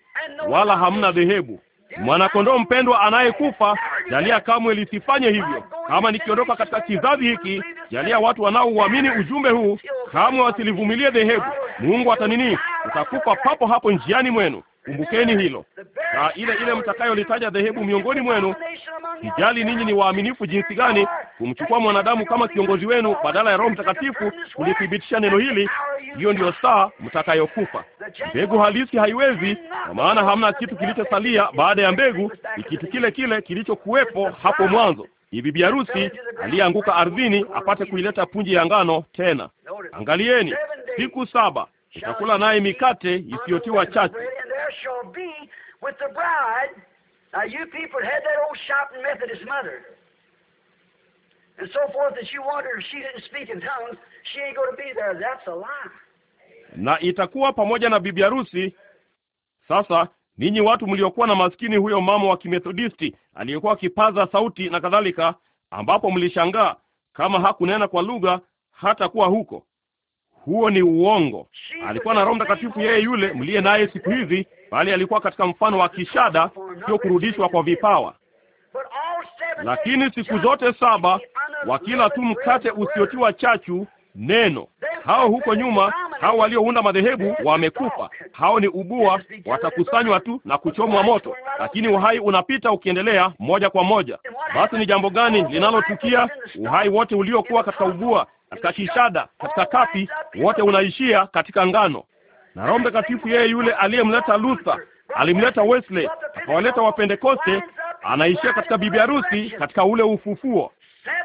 wala hamna dhehebu. Mwanakondoo mpendwa anayekufa, jalia kamwe lisifanye hivyo. Kama nikiondoka katika kizazi hiki, jalia watu wanaouamini ujumbe huu kamwe wasilivumilie dhehebu. Mungu atanini, utakufa papo hapo njiani mwenu. Kumbukeni hilo, na ile ile mtakayolitaja dhehebu miongoni mwenu, sijali ninyi ni waaminifu jinsi gani kumchukua mwanadamu kama kiongozi wenu badala ya Roho Mtakatifu kulithibitisha neno hili, hiyo ndiyo saa mtakayokufa. Mbegu halisi haiwezi, kwa maana hamna kitu kilichosalia baada ya mbegu, ni kitu kile kile kilichokuwepo hapo mwanzo. Ni bibi harusi aliyeanguka ardhini apate kuileta punji ya ngano tena. Angalieni, siku saba itakula naye mikate isiyotiwa chachu. Na itakuwa pamoja na bibi harusi. Sasa ninyi watu mliokuwa na maskini huyo mama wa Kimethodisti aliyekuwa akipaza sauti na kadhalika, ambapo mlishangaa kama hakunena kwa lugha hata kuwa huko huo ni uongo. Alikuwa na Roho Mtakatifu yeye yule mliye naye siku hizi, bali alikuwa katika mfano wa kishada, sio kurudishwa kwa vipawa. Lakini siku zote saba wakila tu mkate usiotiwa chachu, neno. Hao huko nyuma, hao waliounda madhehebu wamekufa. Hao ni ubua, watakusanywa tu na kuchomwa moto, lakini uhai unapita ukiendelea moja kwa moja. Basi ni jambo gani linalotukia? Uhai wote uliokuwa katika ubua katika kishada, katika kafi, wote unaishia katika ngano. Na Roho Mtakatifu yeye yule aliyemleta Luther, alimleta Wesley, akawaleta Wapentekoste, anaishia katika bibi harusi, katika ule ufufuo.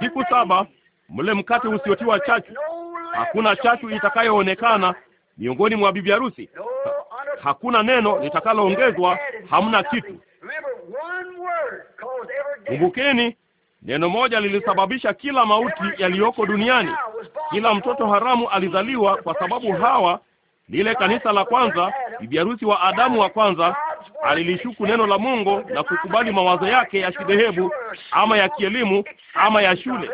Siku saba, mle mkate usiotiwa chachu. Hakuna chachu itakayoonekana miongoni mwa bibi harusi. Hakuna neno litakaloongezwa, hamna kitu. Kumbukeni, Neno moja lilisababisha kila mauti yaliyoko duniani. Kila mtoto haramu alizaliwa kwa sababu Hawa, lile kanisa la kwanza, bibi harusi wa Adamu wa kwanza, alilishuku neno la Mungu na kukubali mawazo yake ya kidhehebu ama ya kielimu ama ya shule,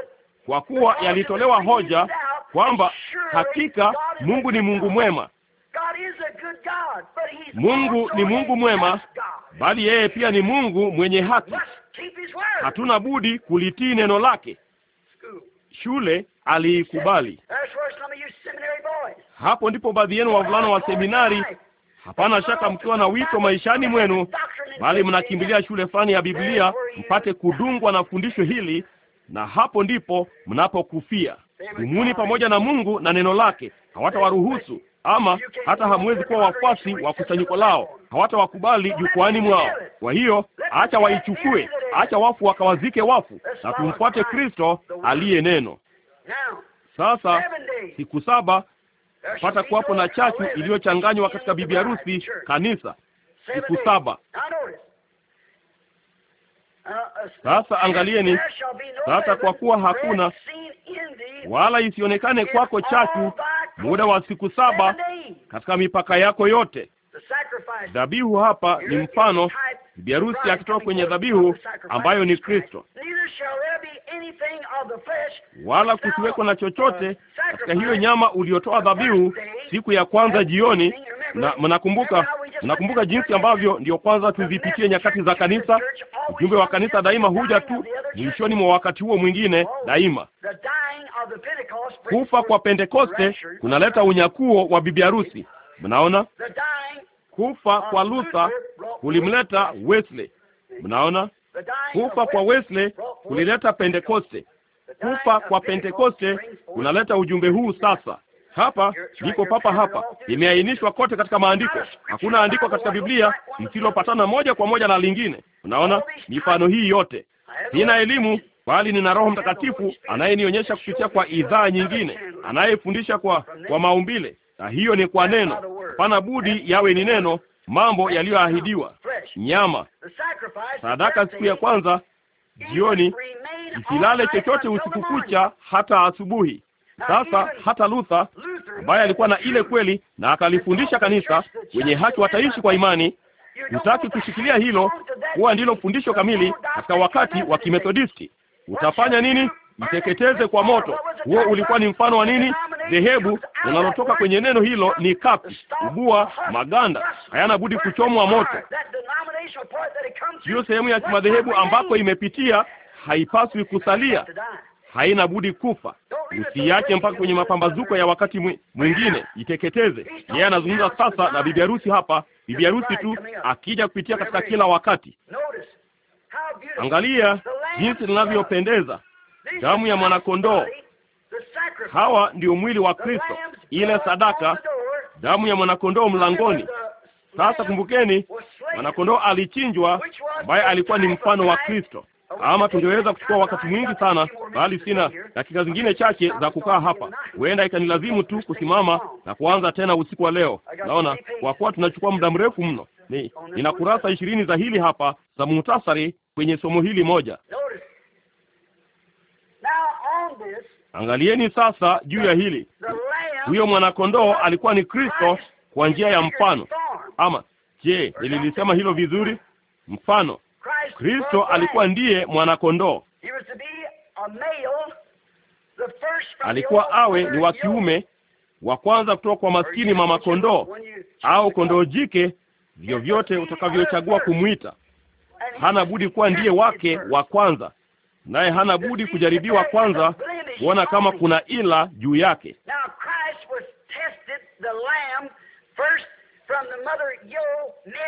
kwa kuwa yalitolewa hoja kwamba hakika Mungu ni Mungu mwema. Mungu ni Mungu mwema, bali yeye pia ni Mungu mwenye haki hatuna budi kulitii neno lake. Shule aliikubali. Hapo ndipo baadhi yenu wavulana wa seminari, hapana shaka, mkiwa na wito maishani mwenu, bali mnakimbilia shule fulani ya Biblia mpate kudungwa na fundisho hili, na hapo ndipo mnapokufia. Dumuni pamoja na Mungu na neno lake, hawatawaruhusu ama hata hamwezi kuwa wafuasi wa kusanyiko lao, hawatawakubali jukwani mwao. Kwa hiyo acha waichukue, acha wafu wakawazike wafu, na tumfuate Kristo aliye neno. Sasa siku saba pata kuwapo na chachu iliyochanganywa katika bibi harusi kanisa, siku saba. Uh, sasa angalieni sasa, kwa kuwa hakuna wala isionekane kwako chachu muda wa siku saba katika mipaka yako yote. Dhabihu hapa ni mfano, biarusi akitoka kwenye dhabihu ambayo ni Kristo. Wala kusiwekwa na chochote katika hiyo nyama uliotoa dhabihu siku ya kwanza jioni. Na mnakumbuka, mnakumbuka jinsi ambavyo ndiyo kwanza tuzipitie nyakati za kanisa. Ujumbe wa kanisa daima huja tu mwishoni mwa wakati huo mwingine oh, daima Kufa kwa Pentekoste kunaleta unyakuo wa bibi harusi. Mnaona, kufa kwa Luther kulimleta Wesley. Mnaona, kufa kwa Wesley kulileta Pentekoste. Kufa kwa Pentekoste kunaleta ujumbe huu sasa hapa ndipo papa hapa, imeainishwa kote katika maandiko. Hakuna andiko katika Biblia msilopatana moja kwa moja na lingine. Unaona mifano hii yote. Sina elimu bali nina Roho Mtakatifu anayenionyesha kupitia kwa idhaa nyingine, anayefundisha kwa kwa maumbile, na hiyo ni kwa neno. Pana budi yawe ni neno, mambo yaliyoahidiwa, nyama, sadaka siku ya kwanza jioni, msilale chochote usiku kucha hata asubuhi. Sasa hata Luther ambaye alikuwa na ile kweli na akalifundisha kanisa, wenye haki wataishi kwa imani. Hutaki kushikilia hilo kuwa ndilo fundisho kamili katika wakati wa Kimethodisti. Utafanya nini? Mteketeze kwa moto. Huo ulikuwa ni mfano wa nini? Dhehebu linalotoka kwenye neno hilo ni kapi, ubua, maganda, hayana budi kuchomwa moto. Hiyo sehemu ya kimadhehebu ambako imepitia haipaswi kusalia, haina budi kufa. Usiache mpaka kwenye mapambazuko ya wakati mwingine, iteketeze. Yeye anazungumza sasa na bibi harusi hapa, bibi harusi tu akija kupitia katika kila wakati. Angalia jinsi linavyopendeza, damu ya mwanakondoo. Hawa ndio mwili wa Kristo, ile sadaka, damu ya mwanakondoo mlangoni. Sasa kumbukeni, mwanakondoo alichinjwa, ambaye alikuwa ni mfano wa Kristo. Ama tungeweza kuchukua wakati mwingi sana, bali sina dakika zingine chache za kukaa hapa. Huenda ikanilazimu tu kusimama na kuanza tena usiku wa leo. Naona kwa kuwa tunachukua muda mrefu mno ni, nina kurasa ishirini za hili hapa za muhtasari kwenye somo hili moja. Angalieni sasa juu ya hili. Huyo mwanakondoo alikuwa ni Kristo kwa njia ya mfano. Ama je, nililisema hilo vizuri? Mfano, Kristo alikuwa ndiye mwanakondoo, alikuwa awe ni wa kiume wa kwanza kutoka kwa maskini mama kondoo au kondoo jike vyovyote utakavyochagua kumwita, hana budi kuwa ndiye wake wa kwanza, naye hana budi kujaribiwa kwanza kuona kama kuna ila juu yake.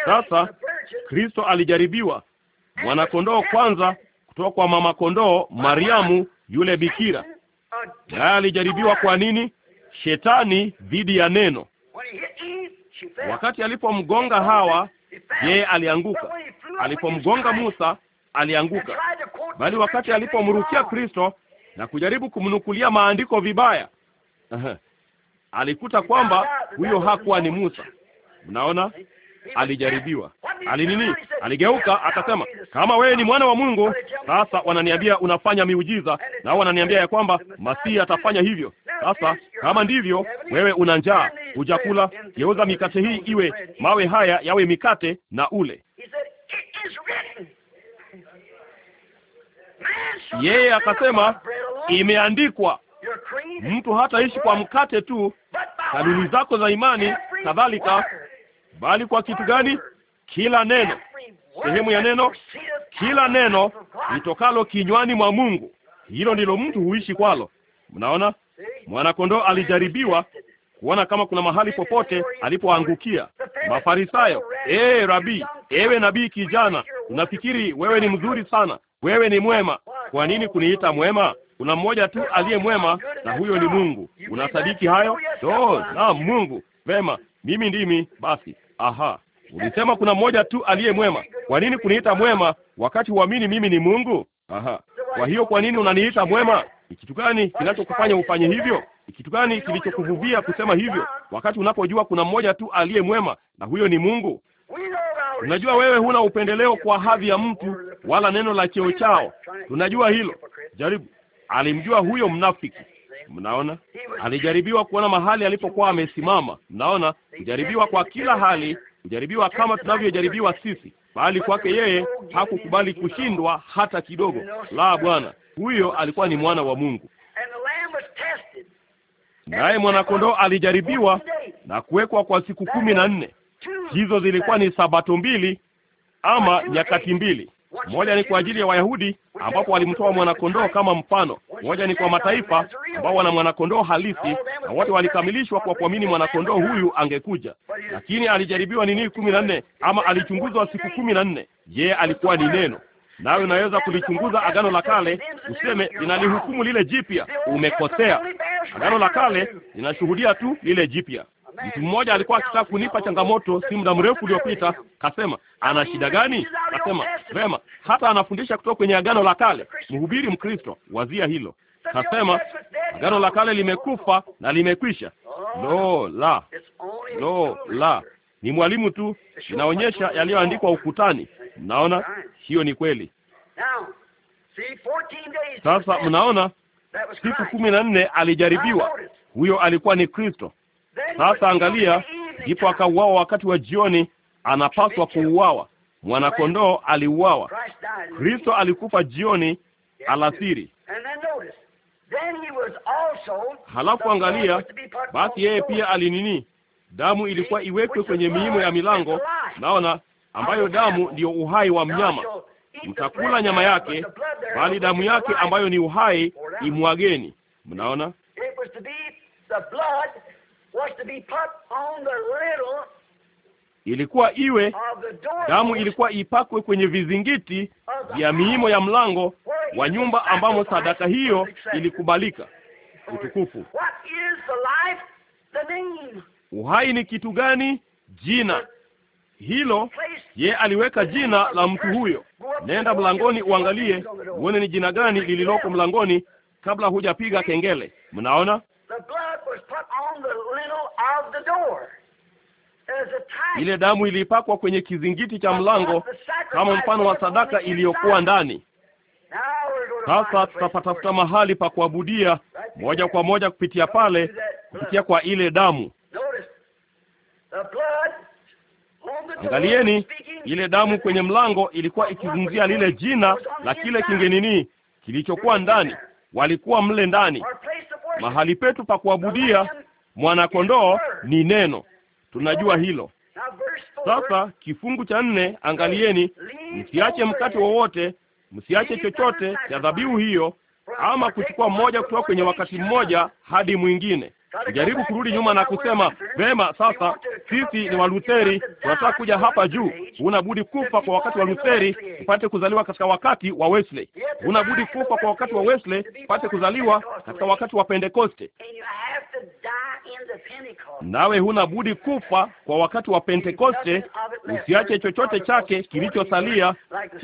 Sasa Kristo alijaribiwa mwanakondoo kwanza kutoka kwa mama kondoo Mariamu yule bikira, naye alijaribiwa kwa nini? Shetani dhidi ya neno. Wakati alipomgonga Hawa, yeye alianguka. Alipomgonga Musa, alianguka. Bali wakati alipomrukia Kristo na kujaribu kumnukulia maandiko vibaya, alikuta kwamba huyo hakuwa ni Musa. Mnaona, alijaribiwa. Alinini? Aligeuka akasema, kama wewe ni mwana wa Mungu, sasa wananiambia unafanya miujiza, na wananiambia ya kwamba Masihi atafanya hivyo. Sasa kama ndivyo, wewe una njaa, hujakula, geuza mikate hii iwe mawe, haya yawe mikate na ule yeye akasema, imeandikwa, mtu hataishi kwa mkate tu, kanuni zako za imani kadhalika bali kwa kitu gani? Kila neno, sehemu ya neno, kila neno litokalo kinywani mwa Mungu, hilo ndilo mtu huishi kwalo. Mnaona, mwanakondoo alijaribiwa kuona kama kuna mahali popote alipoangukia. Mafarisayo, ee rabi ewe nabii kijana, unafikiri wewe ni mzuri sana, wewe ni mwema. Kwa nini kuniita mwema? Kuna mmoja tu aliye mwema, na huyo ni Mungu. Unasadiki hayo? Do, naam, Mungu. Vema, mimi ndimi basi aha, ulisema kuna mmoja tu aliye mwema. Kwa nini kuniita mwema wakati huamini mimi ni Mungu? Aha, kwa hiyo kwa nini unaniita mwema? Ni kitu gani kinachokufanya ufanye hivyo? Ni kitu gani kilichokuvuvia kusema hivyo, wakati unapojua kuna mmoja tu aliye mwema na huyo ni Mungu? Unajua wewe huna upendeleo kwa hadhi ya mtu wala neno la cheo chao. Tunajua hilo. Jaribu. Alimjua huyo mnafiki Mnaona, alijaribiwa kuona mahali alipokuwa amesimama. Mnaona, kujaribiwa kwa kila hali, kujaribiwa kama tunavyojaribiwa sisi, bali kwake yeye hakukubali kushindwa hata kidogo. La, Bwana huyo alikuwa ni mwana wa Mungu. Naye mwanakondoo alijaribiwa na kuwekwa kwa siku kumi na nne. Hizo zilikuwa ni sabato mbili ama nyakati mbili. Moja ni kwa ajili ya Wayahudi ambapo walimtoa mwanakondoo kama mfano. Moja ni kwa mataifa ambao wana mwanakondoo halisi, na wote walikamilishwa kwa kuamini mwanakondoo huyu angekuja. Lakini alijaribiwa nini kumi na nne, ama alichunguzwa siku kumi na nne. Je, alikuwa ni neno? Nawe unaweza kulichunguza Agano la Kale useme linalihukumu lile jipya. Umekosea. Agano la Kale linashuhudia tu lile jipya. Mtu mmoja alikuwa akitaka kunipa changamoto si muda mrefu uliopita, kasema ana shida gani? Kasema vema, hata anafundisha kutoka kwenye Agano la Kale, mhubiri Mkristo, wazia hilo. Kasema Agano la Kale limekufa na limekwisha. Lo la, lo la, ni mwalimu tu, inaonyesha yaliyoandikwa ukutani. Mnaona, hiyo ni kweli. Sasa mnaona, siku kumi na nne alijaribiwa. Huyo alikuwa ni Kristo. Sasa angalia, ndipo akauawa wakati wa jioni, anapaswa kuuawa. Mwanakondoo aliuawa. Kristo alikufa jioni, alasiri. Halafu angalia, basi yeye pia alinini, damu ilikuwa iwekwe kwenye miimo ya milango, naona ambayo damu ndiyo uhai wa mnyama. Mtakula nyama yake, bali damu yake ambayo ni uhai imwageni. Mnaona ilikuwa iwe damu ilikuwa ipakwe kwenye vizingiti vya miimo ya mlango wa nyumba ambamo sadaka hiyo ilikubalika. Utukufu! Uhai ni kitu gani? Jina hilo. Ye aliweka jina la mtu huyo. Nenda mlangoni uangalie uone ni jina gani lililoko mlangoni, kabla hujapiga kengele. Mnaona ile damu ilipakwa kwenye kizingiti cha mlango kama mfano wa sadaka iliyokuwa ndani. Sasa tutapatafuta mahali pa kuabudia moja kwa moja kupitia pale, kupitia kwa ile damu. Angalieni, ile damu kwenye mlango ilikuwa ikizungumzia lile jina la kile kingenini kilichokuwa ndani, walikuwa mle ndani, mahali petu pa kuabudia Mwanakondoo ni neno, tunajua hilo. Sasa kifungu cha nne, angalieni, msiache mkate wowote, msiache chochote cha dhabihu hiyo, ama kuchukua mmoja kutoka kwenye wakati mmoja hadi mwingine. Jaribu kurudi nyuma na kusema vema, sasa sisi ni Walutheri, tunataka kuja hapa juu. Huna budi kufa kwa wakati wa Lutheri upate kuzaliwa katika wakati wa Wesley. Huna budi kufa kwa wakati wa Wesley upate kuzaliwa katika wakati wa Pentekoste nawe huna budi kufa kwa wakati wa Pentekoste. Usiache chochote chake kilichosalia,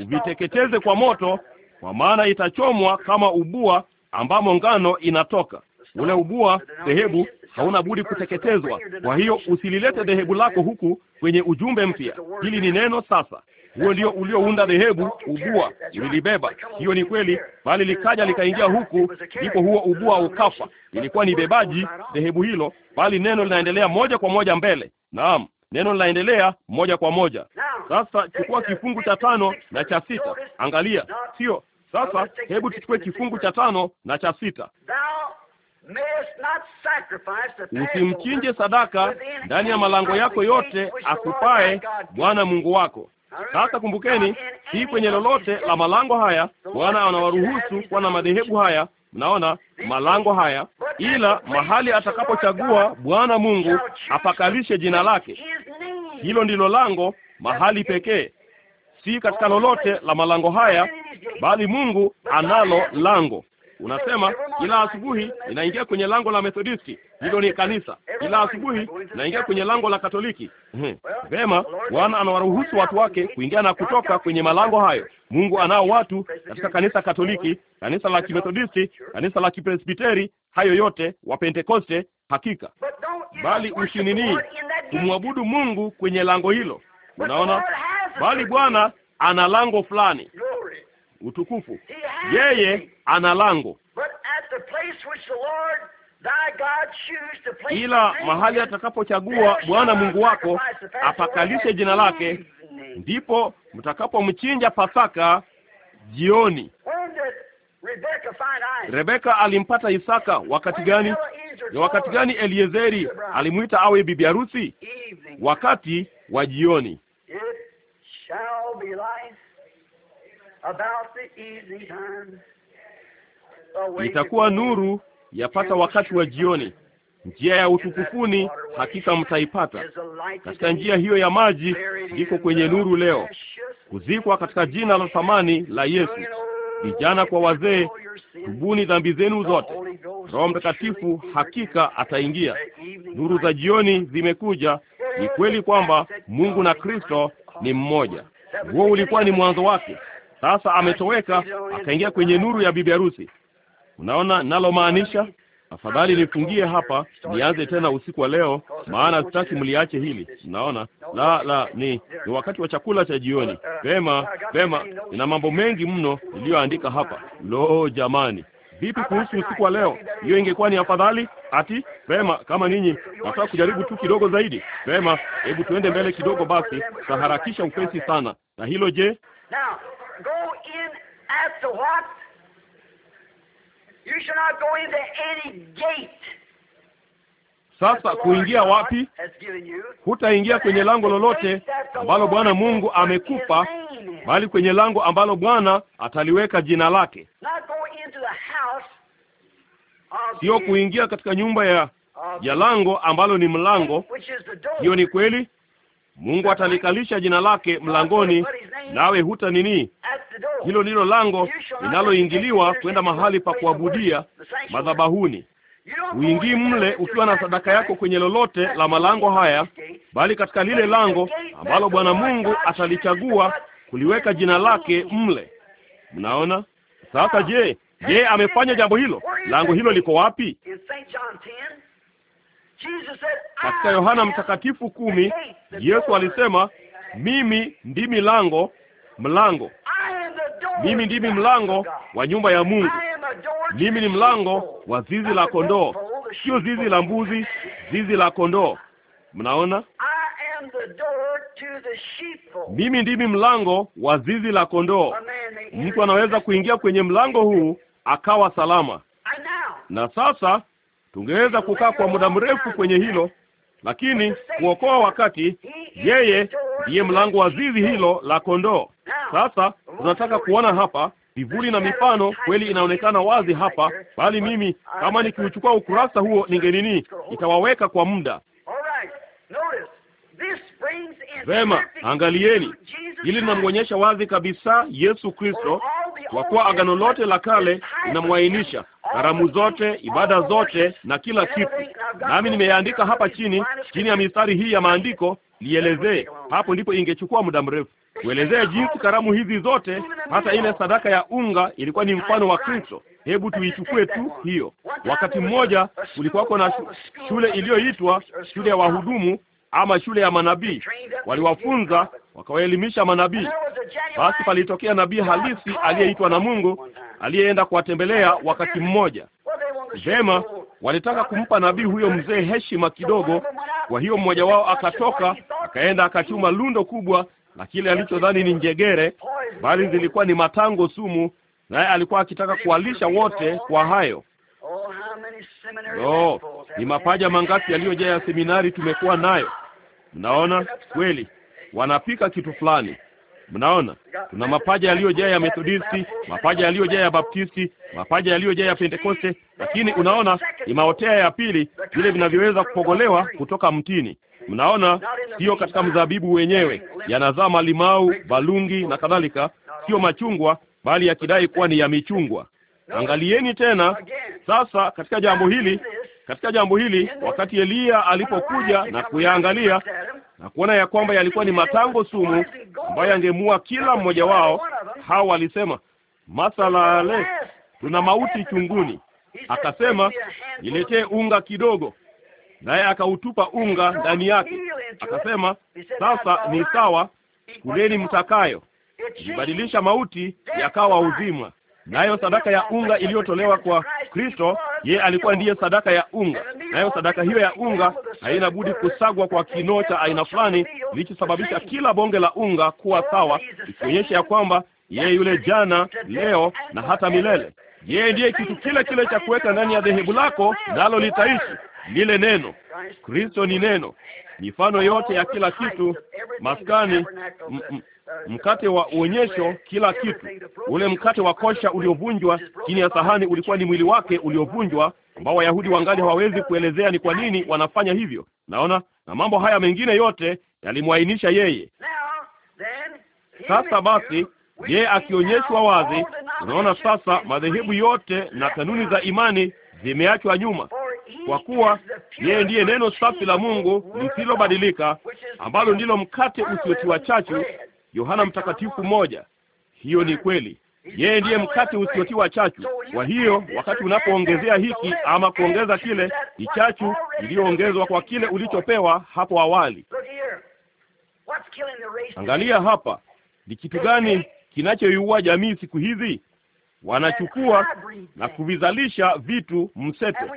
uviteketeze kwa moto, kwa maana itachomwa kama ubua ambamo ngano inatoka. Ule ubua dhehebu hauna budi kuteketezwa. Kwa hiyo usililete dhehebu lako huku kwenye ujumbe mpya. Hili ni neno sasa huo ndio uliounda dhehebu, ubua ulilibeba. Hiyo ni kweli, bali likaja likaingia huku, ndipo huo ubua ukafa. Ilikuwa ni bebaji dhehebu hilo, bali neno linaendelea moja kwa moja mbele. Naam, neno linaendelea moja kwa moja. Sasa chukua kifungu cha tano na cha sita. Angalia, sio sasa, hebu tuchukue kifungu cha tano na cha sita. Usimchinje sadaka ndani ya malango yako yote akupae Bwana Mungu wako. Sasa kumbukeni, si kwenye lolote la malango haya Bwana anawaruhusu kuwa na madhehebu haya, mnaona malango haya, ila mahali atakapochagua Bwana Mungu apakalishe jina lake. Hilo ndilo lango, mahali pekee, si katika lolote la malango haya, bali Mungu analo lango. Unasema kila asubuhi inaingia kwenye lango la Methodisti, hilo ni kanisa. Kila asubuhi inaingia kwenye lango la Katoliki. Vema, Bwana anawaruhusu watu wake kuingia na kutoka kwenye malango hayo. Mungu anao watu katika kanisa Katoliki, kanisa la Kimethodisti, kanisa la Kipresbiteri, hayo yote wa Pentekoste, hakika. Bali ushinini kumwabudu Mungu kwenye lango hilo, unaona. Bali Bwana ana lango fulani, utukufu. Yeye ana lango, ila mahali atakapochagua Bwana Mungu wako apakalishe jina lake, ndipo mtakapomchinja Pasaka jioni. Rebeka alimpata Isaka wakati gani? Ni wakati gani Eliezeri alimwita awe bibi harusi? Wakati wa jioni. Itakuwa nuru yapata wakati wa jioni. Njia ya utukufuni hakika mtaipata. Katika njia hiyo ya maji ndiko kwenye nuru leo, kuzikwa katika jina la thamani la Yesu. Vijana kwa wazee, tubuni dhambi zenu zote. Roho Mtakatifu hakika ataingia. Nuru za jioni zimekuja. Ni kweli kwamba Mungu na Kristo ni mmoja. Huo ulikuwa ni mwanzo wake. Sasa ametoweka akaingia kwenye nuru ya bibi harusi. Unaona nalomaanisha? Afadhali nifungie hapa, nianze tena usiku wa leo, maana sitaki mliache hili. Mnaona, la la, ni ni wakati wa chakula cha jioni. Vema, vema, nina mambo mengi mno niliyoandika hapa. Lo, jamani, vipi kuhusu usiku wa leo? Hiyo ingekuwa ni afadhali. Ati vema, kama ninyi nataka kujaribu tu kidogo zaidi. Vema, hebu tuende mbele kidogo basi, taharakisha upesi sana. Na hilo je? Sasa kuingia wapi? Hutaingia kwenye lango lolote ambalo Bwana Mungu amekupa, bali kwenye lango ambalo Bwana ataliweka jina lake. Sio kuingia katika nyumba ya ya lango ambalo ni mlango. Hiyo ni kweli, Mungu atalikalisha jina lake mlangoni, nawe huta nini. Hilo ndilo lango linaloingiliwa kwenda mahali pa kuabudia, madhabahuni. Uingii mle ukiwa na sadaka yako kwenye lolote la malango haya, bali katika lile lango ambalo Bwana Mungu atalichagua kuliweka jina lake mle. Mnaona sasa? Je, je, amefanya jambo hilo? Lango hilo liko wapi? Katika Yohana Mtakatifu kumi, Yesu alisema, mimi ndimi lango mlango, mimi ndimi mlango wa nyumba ya Mungu, mimi ni mlango wa zizi la kondoo, sio zizi la mbuzi, zizi la kondoo. Mnaona, mimi ndimi mlango wa zizi la kondoo. Mtu anaweza kuingia kwenye mlango huu akawa salama. Na sasa Tungeweza kukaa kwa muda mrefu kwenye hilo, lakini kuokoa wakati, yeye ndiye mlango wa zizi hilo la kondoo. Sasa tunataka kuona hapa vivuli na mifano kweli inaonekana wazi hapa, bali mimi kama nikiuchukua ukurasa huo ninge nini itawaweka kwa muda Vema, angalieni hili, linamwonyesha wazi kabisa Yesu Kristo, kwa kuwa agano lote la kale linamwainisha karamu zote, ibada zote na kila kitu. Nami nimeandika hapa chini, chini ya mistari hii ya maandiko, lielezee. Hapo ndipo ingechukua muda mrefu kuelezea jinsi karamu hizi zote, hata ile sadaka ya unga ilikuwa ni mfano wa Kristo. Hebu tuichukue tu hiyo. Wakati mmoja kulikuwako na shule iliyoitwa shule ya wahudumu ama shule ya manabii. Waliwafunza wakawaelimisha manabii. Basi palitokea nabii halisi aliyeitwa na Mungu aliyeenda kuwatembelea wakati mmoja. Vema, walitaka kumpa nabii huyo mzee heshima kidogo. Kwa hiyo mmoja wao akatoka akaenda akachuma lundo kubwa na kile alichodhani ni njegere, bali zilikuwa ni matango sumu, naye alikuwa akitaka kuwalisha wote kwa hayo. No, ni mapaja mangapi yaliyojaa ya seminari tumekuwa nayo. Mnaona kweli, wanapika kitu fulani Mnaona, tuna mapaja yaliyojaa ya Methodisti, mapaja yaliyojaa ya Baptisti, mapaja yaliyojaa ya Pentekoste, lakini unaona ni maotea ya pili, vile vinavyoweza kupogolewa kutoka mtini. Mnaona, sio katika mzabibu wenyewe, yanazaa malimau, balungi na kadhalika, sio machungwa, bali yakidai kuwa ni ya michungwa. Angalieni tena sasa katika jambo hili katika jambo hili, wakati Eliya alipokuja na kuyaangalia na kuona ya kwamba yalikuwa ni matango sumu ambayo yangemua kila mmoja wao. Hao walisema masala tuna mauti chunguni. Akasema, niletee unga kidogo, naye akautupa unga ndani yake. Akasema, sasa ni sawa, kuleni mtakayo. Ibadilisha mauti yakawa uzima nayo sadaka ya unga iliyotolewa kwa Kristo, yeye alikuwa ndiye sadaka ya unga. Nayo sadaka hiyo ya unga haina budi kusagwa kwa kinoo cha aina fulani, kilichosababisha kila bonge la unga kuwa oh, sawa, ikionyesha ya kwamba yeye yule jana, leo na hata milele. Yeye ndiye kitu kile kile cha kuweka ndani ya dhehebu lako, nalo litaishi. Lile neno Kristo ni neno, mifano yote ya kila kitu, maskani mkate wa uonyesho, kila kitu. Ule mkate wa kosha uliovunjwa chini ya sahani ulikuwa ni mwili wake uliovunjwa, ambao Wayahudi wangali hawawezi kuelezea ni kwa nini wanafanya hivyo. Naona na mambo haya mengine yote yalimwainisha yeye. Sasa basi, yeye akionyeshwa wazi, unaona sasa madhehebu yote na kanuni za imani zimeachwa nyuma, kwa kuwa yeye ndiye neno safi la Mungu lisilobadilika, ambalo ndilo mkate usiotiwa chachu Yohana Mtakatifu moja. Hiyo ni kweli. Yeye ndiye mkate usiotiwa chachu. Kwa hiyo wakati unapoongezea hiki ama kuongeza kile, ni chachu iliyoongezwa kwa kile ulichopewa hapo awali. Angalia hapa, ni kitu gani kinachoiua jamii siku hizi? Wanachukua na kuvizalisha vitu mseto,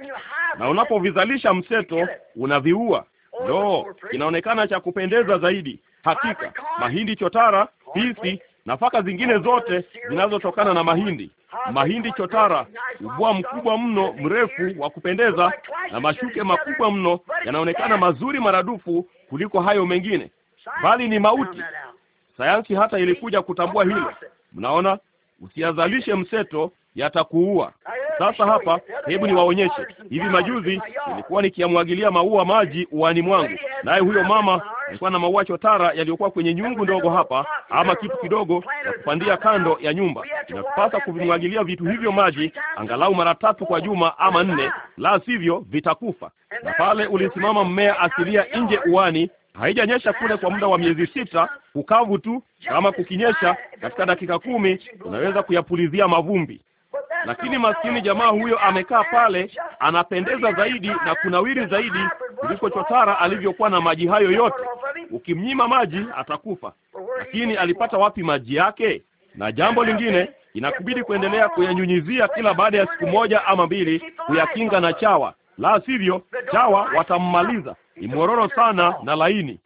na unapovizalisha mseto unaviua. Ndio, kinaonekana inaonekana cha kupendeza zaidi Hakika mahindi chotara, hisi, nafaka zingine zote zinazotokana na mahindi, mahindi chotara, ubwa mkubwa mno, mrefu wa kupendeza, na mashuke makubwa mno, yanaonekana mazuri maradufu kuliko hayo mengine, bali ni mauti. Sayansi hata ilikuja kutambua hilo. Mnaona, usiyazalishe mseto, yatakuua. Sasa hapa, hebu niwaonyeshe. Hivi majuzi nilikuwa nikiyamwagilia maua maji uani mwangu, naye huyo mama alikuwa na maua chotara yaliyokuwa kwenye nyungu ndogo hapa, ama kitu kidogo na kupandia kando ya nyumba. Inatupasa kuvimwagilia vitu hivyo maji angalau mara tatu kwa juma ama nne, la sivyo vitakufa. Na pale ulisimama mmea asilia nje uani haijanyesha kule kwa muda wa miezi sita, kukavu tu. Kama kukinyesha katika dakika kumi, unaweza kuyapulizia mavumbi. Lakini maskini jamaa huyo amekaa pale, anapendeza zaidi na kunawiri zaidi kuliko chotara alivyokuwa na maji hayo yote. Ukimnyima maji atakufa. Lakini alipata wapi maji yake? Na jambo lingine, inakubidi kuendelea kuyanyunyizia kila baada ya siku moja ama mbili, kuyakinga na chawa, la sivyo chawa watammaliza. Ni mwororo sana na laini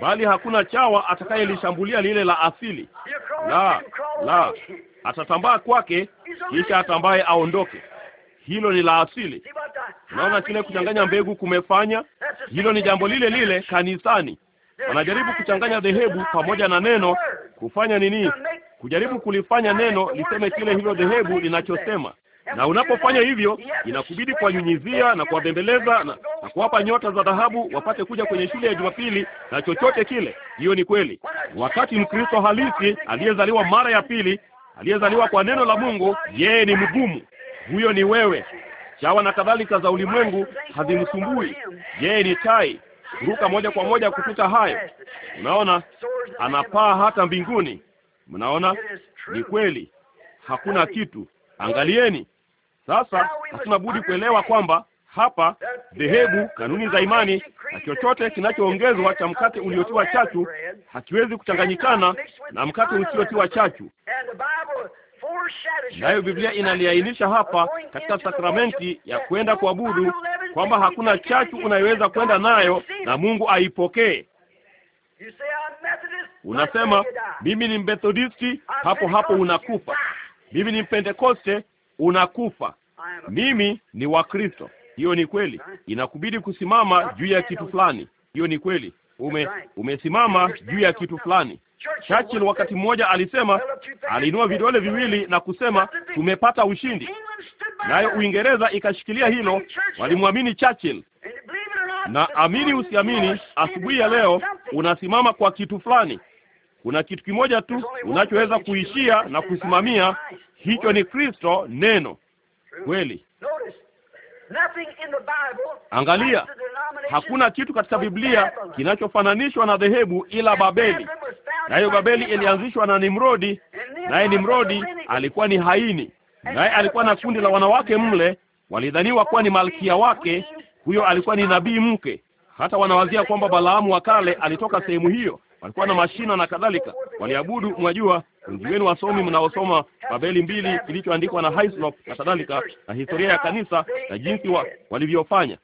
bali hakuna chawa atakayelishambulia lile la asili. La, la, atatambaa kwake, kisha atambaye aondoke. Hilo ni la asili. Unaona kile kuchanganya mbegu kumefanya? Hilo ni jambo lile lile kanisani. Wanajaribu kuchanganya dhehebu pamoja na neno, kufanya nini? Kujaribu kulifanya neno liseme kile hilo dhehebu linachosema na unapofanya hivyo inakubidi kuwanyunyizia na kuwabembeleza na, na kuwapa nyota za dhahabu wapate kuja kwenye shule ya Jumapili na chochote kile. Hiyo ni kweli. Wakati Mkristo halisi aliyezaliwa mara ya pili, aliyezaliwa kwa neno la Mungu, yeye ni mgumu. Huyo ni wewe. Chawa na kadhalika za ulimwengu hazimsumbui yeye, ni tai ruka moja kwa moja kupita hayo. Unaona, anapaa hata mbinguni. Mnaona, ni kweli, hakuna kitu. Angalieni, sasa hatuna budi kuelewa kwamba hapa dhehebu, kanuni za imani na chochote kinachoongezwa cha mkate uliotiwa chachu hakiwezi kuchanganyikana na mkate usiotiwa chachu. Nayo Biblia inaliainisha hapa katika sakramenti ya kwenda kuabudu kwamba hakuna chachu unayoweza kwenda nayo na Mungu aipokee. Unasema mimi ni Methodisti, hapo hapo unakufa. Mimi ni Pentekoste, unakufa. Mimi ni wa Kristo, hiyo ni kweli. Inakubidi kusimama juu ya kitu fulani, hiyo ni kweli. Ume, umesimama juu ya kitu fulani. Churchill wakati mmoja alisema, aliinua vidole viwili na kusema tumepata ushindi, nayo Uingereza ikashikilia hilo, walimwamini Churchill. Na amini usiamini, asubuhi ya leo unasimama kwa kitu fulani. Kuna kitu kimoja tu unachoweza kuishia na kusimamia, hicho ni Kristo neno kweli. Angalia, hakuna kitu katika Biblia kinachofananishwa na dhehebu ila Babeli. Nayo Babeli ilianzishwa na Nimrodi, naye Nimrodi alikuwa ni haini, naye alikuwa na kundi la wanawake mle, walidhaniwa kuwa ni malkia wake. Huyo alikuwa ni nabii mke. Hata wanawazia kwamba Balaamu wa kale alitoka sehemu hiyo, walikuwa na mashina na kadhalika, waliabudu. Mwajua, wengi wenu wasomi mnaosoma Babeli mbili kilichoandikwa na Hyslop na kadhalika, na historia ya kanisa na jinsi wa, walivyofanya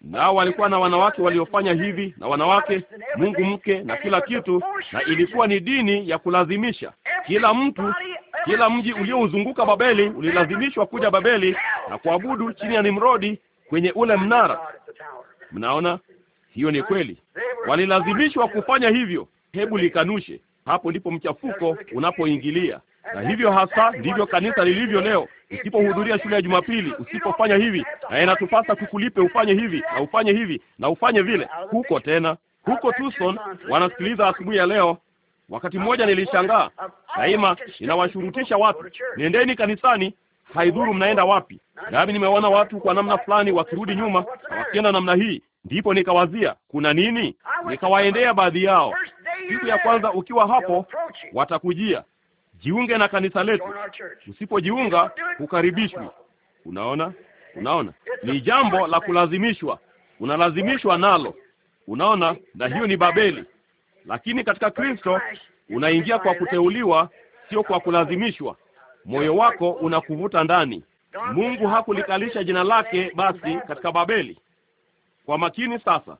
nao walikuwa na wanawake waliofanya hivi na wanawake Mungu mke na kila kitu, na ilikuwa ni dini ya kulazimisha. Kila mtu, kila mji uliouzunguka Babeli ulilazimishwa kuja Babeli na kuabudu chini ya Nimrodi kwenye ule mnara. Mnaona, hiyo ni kweli. Walilazimishwa kufanya hivyo. Hebu likanushe. Hapo ndipo mchafuko unapoingilia, na hivyo hasa ndivyo kanisa lilivyo leo. Usipohudhuria shule ya Jumapili, usipofanya hivi, na inatupasa tukulipe ufanye hivi na ufanye hivi na ufanye vile, huko tena huko Tucson wanasikiliza asubuhi ya leo. Wakati mmoja nilishangaa, daima inawashurutisha watu, nendeni kanisani, haidhuru mnaenda wapi. Nami nimeona watu kwa namna fulani wakirudi nyuma na wakienda namna hii, Ndipo nikawazia kuna nini, nikawaendea baadhi yao. Siku ya kwanza ukiwa hapo, watakujia jiunge na kanisa letu. Usipojiunga hukaribishwi. Unaona, unaona, ni jambo la kulazimishwa, unalazimishwa nalo. Unaona, na hiyo ni Babeli. Lakini katika Kristo unaingia kwa kuteuliwa, sio kwa kulazimishwa. Moyo wako unakuvuta ndani. Mungu hakulikalisha jina lake basi katika Babeli. Kwa makini sasa,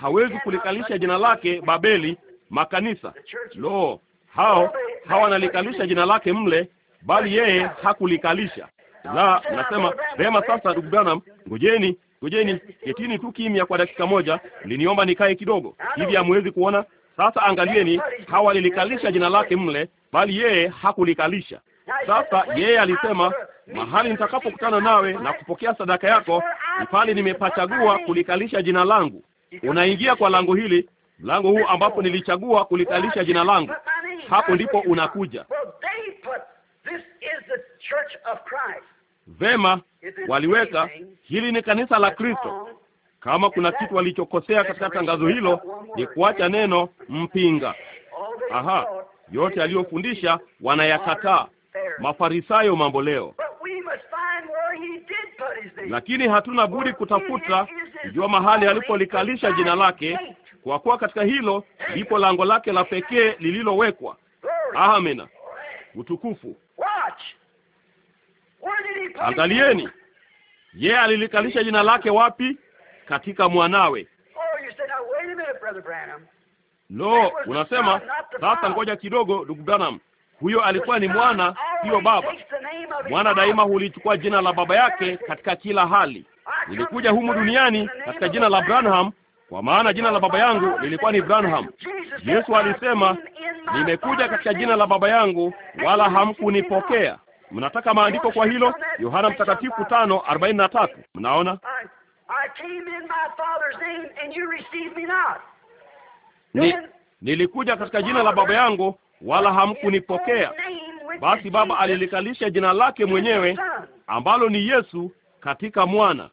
hawezi kulikalisha jina lake Babeli makanisa. Lo, hao hawanalikalisha jina lake mle, bali yeye hakulikalisha la. Nasema vema. Sasa ndugu Branham, ngojeni, ngojeni, ketini tu kimya kwa dakika moja, liniomba nikae kidogo hivi. Hamwezi kuona sasa? Angalieni, hawalilikalisha jina lake mle, bali yeye hakulikalisha. Sasa yeye alisema mahali nitakapokutana nawe na kupokea sadaka yako, ni pale nimepachagua kulikalisha jina langu. Unaingia kwa lango hili, mlango huu ambapo nilichagua kulikalisha jina langu, hapo ndipo unakuja. Vema, waliweka hili ni kanisa la Kristo. Kama kuna kitu walichokosea katika tangazo hilo, ni kuacha neno mpinga. Aha, yote aliyofundisha wanayakataa Mafarisayo mambo leo lakini hatuna budi kutafuta kujua mahali alipolikalisha jina lake, kwa kuwa katika hilo ndipo lango lake la pekee lililowekwa. Amina, utukufu. Angalieni, yeye alilikalisha jina lake wapi? Katika mwanawe. Lo, unasema sasa, ngoja kidogo, ndugu Branham huyo alikuwa ni mwana, hiyo baba. Mwana daima hulichukua jina la baba yake katika kila hali. Nilikuja humu duniani katika jina la Branham, kwa maana jina la baba yangu lilikuwa ni Branham. Yesu alisema, nimekuja katika jina la baba yangu wala hamkunipokea. Mnataka maandiko kwa hilo? Yohana Mtakatifu tano arobaini na tatu. Mnaona, ni nilikuja katika jina la baba yangu wala hamkunipokea. Basi Baba alilikalisha jina lake mwenyewe ambalo ni Yesu katika mwana,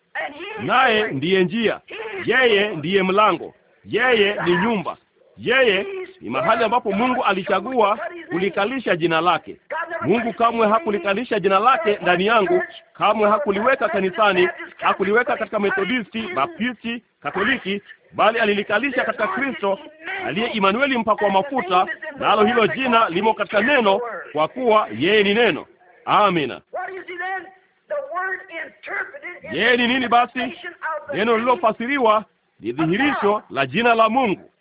naye ndiye njia, yeye ndiye mlango, yeye ni nyumba, yeye ni mahali ambapo Mungu alichagua kulikalisha jina lake. Mungu kamwe hakulikalisha jina lake ndani yangu, kamwe hakuliweka kanisani, hakuliweka katika Methodisti, Baptisti, Katoliki, bali alilikalisha katika Kristo aliye Imanueli, mpakwa mafuta, nalo hilo jina limo katika neno, kwa kuwa yeye ni neno. Amina. Yeye ni nini basi? Neno lililofasiriwa ni dhihirisho la jina la Mungu.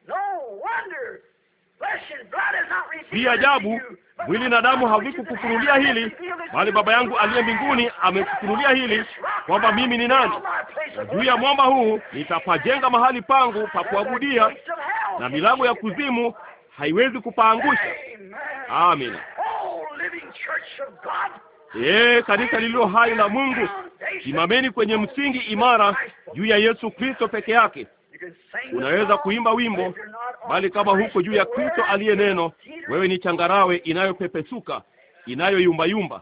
Si ajabu mwili na damu havikukufunulia hili, bali Baba yangu aliye mbinguni amekufunulia hili, kwamba mimi ni nani na juu ya mwamba huu nitapajenga mahali pangu pa kuabudia, na milango ya kuzimu haiwezi kupaangusha. Amina. Ee kanisa lililo hai la Mungu, simameni kwenye msingi imara juu ya Yesu Kristo peke yake. Unaweza kuimba wimbo, bali kama huko juu ya Kristo aliye neno, wewe ni changarawe inayopepesuka inayoyumbayumba.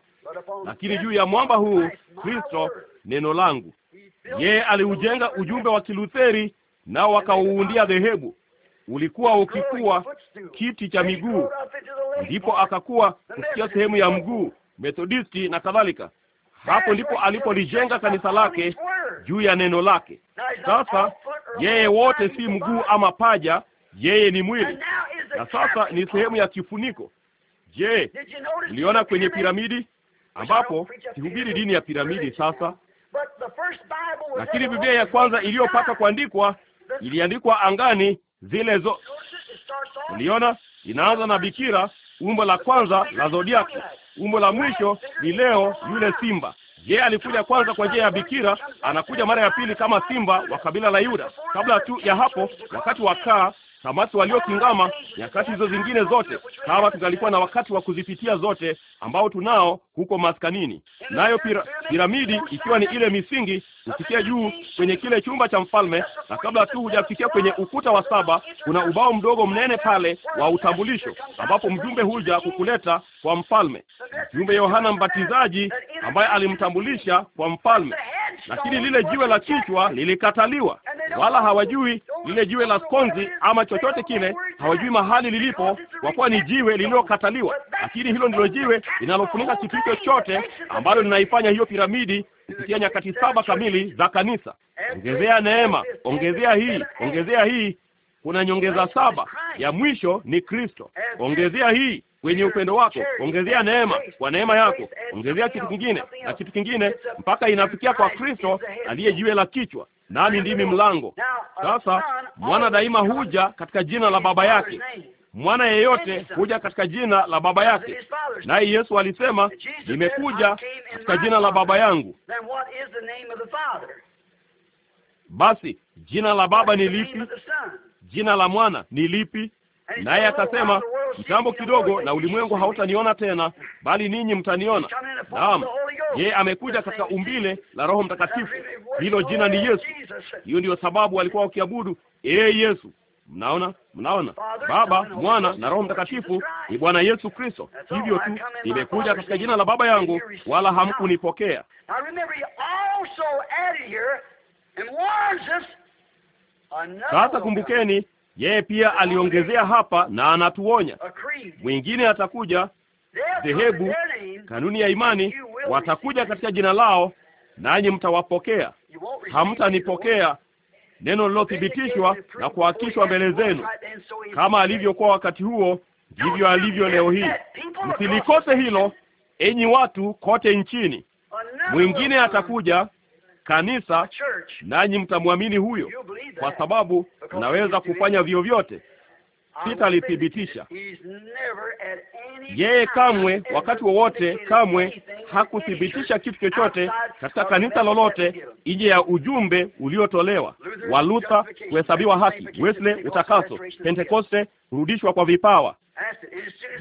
Lakini juu ya mwamba huu Kristo neno langu, yeye aliujenga ujumbe wa Kilutheri, nao wakauundia dhehebu. Ulikuwa ukikuwa kiti cha miguu, ndipo akakuwa kusikia sehemu ya mguu, Methodisti na kadhalika. Hapo ndipo alipolijenga kanisa lake juu ya neno lake. Sasa yeye wote si mguu ama paja, yeye ni mwili, na sasa ni sehemu ya kifuniko. Je, uliona kwenye piramidi ambapo sihubiri dini ya piramidi sasa, lakini Biblia ya kwanza iliyopata kuandikwa iliandikwa angani, zile zo uliona, inaanza na bikira, umbo la kwanza la zodiaco, umbo la mwisho ni leo, yule simba. Yeye alikuja kwanza kwa njia ya bikira, anakuja mara ya pili kama simba wa kabila la Yuda. Kabla tu ya hapo, wakati wa kaa, samaki waliokingama nyakati hizo zingine zote, kama tungalikuwa na wakati wa kuzipitia zote ambao tunao huko maskanini, nayo piramidi ikiwa ni ile misingi kufikia juu kwenye kile chumba cha mfalme, na kabla tu hujafikia kwenye ukuta wa saba, kuna ubao mdogo mnene pale wa utambulisho, ambapo mjumbe huja kukuleta kwa mfalme, mjumbe Yohana Mbatizaji ambaye alimtambulisha kwa mfalme. Lakini lile jiwe la kichwa lilikataliwa, wala hawajui lile jiwe la skonzi ama chochote kile, hawajui mahali lilipo, kwa kuwa ni jiwe lililokataliwa. Lakini hilo ndilo jiwe linalofunika kitu chochote ambalo linaifanya hiyo piramidi kupitia nyakati saba kamili za kanisa. Ongezea neema, ongezea hii, ongezea hii. Kuna nyongeza saba, ya mwisho ni Kristo. Ongezea hii kwenye upendo wako, ongezea neema kwa neema yako, ongezea kitu kingine na kitu kingine, mpaka inafikia kwa Kristo aliye jiwe la kichwa, nami ndimi mlango. Sasa mwana daima huja katika jina la baba yake, mwana yeyote huja katika jina la baba yake. Naye Yesu alisema, nimekuja katika jina la baba yangu. Basi jina la baba ni lipi? Jina la mwana ni lipi? Naye akasema, mtambo kidogo na ulimwengu hautaniona tena, bali ninyi mtaniona. Naam, yeye amekuja katika umbile la Roho Mtakatifu. Hilo jina ni Yesu. Hiyo ndiyo sababu walikuwa wakiabudu ee Yesu. Mnaona, mnaona, Baba, Mwana na Roho Mtakatifu ni Bwana Yesu Kristo. Hivyo tu, nimekuja katika jina la Baba yangu, wala hamkunipokea. Sasa kumbukeni, yeye pia aliongezea hapa na anatuonya, mwingine atakuja, dhehebu, kanuni ya imani, watakuja katika jina lao, nanyi mtawapokea. Hamtanipokea neno lilothibitishwa na kuhakishwa mbele zenu. Kama alivyokuwa wakati huo, ndivyo alivyo leo hii. Msilikose hilo, enyi watu kote nchini. Mwingine atakuja kanisa, nanyi mtamwamini huyo, kwa sababu mnaweza kufanya vyovyote sitalithibitisha. Yeye kamwe, wakati wowote, kamwe hakuthibitisha kitu chochote katika kanisa lolote nje ya ujumbe uliotolewa wa Luther: kuhesabiwa haki, Wesley utakaso, Pentekoste kurudishwa kwa vipawa.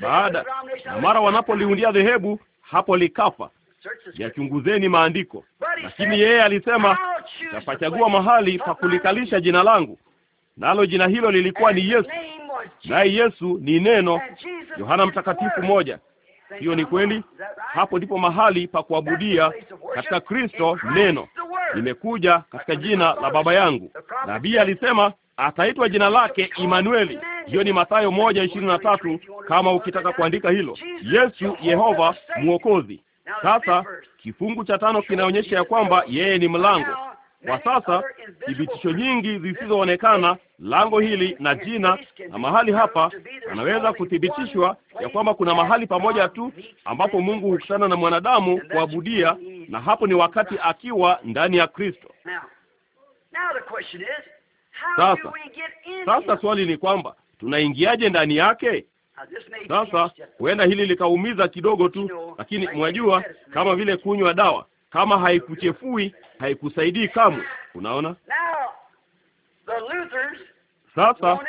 Baada mara wanapoliundia dhehebu, hapo likafa. Yachunguzeni maandiko. Lakini yeye alisema, tapachagua mahali pa kulikalisha jina langu, nalo jina hilo lilikuwa ni Yesu naye Yesu ni neno, Yohana Mtakatifu moja. Hiyo ni kweli. Hapo ndipo mahali pa kuabudia katika Kristo. Neno nimekuja katika jina la Baba yangu. Nabii alisema ataitwa jina lake Imanueli. Hiyo ni Mathayo moja ishirini na tatu kama ukitaka kuandika hilo. Yesu Yehova mwokozi. Sasa kifungu cha tano kinaonyesha ya kwamba yeye ni mlango. Kwa sasa thibitisho nyingi zisizoonekana, lango hili na jina na mahali hapa, anaweza kuthibitishwa ya kwamba kuna mahali pamoja tu ambapo Mungu hukutana na mwanadamu kuabudia, na hapo ni wakati akiwa ndani ya Kristo. Sasa sasa swali ni kwamba tunaingiaje ndani yake? Sasa huenda hili likaumiza kidogo tu, lakini mwajua, kama vile kunywa dawa kama haikuchefui haikusaidii kamwe. Unaona, sasa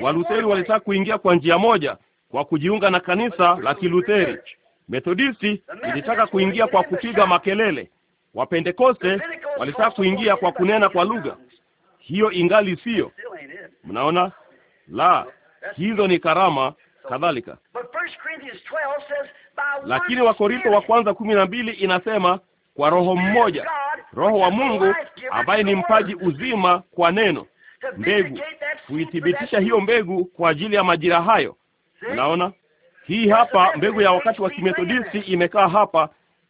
Walutheri walitaka kuingia kwa njia moja kwa kujiunga na kanisa la Kilutheri. Methodisti ilitaka kuingia kwa kupiga makelele. Wapentekoste walitaka kuingia kwa kunena kwa lugha. Hiyo ingali siyo, mnaona la, hizo ni karama kadhalika. Lakini Wakorintho wa kwanza kumi na mbili inasema kwa roho mmoja, roho wa Mungu ambaye ni mpaji uzima kwa neno, mbegu, kuithibitisha hiyo mbegu kwa ajili ya majira hayo. Unaona, hii hapa mbegu ya wakati wa kimethodisti imekaa hapa.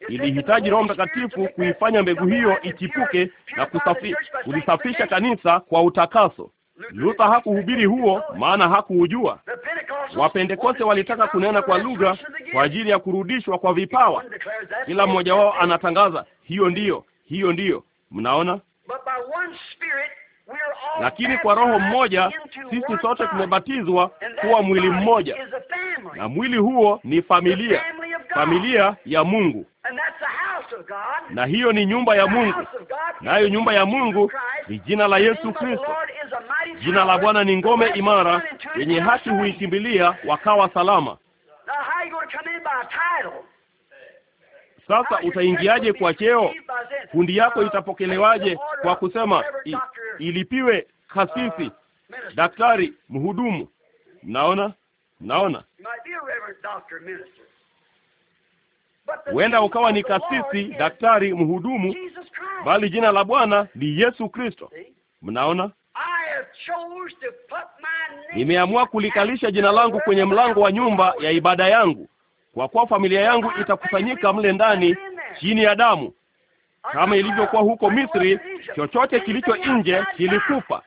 Ilihitaji Roho Mtakatifu kuifanya mbegu hiyo ichipuke na kulisafi, kulisafisha kanisa kwa utakaso. Luther hakuhubiri huo, maana hakuujua. Wapentekoste walitaka kunena kwa lugha kwa ajili ya kurudishwa kwa vipawa. Kila mmoja wao anatangaza hiyo ndiyo, hiyo ndiyo. Mnaona? Lakini kwa roho mmoja sisi sote tumebatizwa kuwa mwili mmoja, na mwili huo ni familia, familia ya Mungu, na hiyo ni nyumba ya Mungu, nayo nyumba ya Mungu ni jina la Yesu Kristo. Jina la Bwana ni ngome imara, yenye haki huikimbilia wakawa salama. Sasa utaingiaje kwa cheo? Kundi yako itapokelewaje kwa kusema ilipiwe kasisi, daktari, mhudumu? Mnaona, mnaona, huenda ukawa ni kasisi, daktari, mhudumu, bali jina la Bwana ni Yesu Kristo. Mnaona? nimeamua kulikalisha jina langu kwenye mlango wa nyumba ya ibada yangu, kwa kuwa familia yangu itakusanyika mle ndani chini ya damu. Kama ilivyokuwa huko Misri, chochote kilicho nje kilikufa,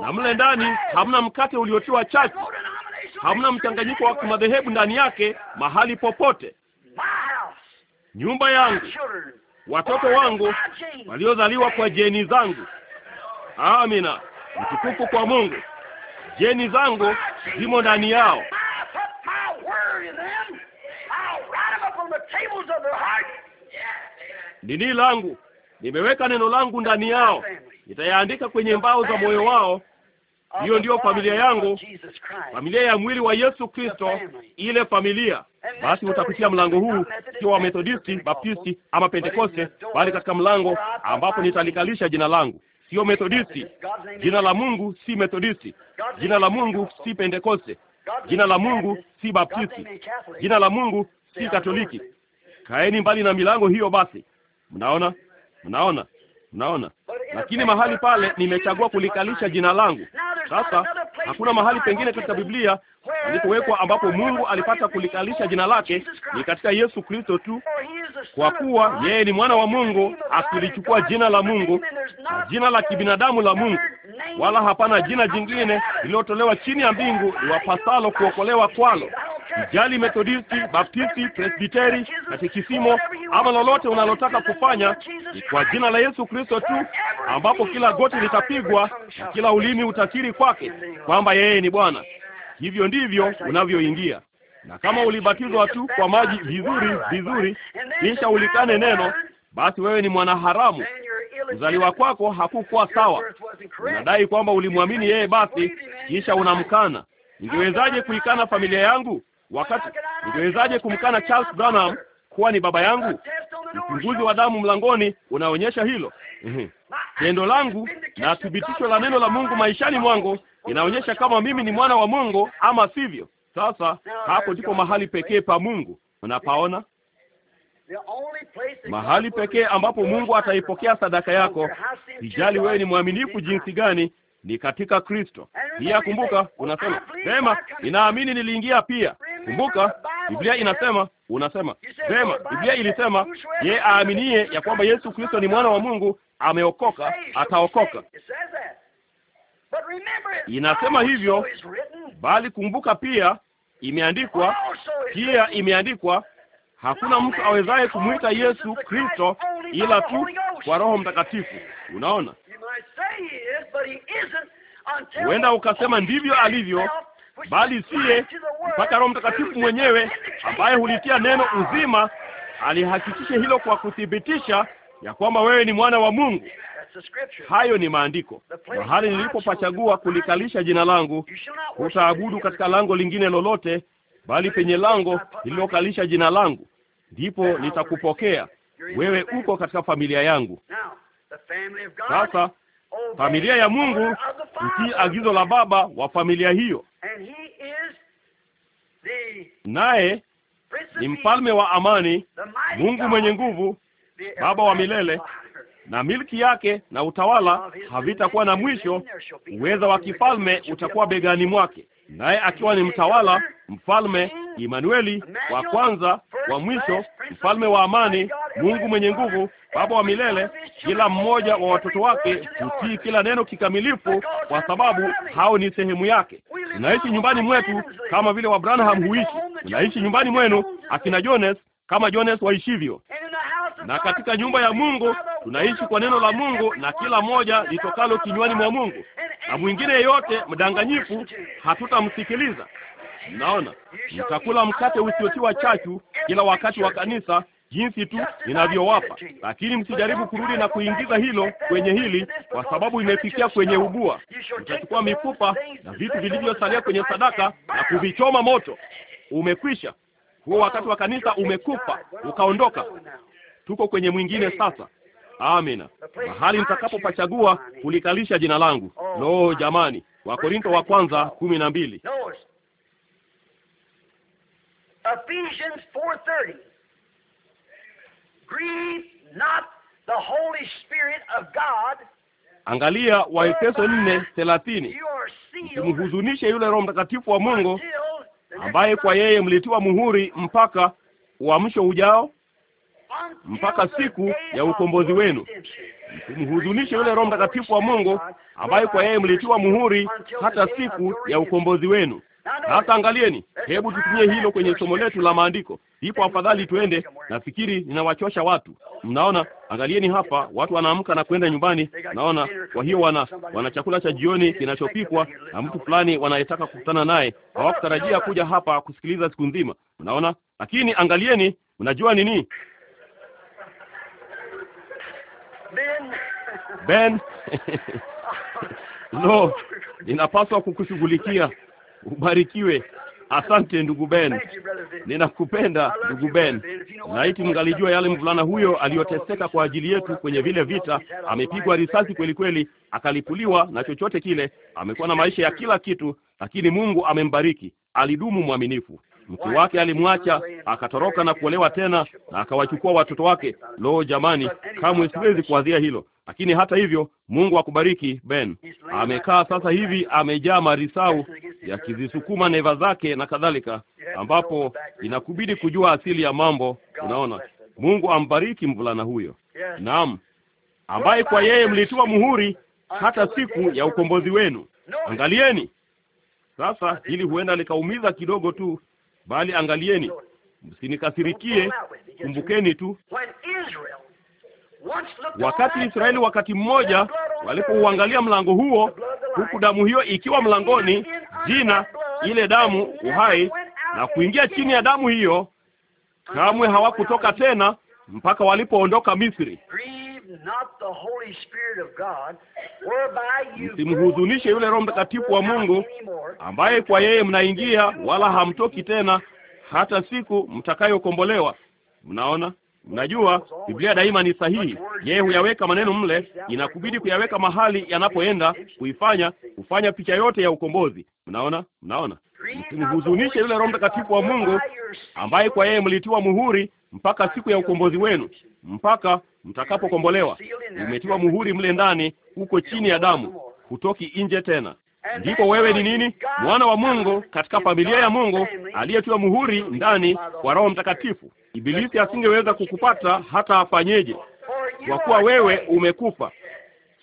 na mle ndani hamna mkate uliotiwa chachu, hamna mchanganyiko wa kimadhehebu ndani yake mahali popote. Nyumba yangu watoto wangu waliozaliwa kwa jeni zangu. Amina, mtukufu kwa Mungu. Jeni zangu zimo ndani yao. Nini langu nimeweka neno langu ndani yao, nitayaandika kwenye mbao za moyo wao. Hiyo ndiyo familia yangu, familia ya mwili wa Yesu Kristo, ile familia basi utapitia mlango huu sio wa Methodisti, Baptisti ama Pentekoste, bali katika mlango ambapo nitalikalisha jina langu. Sio Methodisti, jina la Mungu si Methodisti, jina la Mungu si Pentekoste, jina la Mungu si Baptisti, jina la Mungu si Katoliki. Kaeni mbali na milango hiyo. Basi mnaona, mnaona, mnaona. Lakini mahali pale nimechagua kulikalisha jina langu. Sasa Hakuna mahali pengine katika Biblia alipowekwa ambapo Mungu alipata kulikalisha jina lake ni katika Yesu Kristo tu, kwa kuwa yeye ni mwana wa Mungu, asilichukua jina la Mungu na jina la kibinadamu la Mungu, wala hapana jina jingine lililotolewa chini ya mbingu liwapasalo kuokolewa kwalo. Jali Methodisti, Baptisti, Presbiteri, Katekisimo ama lolote unalotaka kufanya, ni kwa jina la Yesu Kristo tu, ambapo kila goti litapigwa na kila ulimi utakiri kwake kwamba yeye ni Bwana. Hivyo ndivyo unavyoingia na kama ulibatizwa tu kwa maji vizuri vizuri, kisha ulikane neno, basi wewe ni mwanaharamu. Kuzaliwa kwako hakukuwa sawa. Unadai kwamba ulimwamini yeye, basi kisha unamkana. Ningewezaje kuikana familia yangu? wakati ningewezaje kumkana Charles Branham kuwa ni baba yangu? Uchunguzi wa damu mlangoni unaonyesha hilo. Tendo langu na thibitisho la neno la Mungu maishani mwangu inaonyesha kama mimi ni mwana wa Mungu ama sivyo. Sasa hapo ndipo mahali pekee pa Mungu, unapaona mahali pekee ambapo Mungu ataipokea sadaka yako, sijali wewe ni mwaminifu jinsi gani, ni katika Kristo. Pia kumbuka, unasema sema, ninaamini niliingia pia Kumbuka Biblia inasema, unasema sema, Biblia ilisema ye aaminie ya kwamba Yesu Kristo ni mwana wa Mungu ameokoka, ataokoka. Inasema hivyo, bali kumbuka pia imeandikwa, pia imeandikwa hakuna mtu awezaye kumwita Yesu Kristo ila tu kwa Roho Mtakatifu. Unaona, huenda ukasema ndivyo alivyo, bali siye, mpaka Roho Mtakatifu mwenyewe ambaye hulitia neno uzima alihakikisha hilo kwa kuthibitisha ya kwamba wewe ni mwana wa Mungu. Hayo ni maandiko. Mahali nilipopachagua kulikalisha jina langu, hutaabudu katika lango lingine lolote, bali penye lango lililokalisha jina langu, ndipo nitakupokea wewe. Uko katika familia yangu sasa Familia ya Mungu mtii agizo la baba wa familia hiyo, naye ni mfalme wa amani, Mungu mwenye nguvu, Baba wa milele, na milki yake na utawala havitakuwa na mwisho. Uweza wa kifalme utakuwa begani mwake naye akiwa ni mtawala, mfalme Imanueli, wa kwanza, wa mwisho, mfalme wa amani, Mungu mwenye nguvu, Baba wa milele. Kila mmoja wa watoto wake hutii kila neno kikamilifu, kwa sababu hao ni sehemu yake. Tunaishi nyumbani mwetu kama vile Branham huishi. Tunaishi nyumbani mwenu, akina Jones kama Jones waishivyo na katika nyumba ya Mungu tunaishi kwa neno la Mungu na kila moja litokalo kinywani mwa Mungu, na mwingine yeyote mdanganyifu hatutamsikiliza. Mnaona, mtakula mkate usiotiwa chachu kila wakati wa kanisa jinsi tu ninavyowapa, lakini msijaribu kurudi na kuingiza hilo kwenye hili, kwa sababu imefikia kwenye ubua. Mtachukua mifupa na vitu vilivyosalia kwenye sadaka na kuvichoma moto. Umekwisha. Huo wakati wa kanisa umekufa ukaondoka tuko kwenye mwingine sasa. Amina. Mahali mtakapopachagua kulikalisha jina langu. Lo, no, jamani, Wakorinto wa kwanza kumi na mbili. Angalia Waefeso nne thelathini, msimhuzunishe yule Roho Mtakatifu wa Mungu ambaye kwa yeye mlitiwa muhuri mpaka uamsho ujao mpaka siku ya ukombozi wenu. Msimhuzunishe yule Roho Mtakatifu wa Mungu ambaye kwa yeye mlitiwa muhuri hata siku ya ukombozi wenu. Sasa angalieni, hebu tutumie hilo kwenye somo letu la maandiko. Ipo afadhali tuende. Nafikiri ninawachosha watu. Mnaona, angalieni hapa, watu wanaamka na kwenda nyumbani. Naona kwa hiyo wana wana chakula cha jioni kinachopikwa na mtu fulani wanayetaka kukutana naye. Hawakutarajia kuja hapa kusikiliza siku nzima. Mnaona, lakini angalieni, mnajua nini? Ben, lo [LAUGHS] ninapaswa kukushughulikia. Ubarikiwe. Asante ndugu Ben, ninakupenda ndugu Ben. Laiti mngalijua yale mvulana huyo aliyoteseka kwa ajili yetu kwenye vile vita. Amepigwa risasi kweli kweli, akalipuliwa na chochote kile. Amekuwa na maisha ya kila kitu, lakini Mungu amembariki. Alidumu mwaminifu mke wake alimwacha akatoroka na kuolewa tena, na akawachukua watoto wake. Lo, jamani, kamwe siwezi kuadhia hilo. Lakini hata hivyo, Mungu akubariki. Ben amekaa sasa hivi amejaa marisau yakizisukuma neva zake na kadhalika, ambapo inakubidi kujua asili ya mambo. Unaona, Mungu ambariki mvulana huyo, naam, ambaye kwa yeye mlitua muhuri hata siku ya ukombozi wenu. Angalieni sasa, hili huenda likaumiza kidogo tu bali angalieni, msinikasirikie, kumbukeni tu wakati Israeli wakati mmoja walipouangalia mlango huo, huku damu hiyo ikiwa mlangoni, jina ile damu uhai, na kuingia chini ya damu hiyo, kamwe hawakutoka tena mpaka walipoondoka Misri msimhuzunishe yule Roho Mtakatifu wa Mungu ambaye kwa yeye mnaingia wala hamtoki tena hata siku mtakayokombolewa. Mnaona, mnajua Biblia daima ni sahihi. Yeye huyaweka maneno mle, inakubidi kuyaweka mahali yanapoenda, kuifanya kufanya picha yote ya ukombozi. Mnaona, mnaona Msimhuzunishe yule Roho Mtakatifu wa Mungu ambaye kwa yeye mlitiwa muhuri mpaka siku ya ukombozi wenu mpaka mtakapokombolewa. Umetiwa muhuri mle ndani, huko chini ya damu, hutoki nje tena. Ndipo wewe ni nini? Mwana wa Mungu katika familia ya Mungu, aliyetiwa muhuri ndani kwa Roho Mtakatifu. Ibilisi asingeweza kukupata hata afanyeje, kwa kuwa wewe umekufa.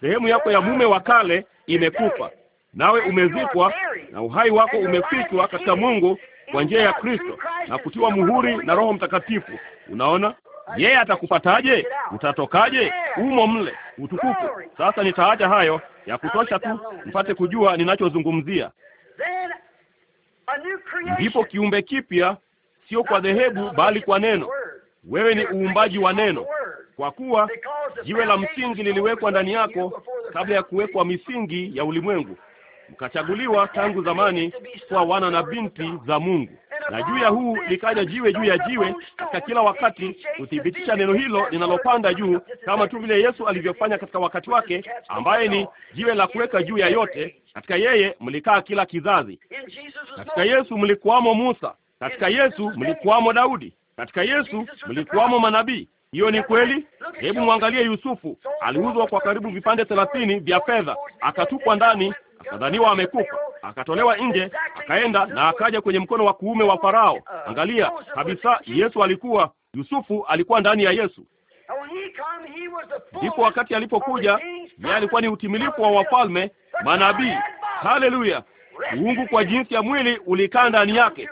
Sehemu yako ya mume wa kale imekufa, nawe umezikwa na uhai wako umefichwa katika Mungu kwa njia ya Kristo na kutiwa muhuri na Roho Mtakatifu. Unaona, yeye atakupataje? Utatokaje umo mle? Utukufu. Sasa nitaacha hayo ya kutosha tu mpate kujua ninachozungumzia. Ndipo kiumbe kipya, sio kwa dhehebu, bali kwa neno. Wewe ni uumbaji wa neno, kwa kuwa jiwe la msingi liliwekwa ndani yako kabla ya kuwekwa misingi ya ulimwengu mkachaguliwa tangu zamani kwa wana na binti za Mungu. Na juu ya huu likaja jiwe juu ya jiwe katika kila wakati kuthibitisha neno hilo linalopanda juu, kama tu vile Yesu alivyofanya katika wakati wake, ambaye ni jiwe la kuweka juu ya yote. Katika yeye mlikaa kila kizazi. Katika Yesu mlikuwamo Musa, katika Yesu mlikuwamo Daudi, katika Yesu mlikuwamo manabii. Hiyo ni kweli. Hebu mwangalie Yusufu, aliuzwa kwa karibu vipande thelathini vya fedha, akatupwa ndani nadhaniwa amekufa, akatolewa nje, akaenda na akaja kwenye mkono wa kuume wa Farao. Angalia kabisa, Yesu alikuwa, Yusufu alikuwa ndani ya Yesu. Ndipo wakati alipokuja, yeye alikuwa ni utimilifu wa wafalme, manabii. Haleluya! Uungu kwa jinsi ya mwili ulikaa ndani yake.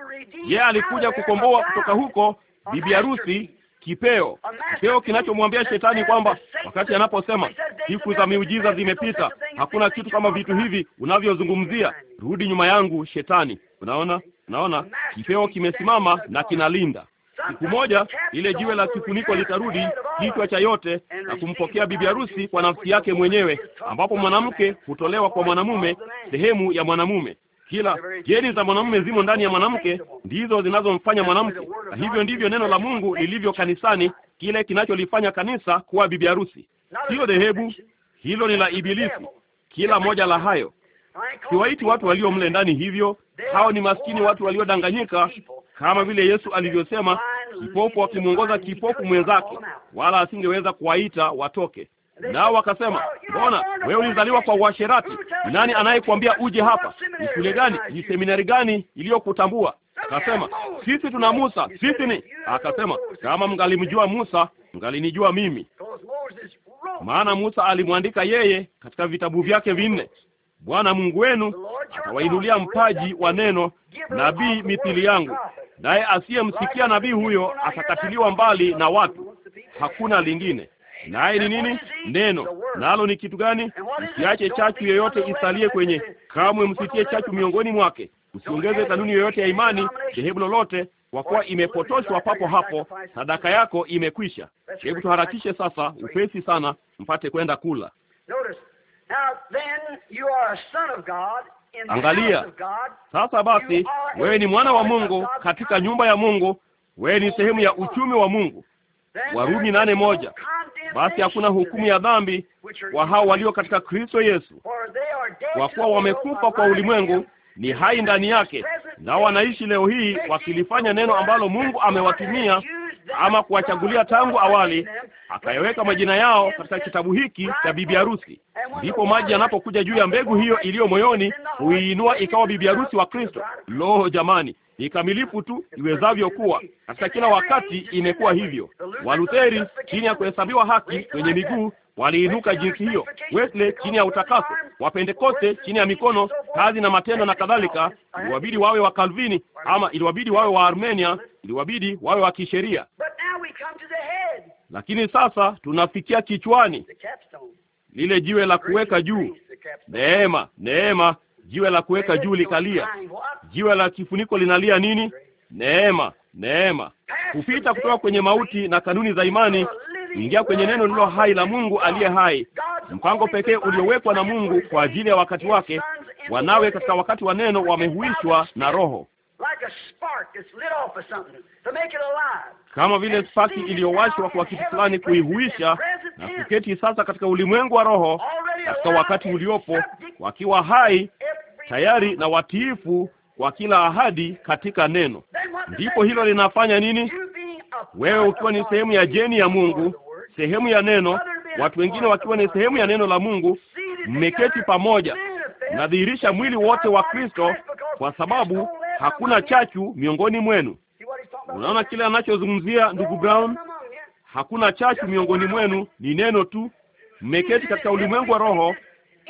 Yeye alikuja kukomboa kutoka huko bibi harusi kipeo, kipeo kinachomwambia shetani kwamba wakati anaposema siku za miujiza zimepita, hakuna kitu kama vitu hivi unavyozungumzia, rudi nyuma yangu shetani. Unaona, unaona, kipeo kimesimama na kinalinda. Siku moja lile jiwe la kifuniko litarudi kichwa cha yote na kumpokea bibi harusi kwa nafsi yake mwenyewe, ambapo mwanamke hutolewa kwa mwanamume, sehemu ya mwanamume. Kila jeni za mwanamume zimo ndani ya mwanamke, ndizo zinazomfanya mwanamke, na hivyo ndivyo neno la Mungu lilivyo kanisani, kile kinacholifanya kanisa kuwa bibi harusi. Hilo dhehebu hilo ni la Ibilisi, kila moja la hayo. Siwaiti watu walio mle ndani hivyo, hao ni maskini, watu waliodanganyika, kama vile Yesu alivyosema, kipofu akimwongoza kipofu mwenzake, wala asingeweza kuwaita watoke nao wakasema, mbona wewe ulizaliwa kwa uasherati? Nani anayekuambia uje hapa? Ni shule gani? Ni seminari gani iliyokutambua? Akasema, sisi tuna Musa, sisi ni. Akasema, kama mngalimjua Musa mngalinijua mimi, maana Musa alimwandika yeye katika vitabu vyake vinne. Bwana Mungu wenu atawainulia mpaji wa neno nabii mithili yangu, naye asiyemsikia nabii huyo atakatiliwa mbali na watu. Hakuna lingine. Naye ni nini? Neno nalo ni kitu gani? Msiache chachu yoyote isalie kwenye, kamwe msitie chachu miongoni mwake. Usiongeze kanuni yoyote ya imani, dhehebu lolote, kwa kuwa imepotoshwa papo hapo. Sadaka yako imekwisha. Hebu tuharakishe sasa, upesi sana, mpate kwenda kula. Angalia sasa, basi wewe ni mwana wa Mungu katika nyumba ya Mungu, wewe ni sehemu ya uchumi wa Mungu. Warumi nane moja basi hakuna hukumu ya dhambi kwa hao walio katika Kristo Yesu, kwa kuwa wamekufa kwa ulimwengu, ni hai ndani yake, na wanaishi leo hii wakilifanya neno ambalo Mungu amewatumia ama kuwachagulia tangu awali, akayaweka majina yao katika kitabu hiki cha bibi harusi. Ndipo maji yanapokuja juu ya mbegu hiyo iliyo moyoni, huiinua ikawa bibi harusi wa Kristo. Lo, jamani! kamilifu tu iwezavyo kuwa. Katika kila wakati imekuwa hivyo. Walutheri chini ya kuhesabiwa haki kwenye miguu waliinuka jinsi hiyo, Wesley chini ya utakaso, Wapentekoste chini ya mikono, kazi na matendo na kadhalika. Iliwabidi wawe wa Kalvini ama iliwabidi wawe wa Armenia, iliwabidi wawe wa kisheria. Lakini sasa tunafikia kichwani, lile jiwe la kuweka juu, neema, neema jiwe la kuweka juu likalia, jiwe la kifuniko linalia nini? Neema, neema, kupita kutoka kwenye mauti na kanuni za imani kuingia kwenye neno lililo hai la Mungu aliye hai, mpango pekee uliowekwa na Mungu kwa ajili ya wakati wake. Wanawe katika wakati wa neno wamehuishwa na Roho kama vile spaki iliyowashwa kwa kitu fulani kuihuisha, na kuketi sasa katika ulimwengu wa roho katika wakati uliopo, wakiwa hai tayari na watiifu kwa kila ahadi katika neno. Ndipo hilo linafanya nini? Wewe ukiwa ni sehemu ya jeni ya Mungu, sehemu ya neno, watu wengine wakiwa ni sehemu ya neno la Mungu, mmeketi pamoja, nadhihirisha mwili wote wa Kristo, kwa sababu hakuna chachu miongoni mwenu. Unaona kile anachozungumzia ndugu Brown? Hakuna chachu miongoni mwenu, ni neno tu. Mmeketi katika ulimwengu wa roho,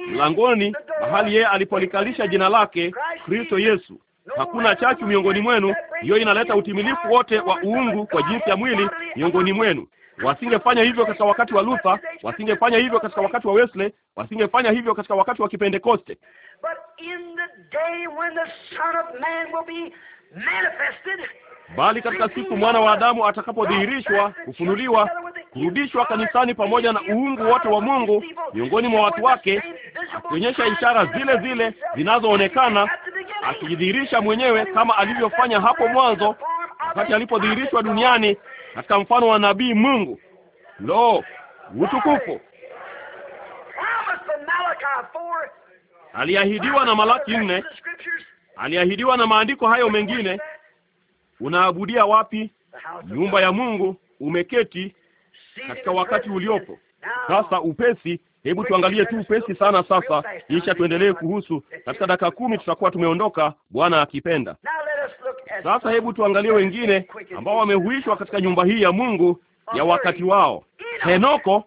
mlangoni, mahali yeye alipolikalisha jina lake Kristo Yesu. Hakuna chachu miongoni mwenu, hiyo inaleta utimilifu wote wa uungu kwa jinsi ya mwili miongoni mwenu. Wasingefanya hivyo katika wakati wa Luther, wasingefanya hivyo katika wakati wa Wesley, wasingefanya hivyo katika wakati wa Kipentekoste bali katika siku mwana wa Adamu atakapodhihirishwa, kufunuliwa, kurudishwa kanisani pamoja na uungu wote wa Mungu miongoni mwa watu wake, akionyesha ishara zile zile zinazoonekana, akijidhihirisha mwenyewe kama alivyofanya hapo mwanzo wakati alipodhihirishwa duniani katika mfano wa nabii Mungu. Lo, utukufu! Aliahidiwa na Malaki nne, aliahidiwa na maandiko hayo mengine Unaabudia wapi? Nyumba ya Mungu. Umeketi katika wakati uliopo sasa. Upesi, hebu tuangalie tu upesi sana sasa, kisha tuendelee kuhusu. Katika dakika kumi tutakuwa tumeondoka, Bwana akipenda. Sasa hebu tuangalie wengine ambao wamehuishwa katika nyumba hii ya Mungu ya wakati wao. Henoko,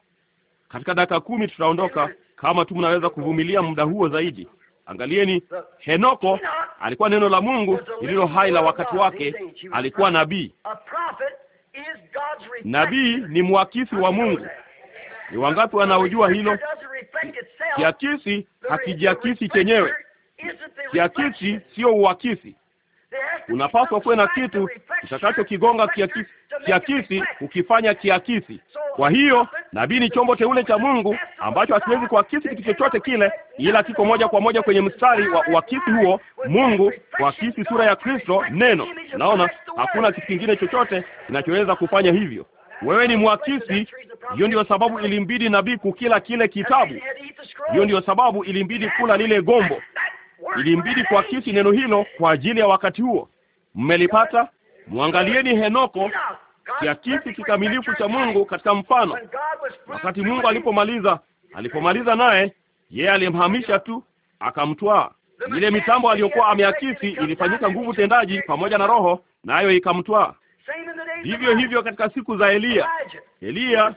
katika dakika kumi tutaondoka, kama tu mnaweza kuvumilia muda huo zaidi. Angalieni, Henoko alikuwa neno la Mungu lililo hai la wakati wake, alikuwa nabii. Nabii ni mwakisi wa Mungu. Ni wangapi wanaojua hilo? Kiakisi hakijiakisi chenyewe. Kiakisi sio uwakisi. Unapaswa kuwe na kitu kitakachokigonga kiakisi, kiakisi, ukifanya kiakisi. Kwa hiyo nabii ni chombo teule cha Mungu ambacho hakiwezi kuakisi kitu chochote kile, ila kiko moja kwa moja kwenye mstari wa uakisi huo, Mungu kuakisi sura ya Kristo, neno. Naona hakuna kitu kingine chochote kinachoweza kufanya hivyo. Wewe ni mwakisi. Hiyo ndiyo sababu ilimbidi nabii kukila kile kitabu. Hiyo ndiyo sababu ilimbidi kula lile gombo ilimbidi kuakisi neno hilo kwa ajili ya wakati huo. Mmelipata? Mwangalieni Henoko, kiakisi kikamilifu cha Mungu katika mfano. Wakati Mungu alipomaliza alipomaliza naye, yeye alimhamisha tu, akamtwaa. Ile mitambo aliyokuwa ameakisi ilifanyika nguvu tendaji pamoja na Roho, nayo na ikamtwaa. Hivyo hivyo katika siku za Eliya, Eliya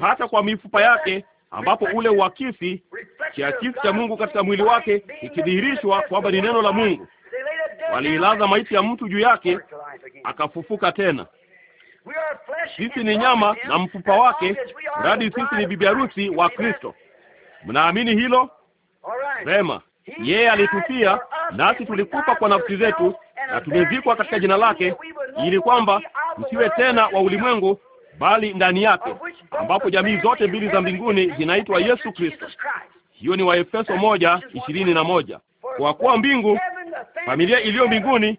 hata kwa mifupa yake ambapo ule uakisi kiakisi cha Mungu katika mwili wake ikidhihirishwa kwamba ni neno la Mungu. Waliilaza maiti ya mtu juu yake, akafufuka tena. Sisi ni nyama na mfupa wake, mradi sisi ni bibi harusi wa Kristo. Mnaamini hilo? Vema. Yeye alitufia nasi tulikufa kwa nafsi zetu, na tumevikwa katika jina lake, ili kwamba msiwe tena wa ulimwengu, bali ndani yake, ambapo jamii zote mbili za mbinguni zinaitwa Yesu Kristo. Hiyo ni Waefeso moja ishirini na moja. Kwa kuwa mbingu, familia iliyo mbinguni,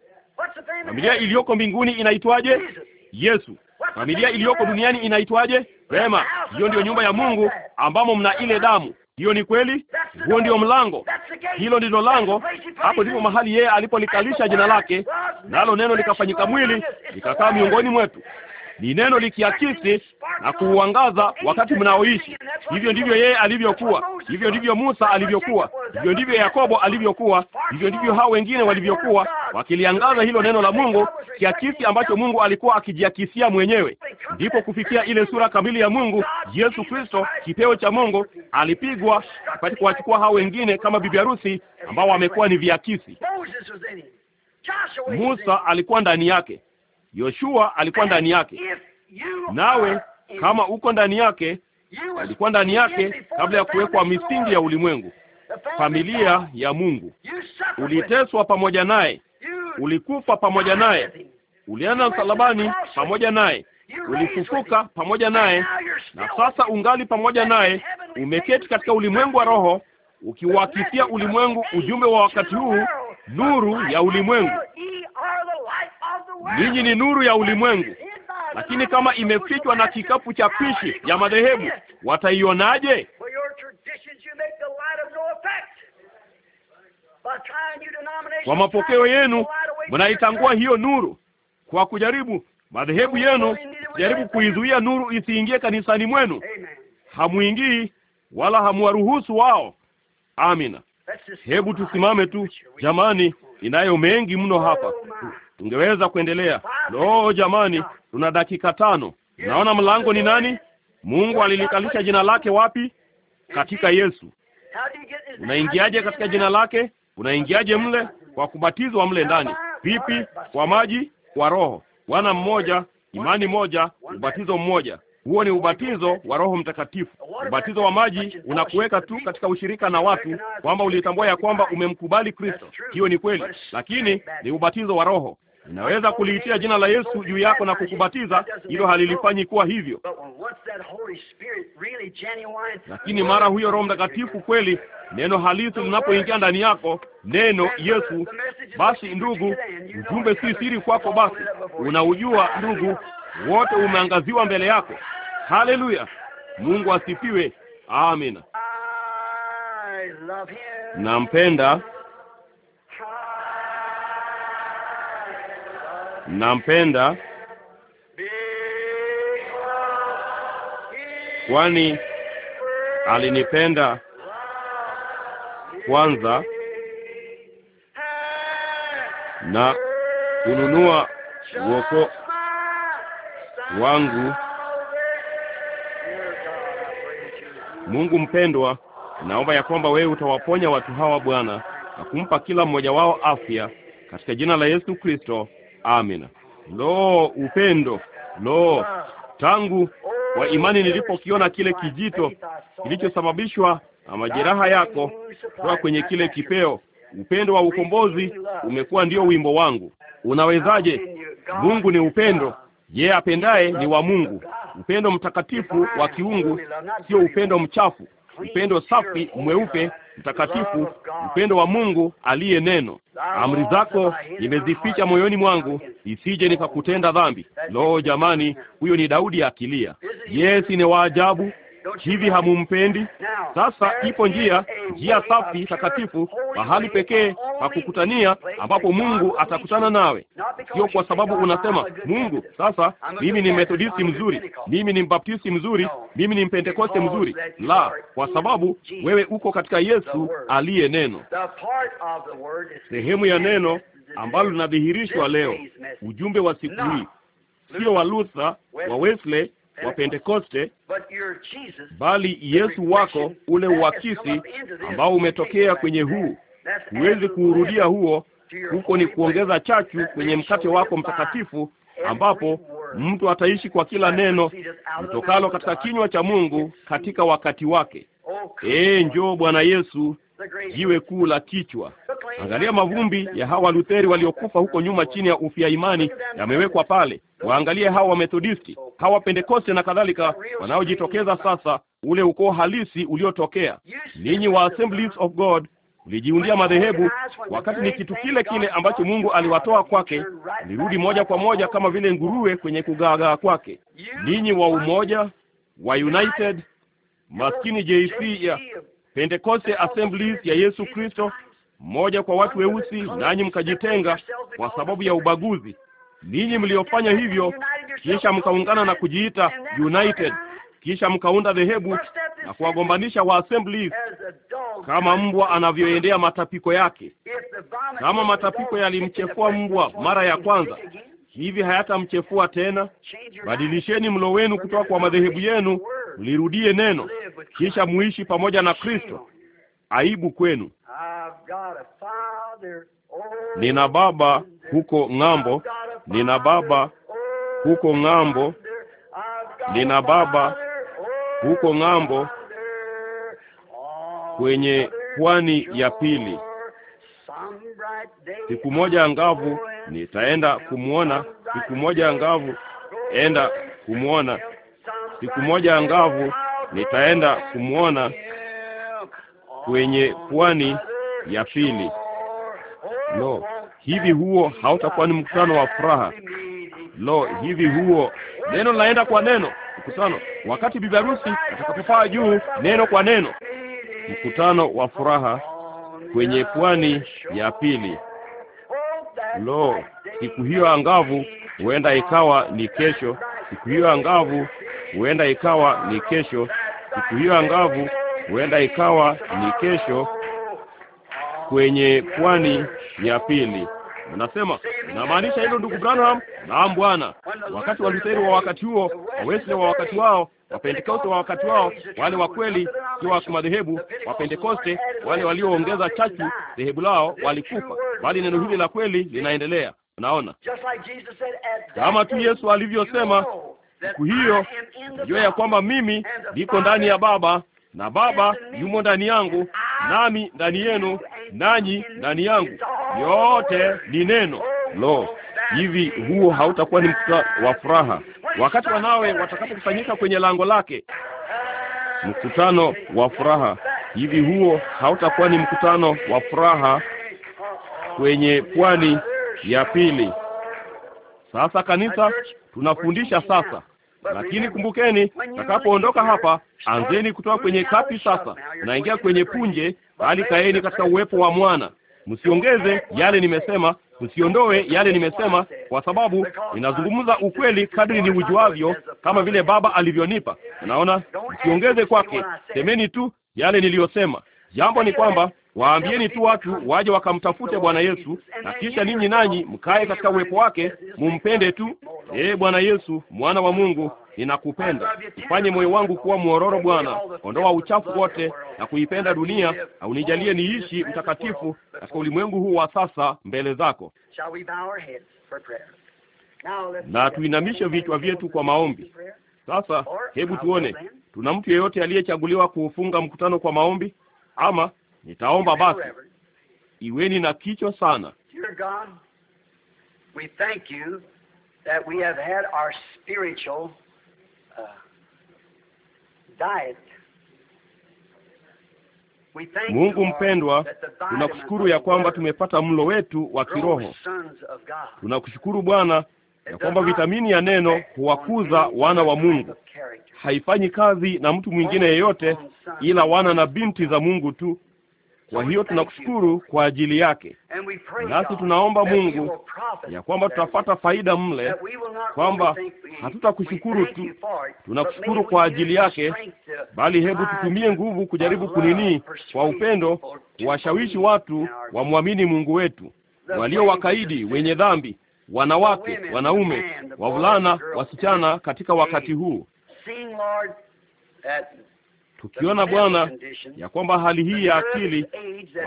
familia iliyoko mbinguni inaitwaje? Yesu. Familia iliyoko duniani inaitwaje? Rema. Hiyo ndiyo nyumba ya Mungu ambamo mna ile damu. Hiyo ni kweli, huo ndio mlango, hilo ndilo lango. Hapo ndipo mahali yeye alipolikalisha jina lake, nalo neno likafanyika mwili likakaa miongoni mwetu ni neno likiakisi na kuuangaza wakati mnaoishi. Hivyo ndivyo yeye alivyokuwa, hivyo ndivyo Musa alivyokuwa, hivyo ndivyo Yakobo alivyokuwa, hivyo ndivyo hao wengine walivyokuwa, wakiliangaza hilo neno la Mungu, kiakisi ambacho Mungu alikuwa akijiakisia mwenyewe, ndipo kufikia ile sura kamili ya Mungu. Yesu Kristo, kipeo cha Mungu, alipigwa wakati kuwachukua hao wengine kama bibi harusi ambao wamekuwa ni viakisi. Musa alikuwa ndani yake, Yoshua alikuwa ndani yake, nawe kama uko ndani yake, alikuwa ndani yake kabla ya kuwekwa misingi ya ulimwengu. Familia ya Mungu, uliteswa pamoja naye, ulikufa pamoja naye, ulienda msalabani pamoja naye, ulifufuka pamoja naye, na sasa ungali pamoja naye, umeketi katika ulimwengu wa roho, ukiwakisia ulimwengu ujumbe wa wakati huu, nuru ya ulimwengu ninyi ni nuru ya ulimwengu. Lakini kama imefichwa na kikapu cha pishi ya madhehebu, wataionaje? Kwa mapokeo yenu mnaitangua hiyo nuru, kwa kujaribu madhehebu yenu jaribu kuizuia nuru isiingie kanisani mwenu. Hamuingii wala hamuwaruhusu wao. Amina. Hebu tusimame tu jamani, inayo mengi mno hapa. Oh, tungeweza kuendelea. Loo jamani, tuna dakika tano. Unaona mlango ni nani? Mungu alilikalisha jina lake wapi? Katika Yesu. Unaingiaje katika jina lake? Unaingiaje mle? Kwa kubatizwa mle ndani. Vipi? Kwa maji, kwa Roho. Bwana mmoja, imani moja, ubatizo mmoja. Huo ni ubatizo wa Roho Mtakatifu. Ubatizo wa maji unakuweka tu katika ushirika na watu, kwamba ulitambua ya kwamba umemkubali Kristo. Hiyo ni kweli, lakini ni ubatizo wa Roho. Ninaweza kuliitia jina la Yesu juu yako na kukubatiza, hilo halilifanyi kuwa hivyo. Lakini mara huyo Roho Mtakatifu kweli, neno halisi linapoingia ndani yako, neno Yesu, basi ndugu, ujumbe si siri kwako, basi unaujua ndugu, wote umeangaziwa mbele yako. Haleluya, Mungu asifiwe. Amina, nampenda nampenda, kwani alinipenda kwanza na kununua uoko wangu. Mungu mpendwa, naomba ya kwamba wewe utawaponya watu hawa Bwana, na kumpa kila mmoja wao afya katika jina la Yesu Kristo. Amina. Lo, upendo! Lo, tangu kwa imani nilipokiona kile kijito kilichosababishwa na majeraha yako kutoka kwenye kile kipeo, upendo wa ukombozi umekuwa ndio wimbo wangu. Unawezaje? Mungu ni upendo, yeye apendaye ni wa Mungu, upendo mtakatifu wa kiungu, sio upendo mchafu upendo safi, mweupe, mtakatifu, upendo wa Mungu aliye neno. Amri zako nimezificha moyoni mwangu, isije nikakutenda dhambi. Lo, jamani, huyo ni Daudi akilia. Yesi, ni waajabu Hivi hamumpendi? Sasa ipo njia, njia safi, takatifu, mahali pekee pa kukutania, ambapo Mungu atakutana nawe, sio kwa sababu unasema Mungu, sasa mimi ni Methodisti mzuri, mimi ni Mbaptisti mzuri, mimi ni Mpentekoste mzuri. La, kwa sababu wewe uko katika Yesu aliye neno. Sehemu ya neno ambalo linadhihirishwa leo, ujumbe wa siku hii sio wa Luther, wa Wesley wa Pentekoste, bali Yesu wako ule uakisi ambao umetokea kwenye huu, huwezi kuurudia huo. Huko ni kuongeza chachu kwenye mkate wako mtakatifu, ambapo mtu ataishi kwa kila neno mtokalo katika kinywa cha Mungu katika wakati wake. Ee, njoo Bwana Yesu, jiwe kuu la kichwa. Angalia mavumbi ya hawa Lutheri waliokufa huko nyuma chini ya ufia imani yamewekwa pale. Waangalie hawa Wamethodisti, hawa Pentekoste na kadhalika, wanaojitokeza sasa, ule ukoo halisi uliotokea. Ninyi wa Assemblies of God ulijiundia madhehebu, wakati ni kitu kile kile ambacho Mungu aliwatoa kwake. Alirudi moja kwa moja kama vile nguruwe kwenye kugaagaa kwake. Ninyi wa umoja wa United, maskini JC ya Pentecoste Assemblies ya Yesu Kristo, mmoja kwa watu weusi, nanyi mkajitenga kwa sababu ya ubaguzi ninyi mliofanya hivyo, kisha mkaungana na kujiita United, kisha mkaunda dhehebu na kuwagombanisha wa Assemblies kama mbwa anavyoendea matapiko yake. Kama matapiko yalimchefua mbwa mara ya kwanza, hivi hayatamchefua tena. Badilisheni mlo wenu kutoka kwa madhehebu yenu, mlirudie neno, kisha muishi pamoja na Kristo. Aibu kwenu. Nina baba huko ng'ambo, nina baba huko ng'ambo, nina baba huko ng'ambo kwenye pwani ya pili. Siku moja angavu nitaenda kumwona, siku moja angavu enda kumwona, siku moja angavu nitaenda kumwona kwenye pwani ya pili. Lo no hivi huo hautakuwa ni mkutano wa furaha? Lo, hivi huo neno linaenda kwa neno, mkutano wakati bibi harusi atakapopaa juu, neno kwa neno, mkutano wa furaha kwenye pwani ya pili. Lo, siku hiyo angavu huenda ikawa ni kesho. Siku hiyo angavu huenda ikawa ni kesho. Siku hiyo angavu huenda ikawa ni kesho, kwenye pwani ya pili. Anasema inamaanisha hilo, ndugu Branham? Naam bwana. Wakati wa Lutheri wa wakati huo, wa Wesley wa wakati wao, wa wa wakati wao, wale wa kweli, sio wa kimadhehebu. Wa wale walioongeza chachu dhehebu lao walikufa, bali neno hili la kweli linaendelea. Unaona, kama tu Yesu alivyosema siku hiyo, jua ya kwamba mimi niko ndani ya Baba na Baba yumo ndani yangu, nami ndani yenu, nanyi ndani yangu. Yote ni neno. Lo, hivi huo hautakuwa ni mkutano wa furaha wakati wanawe watakapokusanyika kwenye lango lake? Mkutano wa furaha! Hivi huo hautakuwa ni mkutano wa furaha kwenye pwani ya pili? Sasa kanisa tunafundisha sasa lakini kumbukeni, takapoondoka hapa, anzeni kutoka kwenye kapi sasa, naingia kwenye punje, bali kaeni katika uwepo wa mwana. Msiongeze yale nimesema, msiondoe yale nimesema, kwa sababu ninazungumza ukweli kadri ni ujuavyo, kama vile Baba alivyonipa. Unaona, msiongeze kwake, semeni tu yale niliyosema. Jambo ni kwamba Waambieni tu watu waje wakamtafute Bwana Yesu, na kisha ninyi nanyi mkae katika uwepo wake, mumpende tu. Ee Bwana Yesu, mwana wa Mungu, ninakupenda. Mfanye moyo wangu kuwa mwororo Bwana, ondoa uchafu wote na kuipenda dunia, na unijalie niishi mtakatifu katika ulimwengu huu wa sasa mbele zako. Na tuinamishe vichwa vyetu kwa maombi. Sasa hebu tuone, tuna mtu yeyote aliyechaguliwa kuufunga mkutano kwa maombi ama Nitaomba basi. Iweni na kichwa sana. Mungu mpendwa, tunakushukuru ya kwamba tumepata mlo wetu wa kiroho. Tunakushukuru Bwana ya kwamba vitamini ya neno huwakuza wana wa Mungu. Haifanyi kazi na mtu mwingine yeyote ila wana na binti za Mungu tu. Kwa hiyo tunakushukuru kwa ajili yake, nasi tunaomba Mungu ya kwamba tutapata faida mle, kwamba hatutakushukuru tu, tunakushukuru kwa ajili yake, bali hebu tutumie nguvu kujaribu kunini, kwa upendo, kuwashawishi watu wamwamini Mungu wetu, walio wakaidi, wenye dhambi, wanawake, wanaume, wavulana, wasichana, katika wakati huu tukiona Bwana ya kwamba hali hii ya akili,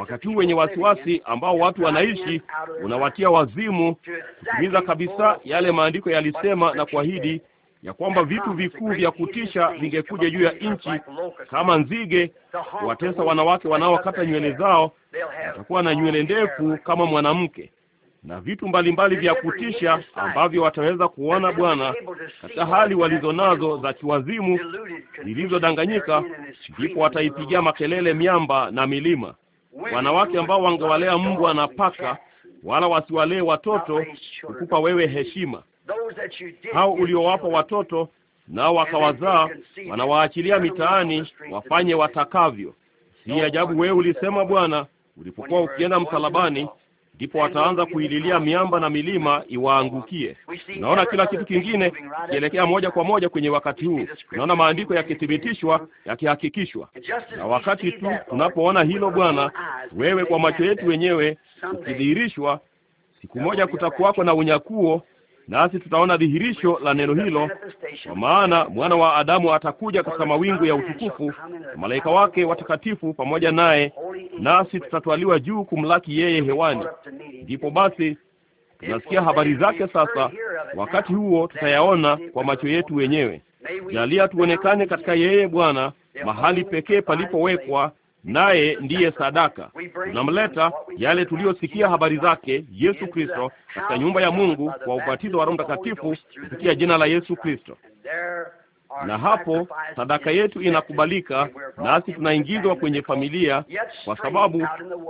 wakati huu wenye wasiwasi ambao watu wanaishi, unawatia wazimu kutimiza kabisa yale maandiko yalisema na kuahidi ya kwamba vitu vikuu vya kutisha vingekuja juu ya nchi kama nzige, kuwatesa wanawake wanaokata nywele zao, watakuwa na nywele ndefu kama mwanamke na vitu mbalimbali vya kutisha ambavyo wataweza kuona Bwana katika hali walizonazo za kiwazimu zilizodanganyika, ndipo wataipigia makelele miamba na milima. Wanawake ambao wangewalea mbwa na paka, wala wasiwalee watoto kukupa wewe heshima. Hao uliowapa watoto nao wakawazaa, wanawaachilia mitaani wafanye watakavyo. Si ajabu wewe ulisema Bwana ulipokuwa ukienda msalabani ndipo wataanza kuililia miamba na milima iwaangukie. Tunaona kila kitu kingine kielekea moja kwa moja kwenye wakati huu. Tunaona maandiko yakithibitishwa, yakihakikishwa, na wakati tu tunapoona hilo, Bwana, wewe kwa macho yetu wenyewe ukidhihirishwa, siku moja kutakuwako na unyakuo nasi tutaona dhihirisho la neno hilo, kwa maana mwana wa Adamu atakuja katika mawingu ya utukufu na malaika wake watakatifu pamoja naye, nasi tutatwaliwa juu kumlaki yeye hewani. Ndipo basi tunasikia habari zake sasa, wakati huo tutayaona kwa macho yetu wenyewe. Jalia tuonekane katika yeye Bwana mahali pekee palipowekwa naye ndiye sadaka. Tunamleta yale tuliyosikia habari zake Yesu Kristo katika nyumba ya Mungu kwa ubatizo wa Roho Mtakatifu kupitia jina la Yesu Kristo, na hapo sadaka yetu inakubalika, nasi tunaingizwa kwenye familia, kwa sababu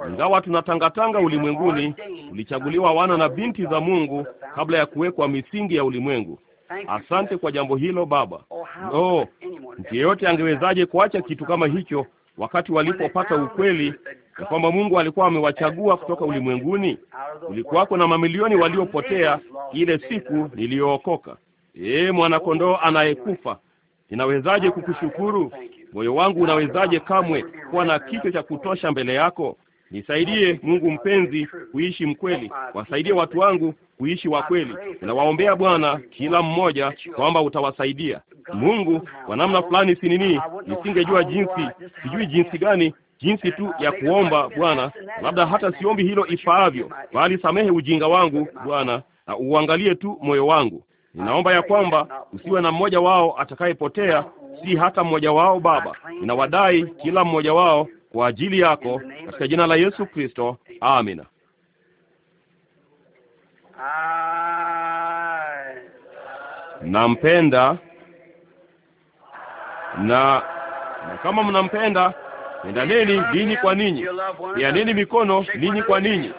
ingawa tunatangatanga ulimwenguni, tulichaguliwa wana na binti za Mungu kabla ya kuwekwa misingi ya ulimwengu. Asante kwa jambo hilo Baba. Oh, mtu yeyote angewezaje kuacha kitu kama hicho wakati walipopata ukweli ya kwamba Mungu alikuwa amewachagua kutoka ulimwenguni. Kulikuwako na mamilioni waliopotea ile siku niliyookoka. Ee mwanakondoo anayekufa, ninawezaje kukushukuru? Moyo wangu unawezaje kamwe kuwa na kichwa cha kutosha mbele yako? Nisaidie Mungu mpenzi kuishi mkweli, wasaidie watu wangu kuishi wa kweli. Ninawaombea Bwana kila mmoja kwamba utawasaidia Mungu kwa namna fulani. Si nini, nisingejua jinsi, sijui jinsi gani jinsi tu ya kuomba Bwana, labda hata siombi hilo ifaavyo, bali samehe ujinga wangu Bwana, na uangalie tu moyo wangu. Ninaomba ya kwamba usiwe na mmoja wao atakayepotea, si hata mmoja wao Baba. Ninawadai kila mmoja wao kwa ajili yako katika jina la Yesu Kristo, amina. Nampenda na, na kama mnampenda, pendaneni ninyi kwa ninyi, pianeni mikono ninyi kwa ninyi.